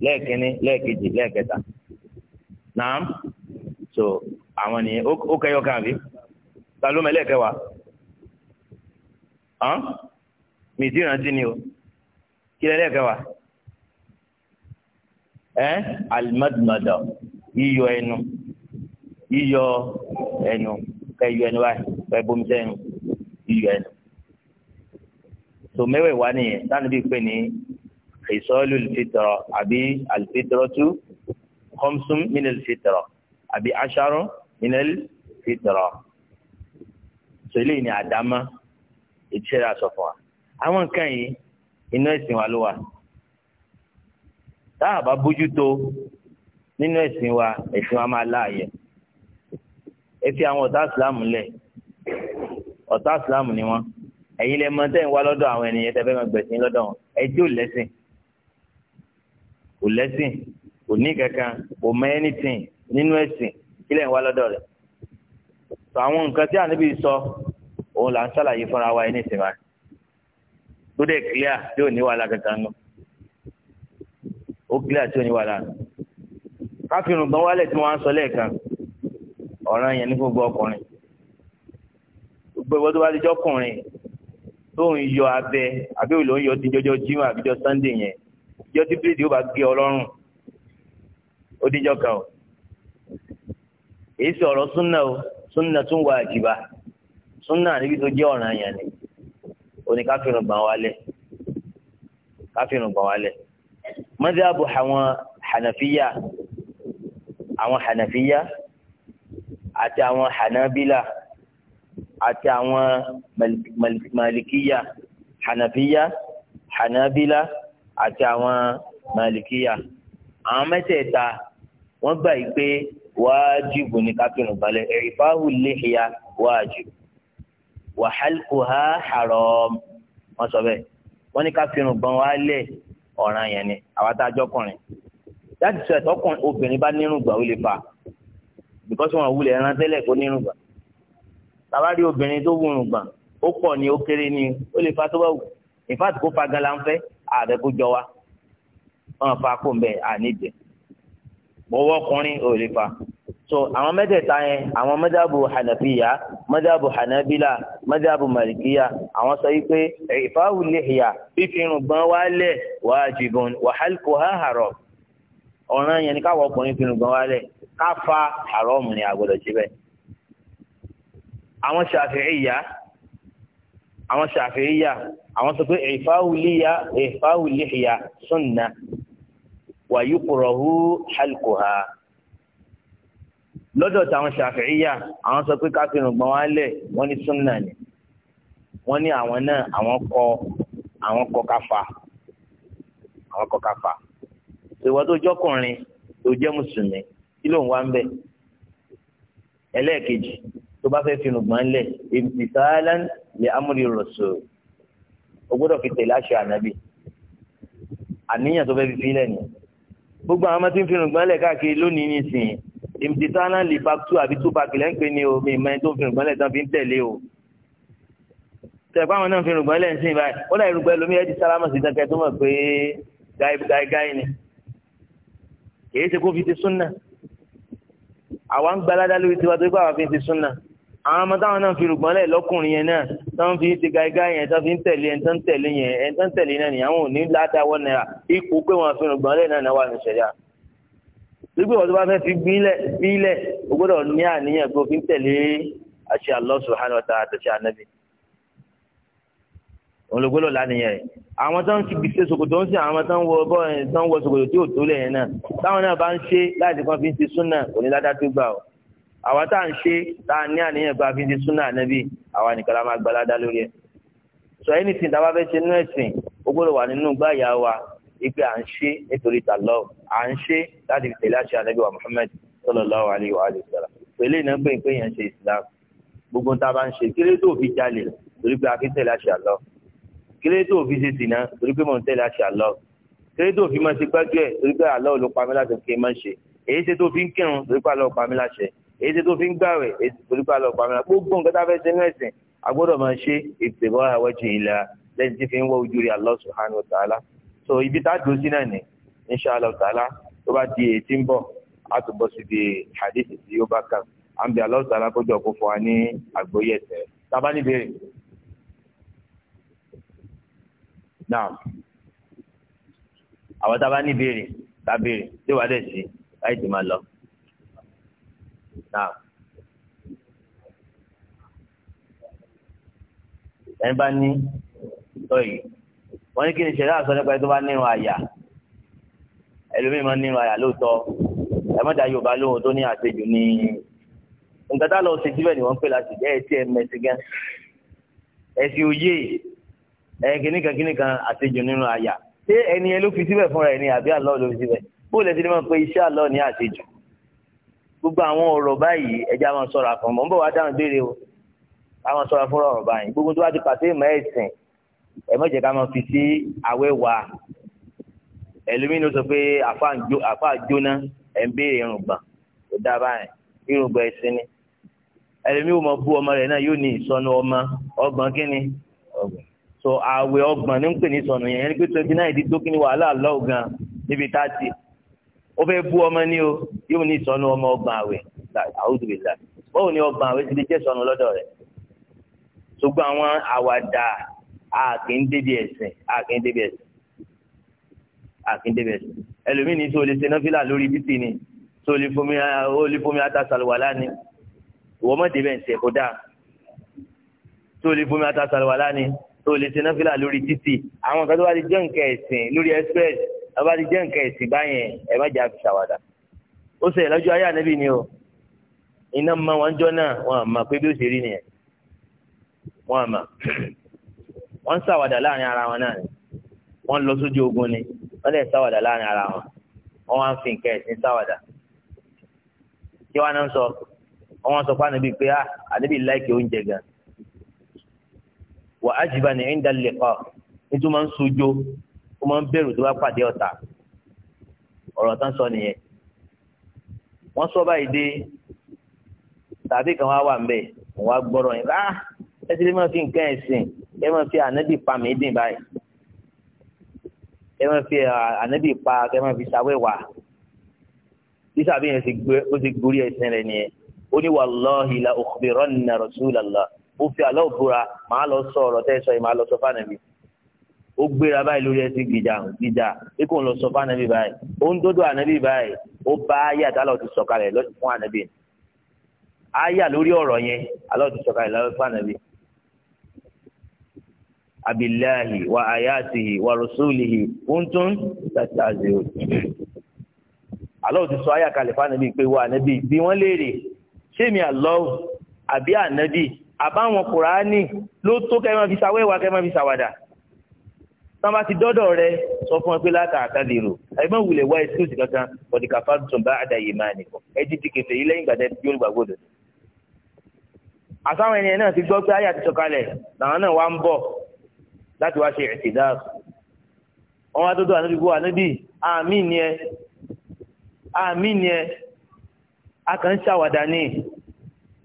lẹ́ẹ̀kínní lẹ́ẹ̀kejì lẹ́ẹ̀kẹta náà so àwọn ni ó kẹyọ kan àbí ta ló mọ ẹlẹ́ẹ̀kẹwàá hàn mi ti rántí ni o kí lẹ́ẹ̀kẹwàá ẹ́ alimadumada yíyọ ẹnu yíyọ ẹnu kẹyọ ẹnu báyìí kẹbomi sẹ́nu yíyọ ẹnu tòmẹ́wẹ̀ wá nìyẹn sáni bíi pé ní ìsọ́lù lùfitọ̀rọ̀ àbí àlùfitọ̀rọ̀ tú khamsun min al-fitra àbí aṣáró min al-fitra sọlẹ ní àdámá ìṣẹlẹ àsọfọ àwọn nǹkan yìí iná wa ló wà tá a bá nínú ẹ̀sìn wa ẹ̀sìn wa máa láàyè ẹ fi àwọn ọ̀tá ìsìláàmù lẹ̀ ọ̀tá ìsìláàmù ni wọ́n ẹ̀yin lè mọ tẹ́yìn wá lọ́dọ̀ àwọn ènìyàn tẹ́ fẹ́ máa gbẹ̀sìn lọ́dọ̀ wọn ẹ tí ò lẹ́sìn kò lẹ́sìn kò ní kankan kò mọ anything nínú ẹ̀sìn kí lẹ́yìn wá lọ́dọ̀ rẹ̀ tó àwọn nǹkan tí ànábì sọ òun là ń ṣàlàyé fúnra wa ẹni ìsìn wa tó dẹ̀ clear tí ò ní wàhálà kankan náà ó kílẹ̀ àti òní wà lára káfíìnù gan wálẹ̀ tí wọ́n á sọ lẹ́ẹ̀kan ọ̀ràn yẹn ní gbogbo ọkùnrin gbogbo ìwọ́n tó bá ti jọ́kùnrin tó ń yọ abẹ abẹ́ òòlù ń yọ ti jọjọ jimá àbíjọ sunday yẹn ìjọ tí bíléèdì ó bá gé ọlọ́run ó díjọ kan o èyí sì ọ̀rọ̀ súnà o súnà tún wà àjìbá súnà níbi tó jẹ́ ọ̀ràn yẹn ni òní káfíìnù gbọ̀n wálẹ̀ káfíìnù gbọ̀n wálẹ̀ mọ́dàbù àwọn hànàfíyà àwọn hànàfíyà àti àwọn hànàbílà àti àwọn màlìkíyà hànàfíyà hànàbílà àti àwọn màlìkíyà àwọn mẹ́tẹ̀ẹ̀ta wọ́n gbà yí pé wájibu ni kápẹ́nù balẹ̀ ìfáwù léhìá wájibu wàhálùkù ha haram wọ́n sọ bẹ́ẹ̀ wọ́n ní kápẹ́nù gbọ́n wá lẹ̀ ọ̀ràn yẹn ni àwa tá a that is why tọkùn obìnrin bá nínú gbà ó lè fa because wọn wulẹ̀ ẹran tẹ́lẹ̀ kó nínú gbà tàbá rí obìnrin tó wùrùn gbà ó pọ̀ ni ó kéré ni ó lè fa tó bá wù in fact kó fa gan ń fẹ́ ààrẹ kó jọ wa wọn fa kó ń bẹ àníjẹ bọ́wọ́ ọkùnrin ò lè fa so àwọn mẹ́tẹ̀ẹ̀ta yẹn àwọn mọ́dàbù hànàfíyà mọ́dàbù hànàbílà mọ́dàbù màlìkíyà àwọn sọ wípé ìfáwù lèhìyà fífi irùngbọ̀n wálẹ̀ wajibun wàhálùkù ha àrọ̀ ọ̀ràn yẹn ni káwọn ọkùnrin fi irùngbọ̀n wálẹ̀ káfa àrọ̀ ọ̀mù ni àgbọ̀dọ̀ síbẹ̀. àwọn ṣàfihìyà àwọn ṣàfihìyà àwọn sọ pé ìfáwù lìyà ìfáwù lèhìyà sunna wàyí kùrọ̀hù hàlùkù ha lọ́dọ̀ táwọn ṣàfihàn àwọn sọ pé káfíìnì gbọ́n wá lẹ̀ wọ́n ní súnà ni wọ́n ní àwọn náà àwọn kọ àwọn kọ káfa àwọn kọ káfa ìwọ tó jọkùnrin tó jẹ́ mùsùlùmí kí ló ń wá ń bẹ̀ ẹlẹ́ẹ̀kejì tó bá fẹ́ fínú gbọ́n lẹ̀ ìbísàlán lè amúri rasul o gbọ́dọ̀ fi tẹ̀lé àṣẹ ànábì àníyàn tó fẹ́ fi fílẹ̀ ni gbogbo àwọn ìmùtítánà lè fa tú àbí tú bá kìlẹ̀ ń pè ní omi ìmọ̀ ẹni tó ń fi rùgbọ́n lẹ̀ tán fi ń tẹ̀lé o tẹ̀pá àwọn náà fi rùgbọ́n lẹ̀ ń sìn báyìí ó láì rùgbọ́n lómi ẹ̀ ti sálámà sí dákẹ́ tó mọ̀ pé gáígáí ni kìí ṣe kó fi ti súnà àwa ń gbalada lórí tiwa tó gbà wá fi ti súnà àwọn ọmọ táwọn náà fi rùgbọ́n lẹ̀ lọ́kùnrin yẹn náà tó ń fi ti gaiga yẹn tó fi ń tẹ̀lé ẹni gbígbé wọn tó bá fẹ́ fi bílẹ̀ bílẹ̀ o gbọ́dọ̀ ní àníyàn pé fi ń tẹ̀lé àṣẹ Allah subhanahu wa ta'ala àtẹ̀ṣe ànábì òun ló gbọ́dọ̀ lánìyàn yẹn àwọn tó ń ti gbèsè ṣòkòtò ń sìn àwọn tó ń wọ bọ́ ẹ̀ tó ń wọ ṣòkòtò tí ò tó lẹ̀ yẹn náà táwọn náà bá ń ṣe láti kan fi ń ti súnà òní ládàá tó gbà ọ́ àwa tá à ń ṣe tá a ní àníyàn pé fi ń ti súnà ànábì àwa nìkan la máa gbalá dá lórí ẹ̀ sọ anything tá a bá fẹ́ ṣe nínú ẹ̀sìn ó gbọ́dọ̀ wà nínú gbáyà wa ipe à ń ṣe nítorí tàlọ́ à ń ṣe láti fi tẹ̀lé àṣẹ ànábì wa Muhammad sallallahu alayhi wa sallam pẹ̀lú iná pé pé yẹn ṣe Islam gbogbo tá a bá ń ṣe kílé tó fi jalè torí pé a fi tẹ̀lé àṣẹ àlọ́ kílé tó fi ṣe sìnà torí pé mò ń tẹ̀lé àṣẹ àlọ́ kílé tó fi máa ṣe gbájú ẹ̀ torí pé àlọ́ ló pa mí láti kí n máa ṣe èyí ṣe tó fi ń kírun torí pé àlọ́ pa láṣẹ èyí ṣe tó fi ń gbàwẹ̀ torí pé àlọ́ pa láṣẹ gbogbo nǹkan tá a fẹ́ ṣe ní a gbọ́dọ̀ máa ṣe ìtẹ̀bọ́ àwẹ̀jì ìlà lẹ́yìn tí fi ń wọ ojú rí Allah subhanahu wa so ibi tá a dúró sí náà ni inṣàlá ọ̀tàlá tó bá di ètí ń bọ̀ a tún bọ́ síbi hadith tí ó bá kàn á ń bẹ alọ́ọ̀tàlá kó jọ kó fún wa ní àgbóyè ẹ̀sẹ̀ tábà níbèrè. náà àwọn tábà níbèrè tábèrè tí wàá dẹ̀ sí láì tì máa lọ. ẹ bá ní sọ wọ́n ní kí ni ṣẹ̀dá àṣọ nípa ẹni tó bá nírun àyà ẹlòmíì máa ń nírun àyà lóòótọ́ ẹ̀mọ́dà Yorùbá lóhun tó ní àṣejù ní nǹkan tá lọ sí síbẹ̀ ni wọ́n ń pè láti jẹ́ ẹtí ẹ̀mẹ́sì gan ẹ̀sì òye ẹ̀ kìnnìkan kìnnìkan àṣejù nínú àyà ṣé ẹni ẹ ló fi síbẹ̀ fúnra ẹni àbí àlọ́ ló fi síbẹ̀ bóòlù ẹ ti ní mọ̀ pé iṣẹ́ àlọ́ ní àṣejù gbogbo àwọn ọ̀rọ̀ báyìí ẹja máa sọ̀rọ̀ àfọ̀mọ́ ń bọ̀ wá dáhùn béèrè o àwọn sọ̀rọ̀ fúnra ọ̀rọ̀ báyìí gbogbo tó bá ti pàṣẹ ìmọ̀ ẹ̀sìn ẹ má jẹ́ ká máa fi sí awẹ́ wa ẹlòmínú sọ pé àfa jóná ẹ̀ ń béèrè irùngbọ̀n kò dábàá yẹn irùngbọ̀n ẹ̀sìn ni ẹlòmínú mọ̀ bú ọmọ rẹ̀ náà yóò ní ìsọnù ọmọ ọgbọ̀n kínní ọgbọ̀n so àwẹ̀ ọgbọ̀n ní ń pè ní sọnù yẹn ẹni pé twenty nine di tó kí ni wàhálà lọ́ọ̀ gan níbi táàtì ó fẹ́ bú ọmọ ní o yóò ní ìsọnù ọmọ ọgbọ̀n àwẹ̀ àwùjọ báwo ni ọgbọ̀n àwẹ̀ ti lè jẹ́ sọnù lọ́dọ̀ rẹ̀ ṣùgbọ́n àwọn àwàdà a kì í débi ẹ̀sìn a kì í débi ẹ̀sìn a kì í débi ẹ̀sìn ẹlòmíì ní sọ lè ṣe náfìlà lórí bíbí ni sọ lè fomi ó lè fomi atasaluwala ni ìwọ mọ̀ débi ẹ̀sìn kó dáa sọ lè fomi atasaluwala ni sọ lè ṣe náfìlà lórí títì àwọn kan tó bá ti jẹ́ nǹkan ẹ̀sìn lórí express tó bá ti jẹ́ nǹkan ẹ̀sìn báyẹn ẹ̀ má jà fi ṣàwàdà ó ṣe lọ́jọ́ ayé ànábì ni o iná mọ wọn jọ náà wọn àmà pé bí ó ṣe rí nìyẹn wọn àmà wọ́n ń ṣàwàdà láàrin ara wọn náà ni wọ́n ń ogun ni wọ́n lè ṣàwàdà láàrin ara wọn wọ́n wá ń fi nǹkan ẹ̀sìn ṣàwàdà kí wọ́n á sọ wọ́n sọ fún ànábì pé ah ànábì láìkì oúnjẹ gan wà á jìbá ní ẹ̀ńdà lẹ́kọ̀ọ́ nítorí máa ń sojo ó máa ń bẹ̀rù tó bá pàdé ọ̀tá ọ̀rọ̀ tán sọ nìyẹn wọ́n sọ báyìí dé tàbí kan wá wà ń bẹ̀ wọ́n wá gbọ́rọ̀ yẹn ah, ẹ máa fi ànábì pa mí dín báyìí ẹ máa fi ànábì pa ẹ máa fi ṣàwẹ̀wà sísàbí yẹn ó ti gbórí ẹsẹ̀ rẹ̀ nìyẹn ó ní wàlọ́hì la ukhbiranna rasulullah ó fi àlọ́ òbúra màá lọ sọ ọ̀rọ̀ tẹ́ sọ yìí màá lọ sọ fáànà mi ó gbéra báyìí lórí ẹsẹ̀ gìjà gìjà pé kò ń lọ sọ fáànà mi báyìí ó ń dódò ànábì báyìí ó bá ayé àtàlọ́ ti sọ̀kalẹ̀ fún ànábì ayé lórí ọ̀rọ̀ yẹn àlọ́ ti sọ̀kalẹ̀ fún ànábì abillahi wa ayatihi wa rasulihi kuntun tattazi'un. Allah ti sọ ayé àkàlẹ̀ fánàbí pé wà ànábì bí wọ́n léèrè ṣé mi Allah àbí ànábì àbáwọn kùránì ló tó kẹ́ máa fi ṣàwẹ́wà kẹ́ máa fi ṣàwàdà. tán ti dọ́dọ̀ rẹ sọ fún ẹ pé látà àtàlérò ẹgbẹ́ wulẹ̀ wá ẹsíkúùsì kankan ọ̀dìkà fáàtùn bá àdàyè máa nìkan ẹ ti di yìí lẹ́yìn gbàdẹ́ yóò gbàgbọ́dọ̀ àtàwọn ènìyàn náà ti gbọ́ pé ayé àti sọ̀kalẹ̀ làwọn náà wá ń bọ̀ láti wá ṣe ìtìdáàr wọn wá dọdọ ànábi kú ànábi àmì ni ẹ àmì ni ẹ a kàn ń ṣàwàdà ni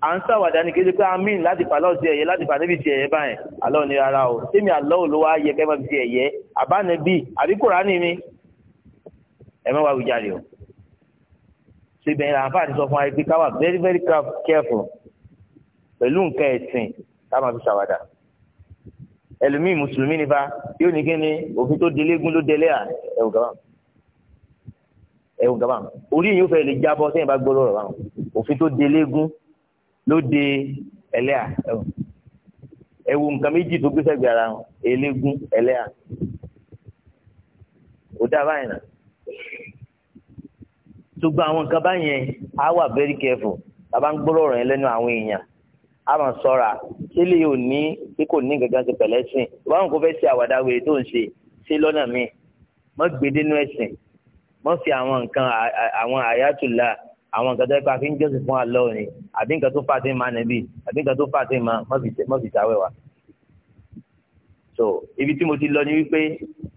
à ń ṣàwàdà ni kéde pé àmì láti fà lọ́ọ̀ sí ẹ̀yẹ láti fà níbi ti ẹ̀yẹ báyẹn àlọ́ ni rárá o sẹ́mi àlọ́ ò ló wá yẹ kẹ́mọ́ fi ti ẹ̀yẹ àbánẹ́bí àbí kùránì ni ẹ má wá wíjàre o síbẹ̀ ní àǹfààní sọ fún wa pé ká wà very very careful pẹ̀lú nǹkan ẹ̀sìn ká máa fi ṣàwàdà ẹlòmíì mùsùlùmí ni fa yóò ní kíni òfin tó délé gún ló délé à ẹwù gàbà ẹwù gàbà orí yìí ó fẹ́ lè jábọ́ sẹ́yìn bá gbọ́ lọ́rọ̀ báwọn òfin tó délé gún ló dé ẹlẹ́à ẹwù ẹwù nǹkan méjì tó gbé sẹ́gbẹ̀ẹ́ ara wọn eléégún ẹlẹ́à ó dá báyìí náà gbogbo àwọn nǹkan báyẹn á wà very careful bàbá ń gbọ́rọ̀ ọ̀rọ̀ yẹn àwọn èèyàn àmọ́ ṣọ́ra sílẹ̀ yóò ní bí kò ní gàgà ṣe pẹ̀lẹ́ sìn ìbáwọn kò fẹ́ ṣe àwàdà wèrè tó ń ṣe ṣe lọ́nà mi mọ́ gbèdénú ẹ̀sìn mọ́ fi àwọn nǹkan àwọn àyàtúlà àwọn nǹkan tó yẹ kó a fi ń jọ́sìn fún alọ́ ni àbí nǹkan tó fàtí ma nàbí àbí nǹkan tó fàtí ma mọ́ fi ṣàwẹ̀ wa. so ibi tí mo ti lọ ni wípé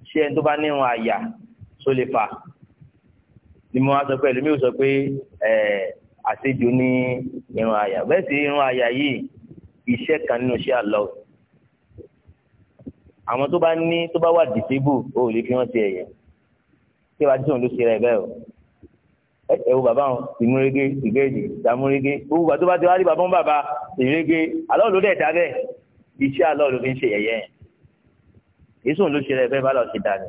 ṣé ẹni tó bá ní ìwọn àyà só lè fà ni mo wá sọ pé ẹlòmíì sọ pé ẹ̀ẹ́ àṣejù ní irun àyà bẹ́ẹ̀ sì irun àyà yìí iṣẹ́ kan nínú iṣẹ́ àlọ́ àwọn tó bá ní tó bá wà dìtébù ó lè fi wọ́n ti ẹ̀yẹ tí wàá dùn ló ṣe rẹ̀ bẹ́ẹ̀ o ẹ wo bàbá wọn ìmúrégé ìgbéèdè ìdàmúrégé gbogbo bàtó bá ti wá rí bàbá wọn bàbá ìrégé alọ́ ló dẹ̀ dá bẹ́ẹ̀ iṣẹ́ alọ́ ló fi ń ṣe ẹ̀yẹ yẹn èso ló ṣe rẹ̀ bẹ́ẹ̀ bá lọ ṣe dà ní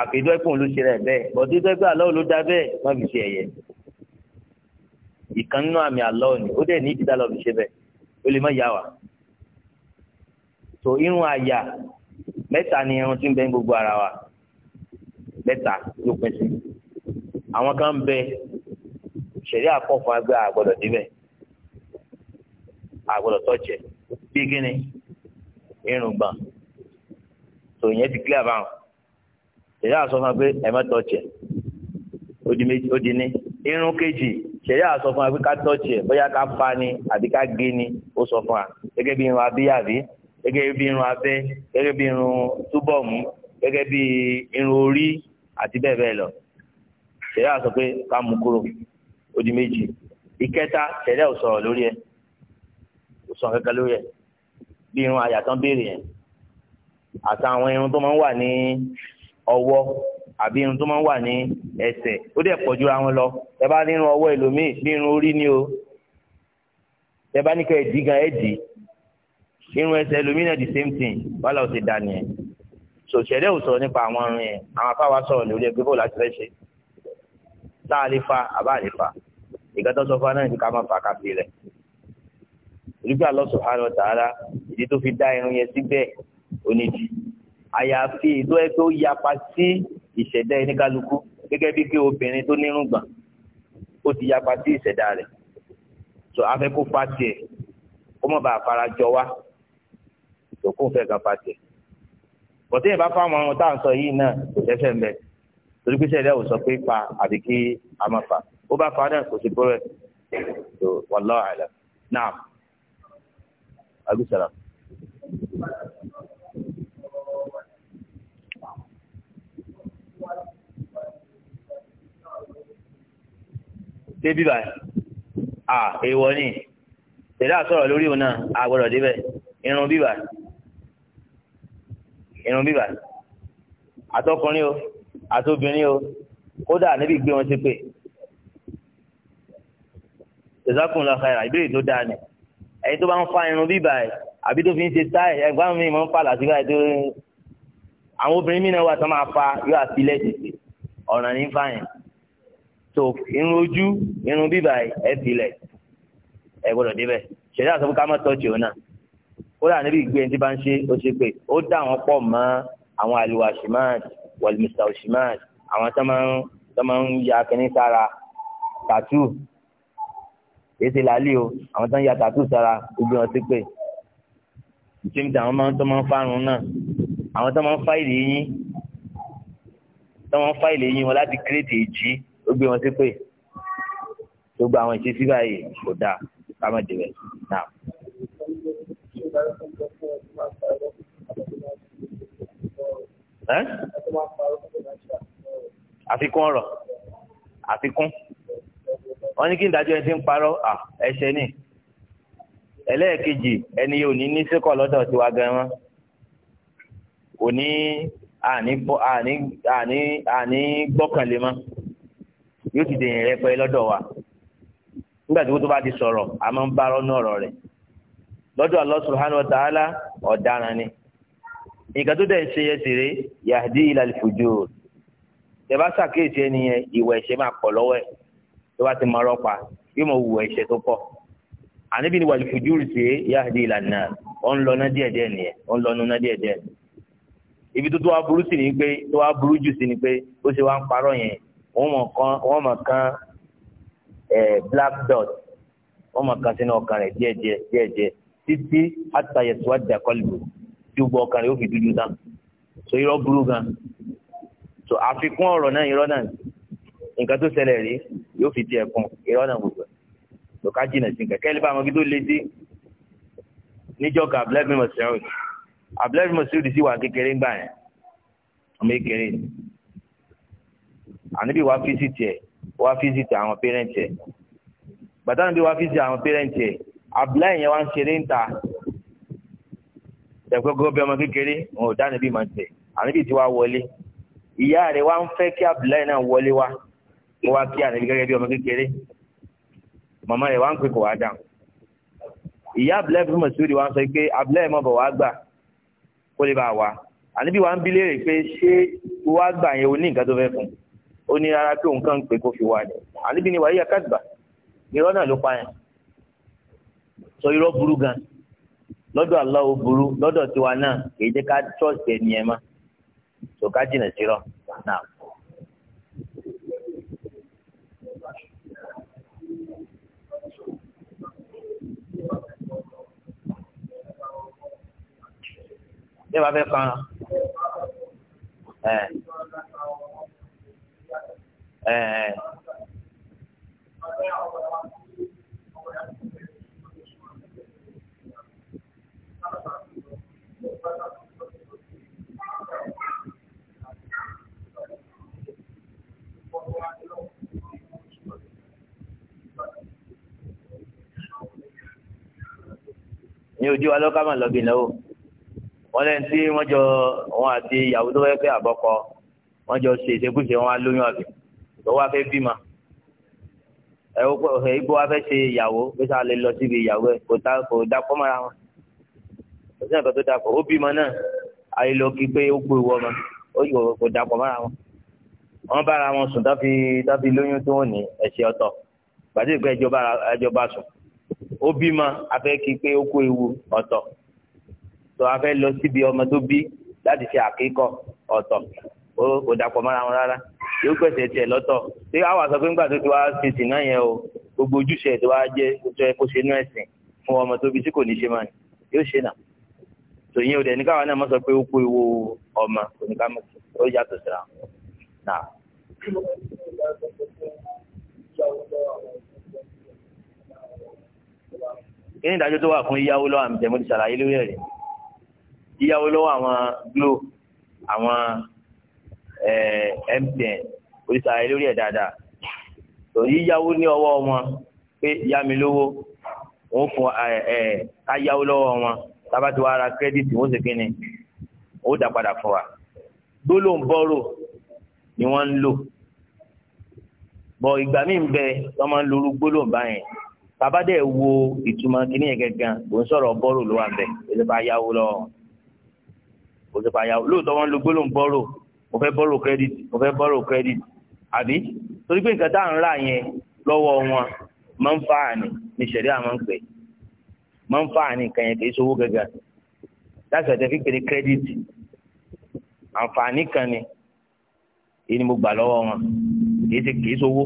àfidọ́ ẹ̀kún ló ṣe rẹ̀ bẹ́ẹ̀ bọ̀dé dẹ́gbẹ́ alọ́ ló dá bẹ́ẹ̀ wọ́n fi ṣe ẹ̀yẹ ìkànnú àmì àlọ́ ni ó dẹ̀ ní ìdídàlọ́ fi ṣe bẹ́ẹ̀ ó lè má yá wa tó irun àyà mẹ́ta ni irun tí ń bẹ ní gbogbo ara wa mẹ́ta ló pín sí àwọn kan ń bẹ ṣẹ̀rí àkọ́kọ́ agbẹ́ àgbọ̀dọ̀ débẹ̀ àgbọ̀dọ̀ tọ́jẹ̀ bí kíni irun gbọ̀n tó yẹn ti clear báwọn ṣẹ̀rí àsọ fún wa ó di ní irun kejì ṣẹ̀yà sọ fún wa pé ká tọ́ọ̀ṣì ẹ̀ bóyá ká fa ni àbí ká gé ni ó sọ fún wa gẹ́gẹ́ bí irun abíyàbí gẹ́gẹ́ bí irun abẹ́ gẹ́gẹ́ bí irun túbọ̀mù gẹ́gẹ́ bí irun orí àti bẹ́ẹ̀ bẹ́ẹ̀ lọ ṣẹ̀yà sọ pé ká mú kúrò ó di méjì ìkẹta ṣẹ̀yà ò sọ̀rọ̀ lórí ẹ̀ ò sọ̀rọ̀ kankan lórí ẹ̀ bí irun àyà tán béèrè yẹn àtàwọn irun tó máa ń wà ní ọwọ́ àbí irun tó máa ń wà ní ẹsẹ̀ ó dẹ̀ pọ̀ jura wọn lọ ẹ bá nínú ọwọ́ ẹlòmíì bí irun orí ni o ẹ bá ní kẹ́ ẹ gan ẹ irun ẹsẹ̀ ẹlòmíì náà the same thing wàhálà ó ti dà nìyẹn so ṣẹ̀dẹ̀ ò sọ̀rọ̀ nípa àwọn irun yẹn àwọn afáwa sọ̀rọ̀ lórí ẹgbẹ́ bọ́ọ̀lù àti rẹ́ṣẹ̀ tá a lè fa àbá a lè fa ìgbà tó sọ fún anáà ní ká má káfí rẹ̀ olùgbà Allah subhanahu wa ìdí tó fi dá irun yẹn síbẹ̀ onídìí àyàfi ìtọ́ ẹ tó yapa sí ìṣẹ̀dá ẹni kálukú gẹ́gẹ́ bí pé obìnrin tó nírùngbọ̀n ó ti yapa sí ìṣẹ̀dá rẹ̀ tó afẹ́ kó fa tiẹ̀ kó mọ̀ bá fara jọ wá tó kó fẹ́ kan fa tiẹ̀ bọ̀tẹ́ ìbá fáwọn ohun tá à ń sọ yìí náà kò tẹ́fẹ̀ ń bẹ torí pé sẹ́dá ò sọ pé pa àbí kí a máa fà ó bá fa náà kò sí bọ́rẹ̀ tó wallahu a'lam naam. Abu salam. dé bíbà à èèwọ̀ ni tẹ̀lá sọ̀rọ̀ lórí òun náà àgbọ̀dọ̀ débẹ̀ irun bíbà irun bíbà àtọkùnrin o àtobìnrin o kódà níbi gbé wọn ti pè ìzákùn lọ kàrà ìbéèrè tó dáa ni ẹni tó bá ń fa irun bíbà ẹ àbí tó fi ń ṣe táì ẹgbẹ́ mi máa ń fa làásìgbà ẹ tó àwọn obìnrin mìíràn wà tó máa fa yóò àti ilẹ̀ ọ̀ràn ní fáyìn so irun ojú irun bíbà ẹ filẹ̀ ẹ gbọ́dọ̀ débẹ̀ ṣẹ̀dá àti ká má tọ́jú òun náà ó dà níbi ìgbé ẹni tí bá ń ṣe ó ṣe pé ó dà wọ́n pọ̀ mọ́ àwọn àlùwà shimaad wàlùmísà shimaad àwọn tó máa ń tó máa ń ya kínní sára tàtú èsì làálì o àwọn tó ń ya tàtú sára gbogbo wọn ti pè jim tí àwọn máa ń tó máa ń fárun náà àwọn tó máa ń fáìlì yín tó máa ń fáìlì yín wọn láti kírètì èjì ó gbé wọn sí pé tó gba àwọn ìṣesí báyìí kò dáa ká má débẹ̀ náà. àfikún ọ̀rọ̀ àfikún wọ́n ní kí n dájọ́ ẹni tí ń parọ́ ẹ̀ṣẹ̀ ni ẹlẹ́ẹ̀kejì ẹni yóò ní ní sẹ́kọ̀ lọ́dọ̀ tiwa gan-an kò ní àní àní àní àní gbọ́kànlé mọ́ yóò ti dèyàn rẹpẹ lọdọ wa nígbà tí wọ́n bá ti sọ̀rọ̀ a máa ń bá ọ́nà ọ̀rọ̀ rẹ̀ lọ́dọ̀ Allah subhanahu ọ̀daràn ni nǹkan dẹ̀ ń ṣe yahdi ilal bá ṣàkíyèsí ẹni ìwà ẹ̀ṣẹ̀ máa pọ̀ lọ́wọ́ ẹ̀ tó bá ti mọ pa yóò mọ ìwà ẹ̀ṣẹ̀ tó pọ̀ àníbi ni yahdi díẹ̀díẹ̀ ibi wọ́n mọ̀ kan eh, black dot wọ́n mọ̀ kan sínú ọkàn rẹ̀ díẹ̀díẹ̀ díẹ̀díẹ̀ títí àtàyẹ̀sọ́ àdàkọ́lù tí gbogbo ọkàn rẹ̀ ó fi dúdú tán so irọ́ burú gan so àfikún ọ̀rọ̀ náà irọ́ náà nǹkan tó ṣẹlẹ̀ rí yóò fi tiẹ̀ kún irọ́ náà gbogbo so ká jìnà sí kẹ̀kẹ́ lè bá àwọn ibi tó le sí níjọ́ ka abdulayi mọ̀síọ́ọ̀dì abdulayi mọ̀síọ́ọ̀dì sì wà kékeré ńgbà yẹn ọmọ kékeré ni ànábì wá fíìsìtì ẹ̀ wá fíìsìtì àwọn pẹ́rẹ́ǹtì ẹ̀ bàtà ànábì wá fíìsìtì àwọn pẹ́rẹ́ǹtì ẹ̀ abúlé yẹn wá ń ṣeré ń ta ẹ̀gbẹ́gbẹ́ bí ọmọ kékeré wọn ò dá ànábì máa tẹ̀ ànábì ti wá wọlé ìyá rẹ̀ wá ń fẹ́ kí abúlé náà wọlé wá kó wá kí ànábì gẹ́gẹ́ bí ọmọ kékeré màmá rẹ̀ wá pè kó wá dáhùn ìyá abúlé fún mọ̀síwìrì wá sọ pé abúlé mọ̀ bọ̀ wá gbà kó lè bá wa ànábì wá ń bí léèrè pé ṣé wá gbà yẹn o ní nǹkan tó fẹ́ fún un ó ní rárá pé òun kàn ń pè kó fi àníbi ni wàyí akásìgbà irọ́ náà ló pa yẹn sọ irọ́ burú gan lọ́dọ̀ Allah burú lọ́dọ̀ tiwa náà kì í jẹ́ ká ẹni ẹ̀ má ká jìnà sí ẹ̀ẹ́n. ní ojú wa lọ́kà máa lọ́bì náà wọ́n lẹ́yìn tí wọ́n jọ wọn àti ìyàwó tó fẹ́ fẹ́ àbọ́kọ wọ́n jọ ṣe lọ́wọ́ afẹ́ bímọ ẹ ẹ ibo afẹ́ ṣe ìyàwó bẹ́ẹ̀ sá lè lọ síbi ìyàwó ẹ kò dá kò dá pọ́ mọ́ra wọn kò sí nǹkan tó dá pọ̀ ó bímọ náà ayé lọ kí pé ó gbé ìwọ ọmọ ó yọ kò dá pọ̀ mọ́ra wọn wọn bára wọn sùn tàbí tàbí lóyún tó ní ẹ̀ṣẹ̀ ọ̀tọ̀ gbàdé ìgbà ìjọba ìjọba sùn ó bímọ afẹ́ kí pé ó kó ewu ọ̀tọ̀ tó afẹ́ lọ síbi ọmọ tó bí láti ṣe àkíkọ ọ̀tọ̀ ó kò dá pọ̀ mọ́ra wọn rárá yóò gbẹ̀sẹ̀ tiẹ̀ lọ́tọ̀ ṣé àwọn àṣọ pé ńgbà tó ti wá ṣe sìn náà yẹn o gbogbo ojúṣe ẹ̀ tó wá jẹ́ tó yẹ kó ṣe inú ẹ̀sìn fún ọmọ tó bí tí kò ní ṣe máa ní yóò ṣe nà tó yẹn o dẹ̀ ní náà mọ̀ sọ pé ó kó ìwo ọmọ oníkàmọ́ ó yàtọ̀ síra náà. kí ni ìdájọ́ tó wà fún yíyáwó lọ́wọ́ àmì tẹ̀mọ́tì ṣàlàyé lórí ẹ̀rẹ̀ yíyáwó lọ́wọ́ àwọn glo àwọn Eh, mtn oríṣiríṣi ayé lórí ẹ̀ dáadáa tó yíyáwó ní ọwọ́ wọn pé yá mi lówó wọn fún eh, eh, ká yáwó lọ́wọ́ wọn tábà tí wàá ra kírẹ́dìtì wọn sì kíni ó dà padà fún wa gbólóhùn bọ́rò ni wọ́n ń lò bọ̀ ìgbà míì ń bẹ wọ́n máa ń lo gbólóhùn báyẹn bàbá dẹ̀ wo ìtumọ̀ kìíní yẹn gẹ́gẹ́ kò ń sọ̀rọ̀ bọ́rò ló wà ń bẹ̀ kò sí pa yáwó lọ́wọ́ kò sí pa yáwó lóòótọ́ wọ́n lo gbólóhùn bọ́rò mo fẹ́ borrow credit mo fẹ́ borrow credit àbí torí pé nǹkan tá à ń rà yẹn lọ́wọ́ wọn máa ń fa àní ní sẹ̀rí àwọn ń pè máa ń fa àní nǹkan yẹn kì í ṣòwò gẹ́gẹ́ láti ọ̀tẹ̀ fi pè ní credit àǹfààní kan ni èyí ni mo gbà lọ́wọ́ wọn kì í ṣe kì í ṣòwò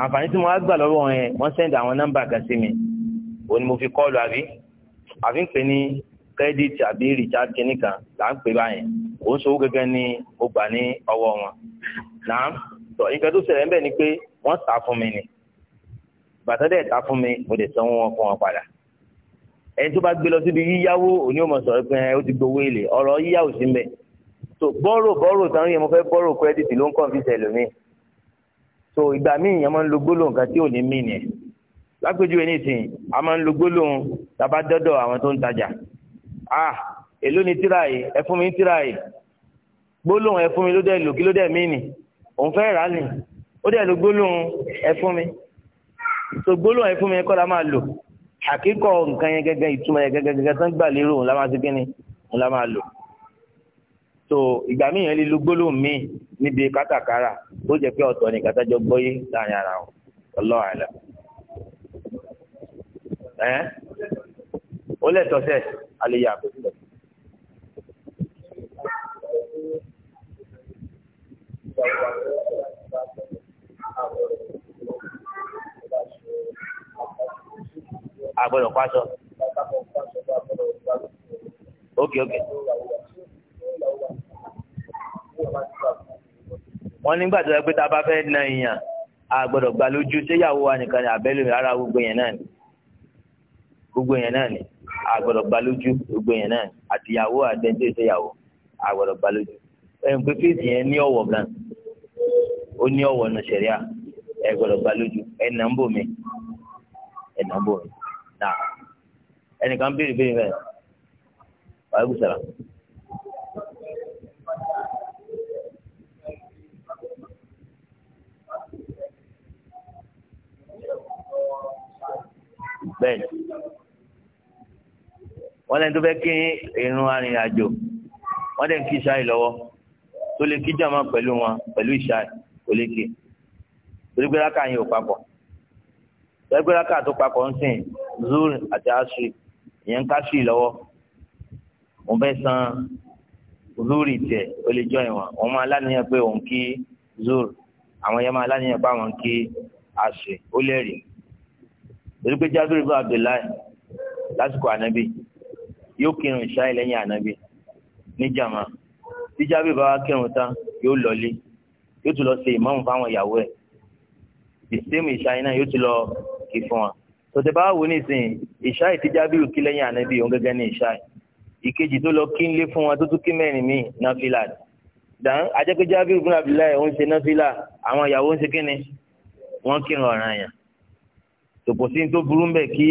àǹfààní tí mo wá gbà lọ́wọ́ wọn yẹn wọ́n sẹ́ndì àwọn nọ́mbà kan sí mi òun ni mo fi kọ́ọ̀lù àbí àfi ń pè ní credit àbí recharge kìíní kan là ń pè báyẹn òun ṣòwò gẹ́gẹ́ ni ó gbà ní ọwọ́ wọn náà tọ nǹkan tó ṣẹlẹ̀ ńbẹ̀ ni pé wọ́n tà fún mi ni bàtà dẹ̀ tà fún mi mo lè sanwó wọn fún wọn padà ẹni tó bá gbé lọ síbi yíyáwó òní ò mọ̀ sọ̀rọ̀ pé ó ti gbowó èlé ọ̀rọ̀ yíyáwó sí mbẹ̀ so bọ́rò bọ́rò tán yẹn mo fẹ́ bọ́rò credit ló ń kàn fi ṣẹlẹ̀ mi so ìgbà míì yẹn máa ń lo gbólóhùn kan tí ò ní mí nìyẹn lápèjúwe ní ìsìn a máa ń lo gbólóhùn tá a bá dọ́dọ̀ àwọn tó ń tajà Ah, èló ni tíra yìí ẹ fún mi tíra yìí gbólóhùn ẹ fún mi ló dẹ̀ lò kí ló dẹ̀ mí nì òun fẹ́ rà á nì ó dẹ̀ ló gbólóhùn ẹ fún mi tó gbólóhùn ẹ fún mi kọ́ la máa lò àkíkọ nǹkan yẹn gẹ́gẹ́ ìtumọ̀ yẹn gẹ́gẹ́ gẹ́gẹ́ tán gbà lérò òun la máa ti kí ni òun la máa lò so ìgbà míì yẹn lílu gbólóhùn míì níbi kátàkárà ó jẹ́ pé ọ̀tọ̀ ni kàtàjọ gbọ́yé láàrin ara wọn ọlọ́run àlà aliyah àbẹ̀sí lọ. ok ok, ókè igba wọ́n nígbà tó yẹ pé a bá fẹ́ na èèyàn agbọ́dọ̀ gbà lójú séyàwó wa nìkan ni ara gbogbo náà ni gbogbo náà ni. àgbọ̀dọ̀ balójú gbogbo yẹn náà àtìyàwó àdẹ́ntẹ́ ìṣẹ́yàwó àgbọ̀dọ̀ balójú ẹ̀yìn yẹn ní ọ̀wọ̀ gan ó ní ọ̀wọ̀ nù sẹ̀ríà ẹ̀ balójú ẹ̀nà ń bò mí ẹ̀nà ń bò mí nà ẹnìkan wọ́n lẹ́ni tó fẹ́ kí irun arìnrìnàjò wọ́n dẹ̀ ń kí ìṣáì lọ́wọ́ tó lè kí jàmá pẹ̀lú wọn pẹ̀lú ìṣáì kò lè kí torí pé rákà yẹn ò papọ̀ torí pé rákà tó papọ̀ ń sìn zuri àti asri ìyẹn ń kásì lọ́wọ́ wọ́n fẹ́ san zuri tiẹ̀ ó lè jọ ìwọ̀n wọ́n máa láníyàn pé òun kí zuri àwọn yẹn máa láníyàn pé àwọn kí asri ó lè rí torí pé jábìrì bá Abdullahi lásìkò ànábì yóò kírun ìṣá ìlẹ́yìn ànábì níjàmá tíjábì bá wá kírun tán yóò lọlé yóò tún lọ ṣe ìmáàmù fáwọn ìyàwó ẹ̀ ìsèmù ìṣá iná yóò tún lọ kí fún wa tòtẹ́ bá wò nísìnyí ìṣá ìtíjábì kí lẹ́yìn ànábì òun gẹ́gẹ́ ní ìṣá ìkejì tó lọ kí ń lé fún wa tó tún kí mẹ́rin míì náfìlà dàn ajẹ́kẹ́jábì fún abdullahi òun ṣe náfìlà àwọn ìyàwó ń ṣe kí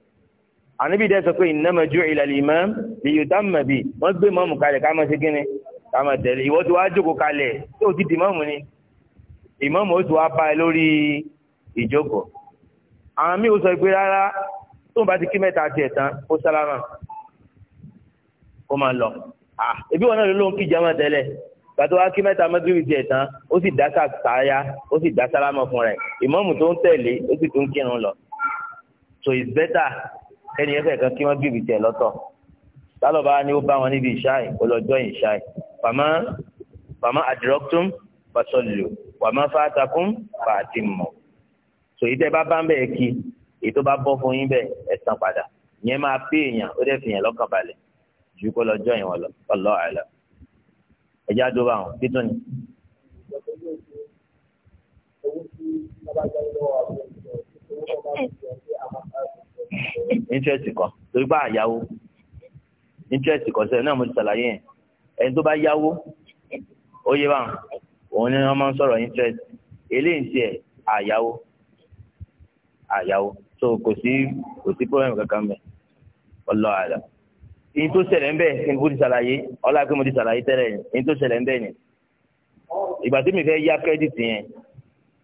ànábì dẹ́ sọ pé innama ju'ila al-imam liyutamma bi wọ́n gbé mọ́mù kalẹ̀ ká máa ṣe kíni ká máa tẹ̀lé ìwọ tí wàá jókòó kalẹ̀ tí ò ti di mọ́mù ni ìmọ̀mù ó ti wá bá ẹ lórí ìjókòó àwọn míì ó sọ pé rárá tóun bá ti kí mẹ́ta tiẹ̀ tán ó sálámà ó máa lọ ebi wọn náà ló lóun kí jama tẹ́lẹ̀ gbàtọ́ wa kí mẹ́ta mẹ́gírì tiẹ̀ tán ó sì dá sàtáyà ó sì dá sálámà fún rẹ̀ ìmọ̀mù tó ń tẹ̀lé ó sì tún kírun lọ so it's better ẹni ẹfẹ kan kí wọn gbìbì tẹ lọ́tọ̀ tálọba ni ó bá wọn níbi ìṣáì ọlọjọ ìṣáì fàmà fàmà àdìrọkùtùm fàṣọlù wàmà fàtàkùn fàtìmọ sòyí tẹ bá bá ń bẹ́ẹ̀ kí èyí tó bá bọ́ fún yín bẹ́ẹ̀ ẹ san padà yẹn máa pé èèyàn ó dẹ̀ fi yẹn lọ́kàn balẹ̀ ju kó lọ jọyìn wọn lọ ọlọ́ àlọ́ ẹ̀já dó bá wọn títún ni. owó tí interest kan torí a àyáwó interest kan sẹ́yìn náà mo ti ṣàlàyé yẹn ẹni tó bá yáwó ó yé báwọn òun ni wọ́n máa ń sọ̀rọ̀ interest eléyìí tiẹ̀ àyáwó àyáwó so kò sí kò sí problem kankan mẹ́ ọlọ́ àlọ́ ìyí tó ṣẹlẹ̀ ń bẹ̀ ni mo ti ṣàlàyé ọlá pé mo ti ṣàlàyé tẹ́lẹ̀ yẹn ìyí tó ṣẹlẹ̀ ń bẹ̀ ni ìgbà tí mi fẹ́ yá credit yẹn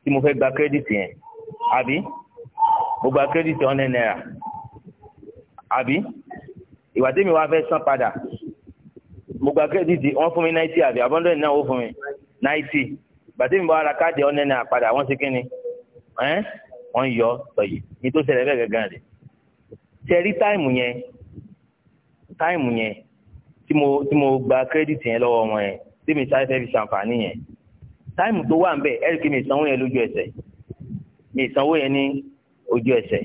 tí mo fẹ́ gba credit yẹn àbí mo gba kírẹ́dìtì ọ̀nẹ́ náírà àbí ìwà tèmi wá fẹ́ san padà mo gba kírẹ́dìtì wọ́n fún mi náìtì àbí abọ́ndọ̀ náà ó fún mi náìtì ìgbà tèmi bá ra káàdì ọ̀nẹ́ náírà padà wọ́n ṣe kí ni ẹ́ wọ́n yọ sọ̀yì ní tó ṣẹlẹ̀ bẹ́ẹ̀ gángan rẹ̀ ṣẹ̀rí táìmù yẹn táìmù yẹn tí mo tí mo gba kírẹ́dìtì yẹn lọ́wọ́ wọn yẹn tèmi sáré fẹ́ fi ṣàǹfààní yẹn táìmù tó wà ń bẹ̀ ẹ̀rí kí mi ìsanwó yẹn lójú ẹsẹ̀ mi ìsanwó yẹn ní ojú ẹsẹ̀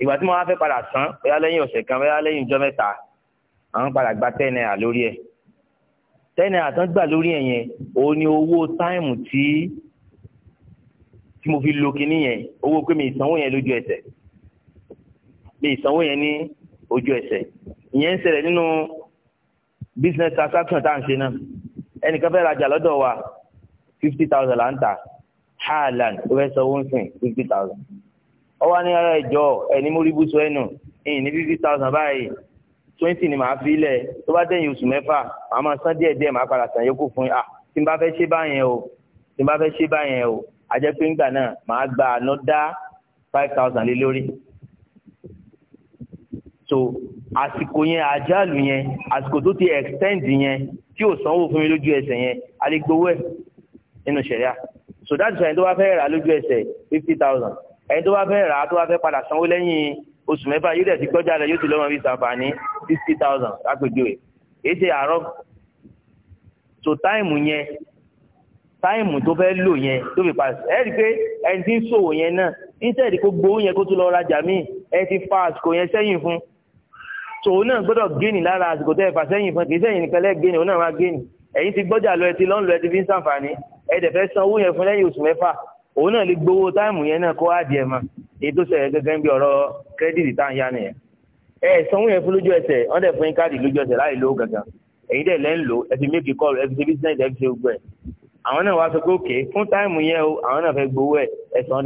ìgbà tí mo wá fẹ́ padà san bóyá lẹ́yìn ọ̀sẹ̀ kan bóyá lẹ́yìn ọjọ́ mẹ́ta àwọn padà gba ten naira lórí ẹ̀ ten naira tán gbà lórí ẹ̀ yẹn òun ni owó táìmù tí tí mo fi lo kinní yẹn owó pé mi ìsanwó yẹn lójú ẹsẹ̀ mi ìsanwó yẹn ní ojú ẹsẹ̀ ìyẹn ń ṣẹlẹ̀ nínú business transaction tá à ń ṣe náà ẹnìkan fẹ́ rajà lọ́dọ̀ wa fifty thousand là ń tà haaland ó fẹ́ sọ owó ń sìn fifty thousand ọwọ́ ní ara ìjọ ẹni mórí bùsọ ẹnu ẹ̀yìn ní fifty thousand báyìí twenty ni màá fi lẹ̀ tó bá dẹ̀yìn oṣù mẹ́fà màá máa san díẹ̀ díẹ̀ màá padà san yókù fún yà ah, tí n bá fẹ́ ṣe báyẹn o tí n bá fẹ́ ṣe báyẹn o àjẹpé ńgbà náà màá gba àná dá five thousand lé lórí so àsìkò yẹn àjálù yẹn àsìkò tó ti extend yẹn tí ò sanwó fún mi lójú ẹsẹ̀ yẹn a gbowó ẹ̀ nínú ṣẹ̀ríà so dájú sọ̀rọ̀ tó bá fẹ́ rà lójú ẹsẹ̀ fifty thousand ẹni tó bá fẹ́ rà á tó bá fẹ́ padà sanwó lẹ́yìn oṣù mẹ́fà yóò dẹ̀ ti gbọ́jà rẹ̀ yóò ti lọ́mọ bí sàǹfààní sixty thousand lápèjúwe èyí ṣe àárọ̀ so táìmù yẹn táìmù tó fẹ́ lò yẹn tó fi pa ẹ rí i pé ẹni tí ń ṣòwò yẹn náà instead kó gbowó yẹn kó tún lọ rajà míì ẹ ti fa àsìkò yẹn sẹ́yìn fún tòun náà gbọ́dọ̀ géènì lára àsìkò tẹ́ ẹ fà sẹ́yìn fún kì í sẹ́yìn nìkan lẹ́ géènì òun náà máa géènì ẹ̀yin ti gbọ́jà lọ ẹ ti lọ́n lọ ẹ ti fi ń sàǹfààní ẹ dẹ̀ fẹ́ san owó yẹn fún lẹ́yìn oṣù mẹ́fà òun náà lè gbowó táìmù yẹn náà kó àdìẹ mọ èyí tó ṣẹlẹ̀ gẹ́gẹ́ bí ọ̀rọ̀ kírẹ́dìtì tá à ń yá nìyẹn ẹ sanwó yẹn fún lójú ẹsẹ̀ wọ́n dẹ̀ fún yín káàdì lójú ẹsẹ̀ láì lówó gangan èyí dẹ̀ lẹ́ ń lò ẹ fi méèkì kọ́ọ̀lù ẹ fi ṣe bísíǹsì ẹ fi ṣe gbogbo ẹ̀ àwọn náà wá sọ pé òkè fún táìmù yẹn o àwọn náà fẹ́ gbowó ẹ̀ ẹ sọ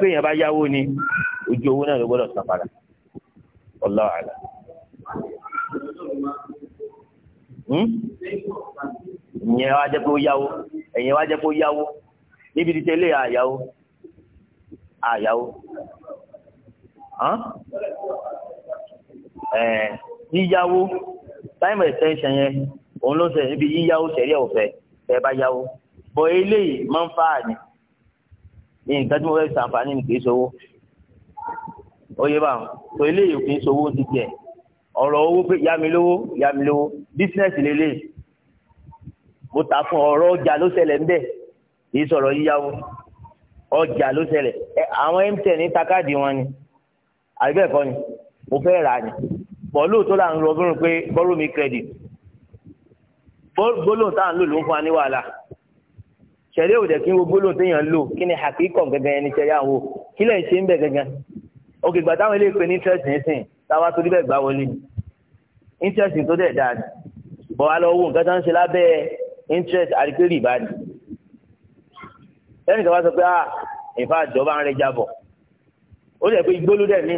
pé èèyàn bá yáwó ni ojú owó náà ló gbọ́dọ̀ san padà Hmm? ìyẹn wá jẹ́ pé ó yáwó ẹ̀yẹn wá jẹ́ pé ó yáwó níbi tí tẹ́lẹ̀ àyáwó àyáwó yíyáwó time extension yẹn òun ló ṣe níbi yíyáwó sẹ̀rí ọ̀fẹ́ ẹ bá yáwó bọ̀ eléyìí máa ń fà á ní nǹkan tí mo fẹ́ ṣàǹfààní nìkan ìṣòwò ó yẹ báwọn tó eléyìí kì í ṣòwò ti tiẹ̀ ọ̀rọ̀ owó pé yá mi lówó yá mi lówó bísínẹ́sì lélẹ̀ mo ta fún ọ̀rọ̀ ọjà ló ṣẹlẹ̀ ń bẹ̀ kìí sọ̀rọ̀ yíyáwó ọjà ló ṣẹlẹ̀ ẹ àwọn mtn ní takáàdì wọn ni àbí bẹ́ẹ̀ ni mo fẹ́ rà ni bọ̀ lóòótọ́ là ń lọ fún mi pé borrow me credit gbólóhùn tá à ń lò ló ń fún wa ní wàhálà ṣẹ̀rí òde kí n wo gbólóhùn téèyàn ń lò kí ni àkíkọ̀ gẹ́gẹ́ ẹni ṣẹ̀rí àwọn kí lẹ́yìn ṣe ń bẹ̀ gẹ́gẹ́ òkè táwọn ilé ìpè ní interest nísìnyí táwa torí bẹ́ẹ̀ gbà wọlé interest tó dẹ̀ dáa bọ̀ wá lọ wo nǹkan tó ń ṣe lábẹ́ interest àríkèrè ìbàdí lẹ́yìn kan wá sọ pé ah ìfà àjọba ń rẹ jábọ̀ ó dẹ̀ pé igbó ló dẹ̀ mí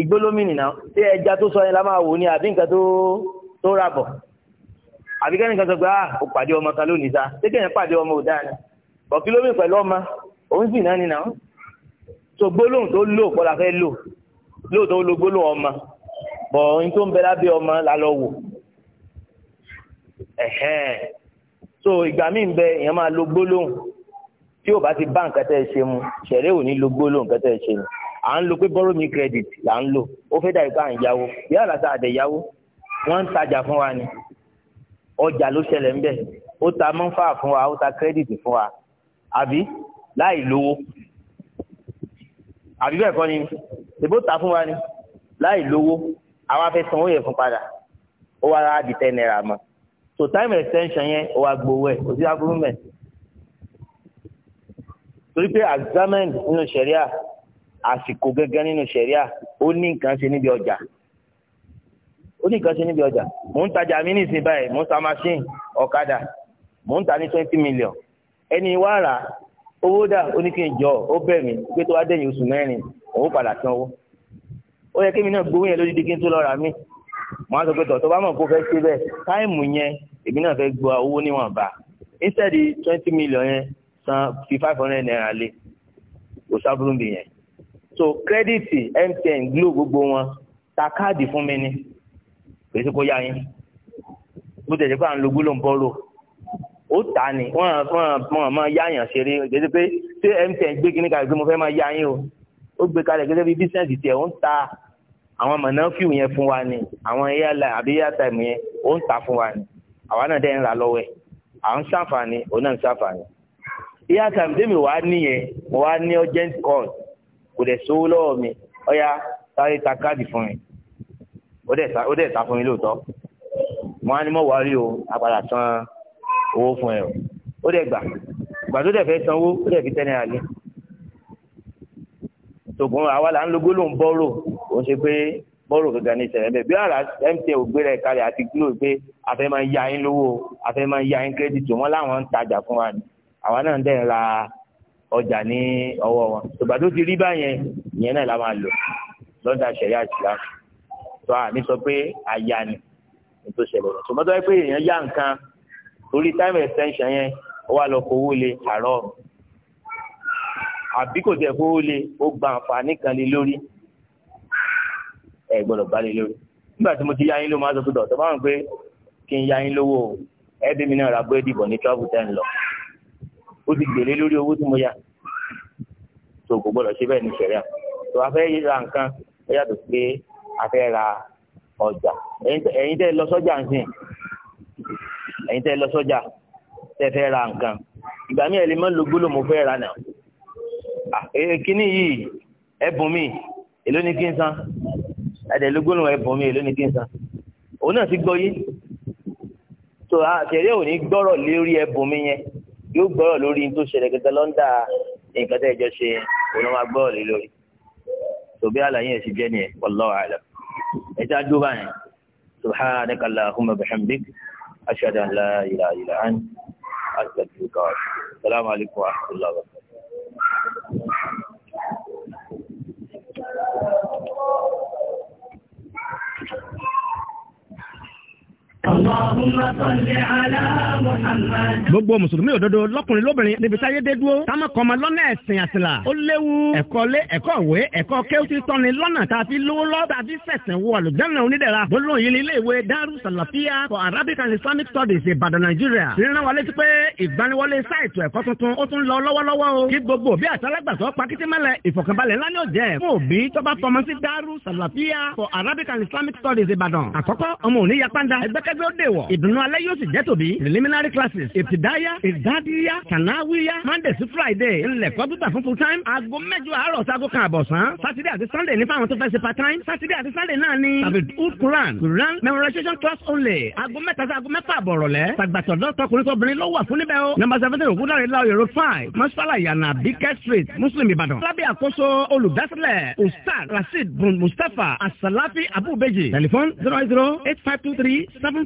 igbó ló mí nìyà tí ẹja tó sọ yẹn la máa wò ní àbí nǹkan tó tó rà bọ̀ àbí kẹ́ni kan sọ pé ah o pàdé ọmọ kan lónìí sa ṣé kẹ́ni pàdé ọmọ ò dáa ni bọ̀ kí ló mí pẹ̀lú ọmọ òun sì náà nìyà tó gbólóhùn tó lò kọ́ la fẹ́ lò lóòótọ́ ológbó ló ọmọ bọ̀ ohun tó ń bẹ lábẹ́ ọmọ la lọ wò ẹ̀hẹ́n so ìgbà míì ń bẹ èèyàn máa lo gbólóhùn tí ò bá ti bá nǹkan tẹ́ ẹ ṣe mu ṣẹ̀rẹ́ ò ní lo gbólóhùn nǹkan tẹ́ ẹ ṣe mu à ń lo pé borrow me credit là ń lò ó fẹ́ dàbí pé à ń yáwó bí àlàtà àdẹ̀yáwó wọ́n ń tajà fún wa ni ọjà ló ṣẹlẹ̀ ń bẹ̀ ó ta mọ́fà fún wa ó ta credit fún wa àbí láì lówó àbí bẹ́ẹ̀ kọ́ ni ṣèbó ta fún wa ni láì lówó àwa fẹ́ sanwó yẹn fún padà ó wá rárá di ten naira mọ́ so time extension yẹn ó wá gbowó ẹ̀ kò sí aburú torí pé examen nínú sẹ̀ríà àsìkò gẹ́gẹ́ nínú sẹ̀ríà ó ní nǹkan ṣe níbi ọjà ó ní nǹkan ṣe níbi ọjà mò ń tajà mí nísìnyí báyìí mò ń ta machine ọ̀kadà mò ń ta ní twenty million ẹni wá owó dà oníkejọ ó bẹ̀ mí pé tó wá dẹ̀yìn oṣù mẹ́rin òun padà sanwó ó yẹ kémi náà gbowó yẹn lójú dikin tó lọ rà mí màá sọ pé tọ̀ tó bá mọ̀ kó fẹ́ ṣe bẹ́ẹ̀ táìmù yẹn èmi náà fẹ́ gba owó níwọ̀nba instead twenty million yẹn san fi five hundred naira lé kò sábúrú bì yẹn so kírẹ́dìtì MTN Glo gbogbo wọn ta káàdì fún mi ni kò sí kó yá yín bó tẹ̀sí pé à ń lo gbólóńbọ́rò ó tà ní wọ́n wọ́n máa yáyàn ṣeré gẹ́gẹ́ pé ṣé mtn gbé kíní kalẹ̀ pé mo fẹ́ máa yá yín o ó gbé kalẹ̀ gẹ́gẹ́ bí bísíǹsì tiẹ̀ ó ń ta àwọn mọ̀nàfíù yẹn fún wa ni àwọn airline àbí airtime yẹn ó ń ta fún wa ni àwa náà dẹ́yìn ra lọ́wọ́ ẹ̀ à ń ṣàǹfààní òun náà ń ṣàǹfààní. airtime tèmi wàá níyẹn mo wá ní urgent call kò dẹ̀ sówó lọ́wọ́ mi ọ̀ya sáré ta káàdì fún mi ó dẹ̀ ta fún mi lóòótọ́ mo wá ní mọ̀ wá o àpàdà san owó fún ẹ o ó dẹ̀ gbà gbà tó dẹ̀ fẹ́ sanwó ó dẹ̀ fi tẹ́ náírà lé tògùn àwa là ń lo gbólóhùn bọ́rò ó ṣe pé bọ́rò gangan ní ìṣẹ̀lẹ̀ bẹ́ẹ̀ bí ara mtn ò gbé rẹ̀ kalẹ̀ àti glo pé a fẹ́ máa ya yín lówó a fẹ́ máa ya yín kírẹ́dìtì wọn láwọn ń tajà fún wa ni àwa náà ń dẹ̀ ra ọjà ní ọwọ́ wọn tògbà tó ti rí báyẹn ìyẹn náà la máa lò lọ́dà ṣẹ̀yà ìṣìlá tó a ní sọ pé àyà ni ní tó ṣẹlẹ̀ rẹ̀ tòmọ́tò ẹ pé èèyàn yá nǹkan torí time extension yẹn ó wá lọ fowó lé àárọ̀ àbí kò tẹ̀ fowó lé ó gba àǹfààní kan lé lórí ẹ gbọ́dọ̀ gbá lé lórí nígbà tí mo ti yá yín ló máa sọ pé dọ̀tọ̀ báwọn pé kí n yá yín lówó ẹbí mi náà ra búrẹ́dì bọ̀ ní travel ten lọ ó ti gbèlé lórí owó tí mo yá tó kò gbọ́dọ̀ ṣe bẹ́ẹ̀ ní sẹ̀ríà tó a fẹ́ ra nǹkan ó yàtọ̀ pé a fẹ́ ra ọjà ẹ̀yin tẹ́ lọ sọ́jà ń sìn ẹ̀yin tẹ́ lọ sọ́jà tẹ́ fẹ́ ra nǹkan ìgbà mi ẹ̀ lè má lo gbólò mo fẹ́ ra nà kíní yìí ẹ̀bùn mi èló ni kí n san ẹ̀dẹ̀ ló gbólò ẹ̀bùn mi èló ni kí n san òun náà ti gbọ́ yìí tó a tẹ̀lé òní gbọ́rọ̀ lórí ẹ̀bùn mi yẹn yóò gbọ́rọ̀ lórí tó ṣẹlẹ̀ kẹta lọ́ńdà nǹkan tẹ́ ìjọ ṣe òun máa gbọ́rọ̀ lé lórí tòbí àlàyé ẹ̀ sì jẹ́ nìyẹn wallahu a'lam ẹ̀ já dúró báyẹn subhanakallahumma bihamdik. أشهد أن لا إله إلا أنت أستغفرك السلام عليكم ورحمة الله وبركاته gbogbo mùsùlùmí òdodo lọ́kùnrin lóbìnrin níbi táyé dé dúró táwọn kan máa lọ́nà ẹ̀sìn àṣìlá ó léwu ẹ̀kọ́ lé ẹ̀kọ́ ìwé ẹ̀kọ́ kéwùtì tọ́ni lọ́nà tá a fi lówó lọ́ tá a fi fẹ̀sìn wọ àlùjáná onídẹ̀ra gbólóhùn yìí ní ilé ìwé Daru Salafia for Arabic and Islamic Studies Ìbàdàn Nàìjíríà ríran wa létí pé ìgbaniwọlé sáìtù ẹ̀kọ́ tuntun ó tún lọ lọ́wọ́lọ́wọ́ o kí gbogbo bí àtàlágbàsọ pakitimẹ́lẹ̀ ìfọ̀kànbalẹ̀ ńlá ni ó jẹ́ fún òbí tó bá fọmọ sí Daru Salafia for Arabic and Islamic Studies Ìbàdàn àkọ́kọ́ ọmọ òní yapanda dúró dè wọ̀. ìdùnnú alẹ́ yóò sì jẹ́ tòbí. preliminary classes ìtìdáyà ìdádíyà kànáwíyà monday sí friday ńlẹ̀kọ́ gbígbà fún full time. aago mẹ́jọ àárọ̀ sago kan àbọ̀sán. saturday àti sunday ní fáwọn tó fẹ́ ṣe part time. saturday àti sunday náà ni. abidul quran quran memorization class only. aago mẹ́ta sí aago mẹ́fà àbọ̀rọ̀ lẹ̀. tàgbàtọ̀dọ̀ tọkùnrin tóbìnrin ló wà fún níbẹ̀ o. number seventeen ògúnlárin láòyè road five masfala yana bikẹ́ street muslim ìbàdàn. lábẹ́ àkóso olùdásílẹ̀ ustaz rasheed bun mustapha asalafi abubeji. tẹlifon zero zero eight five two three seven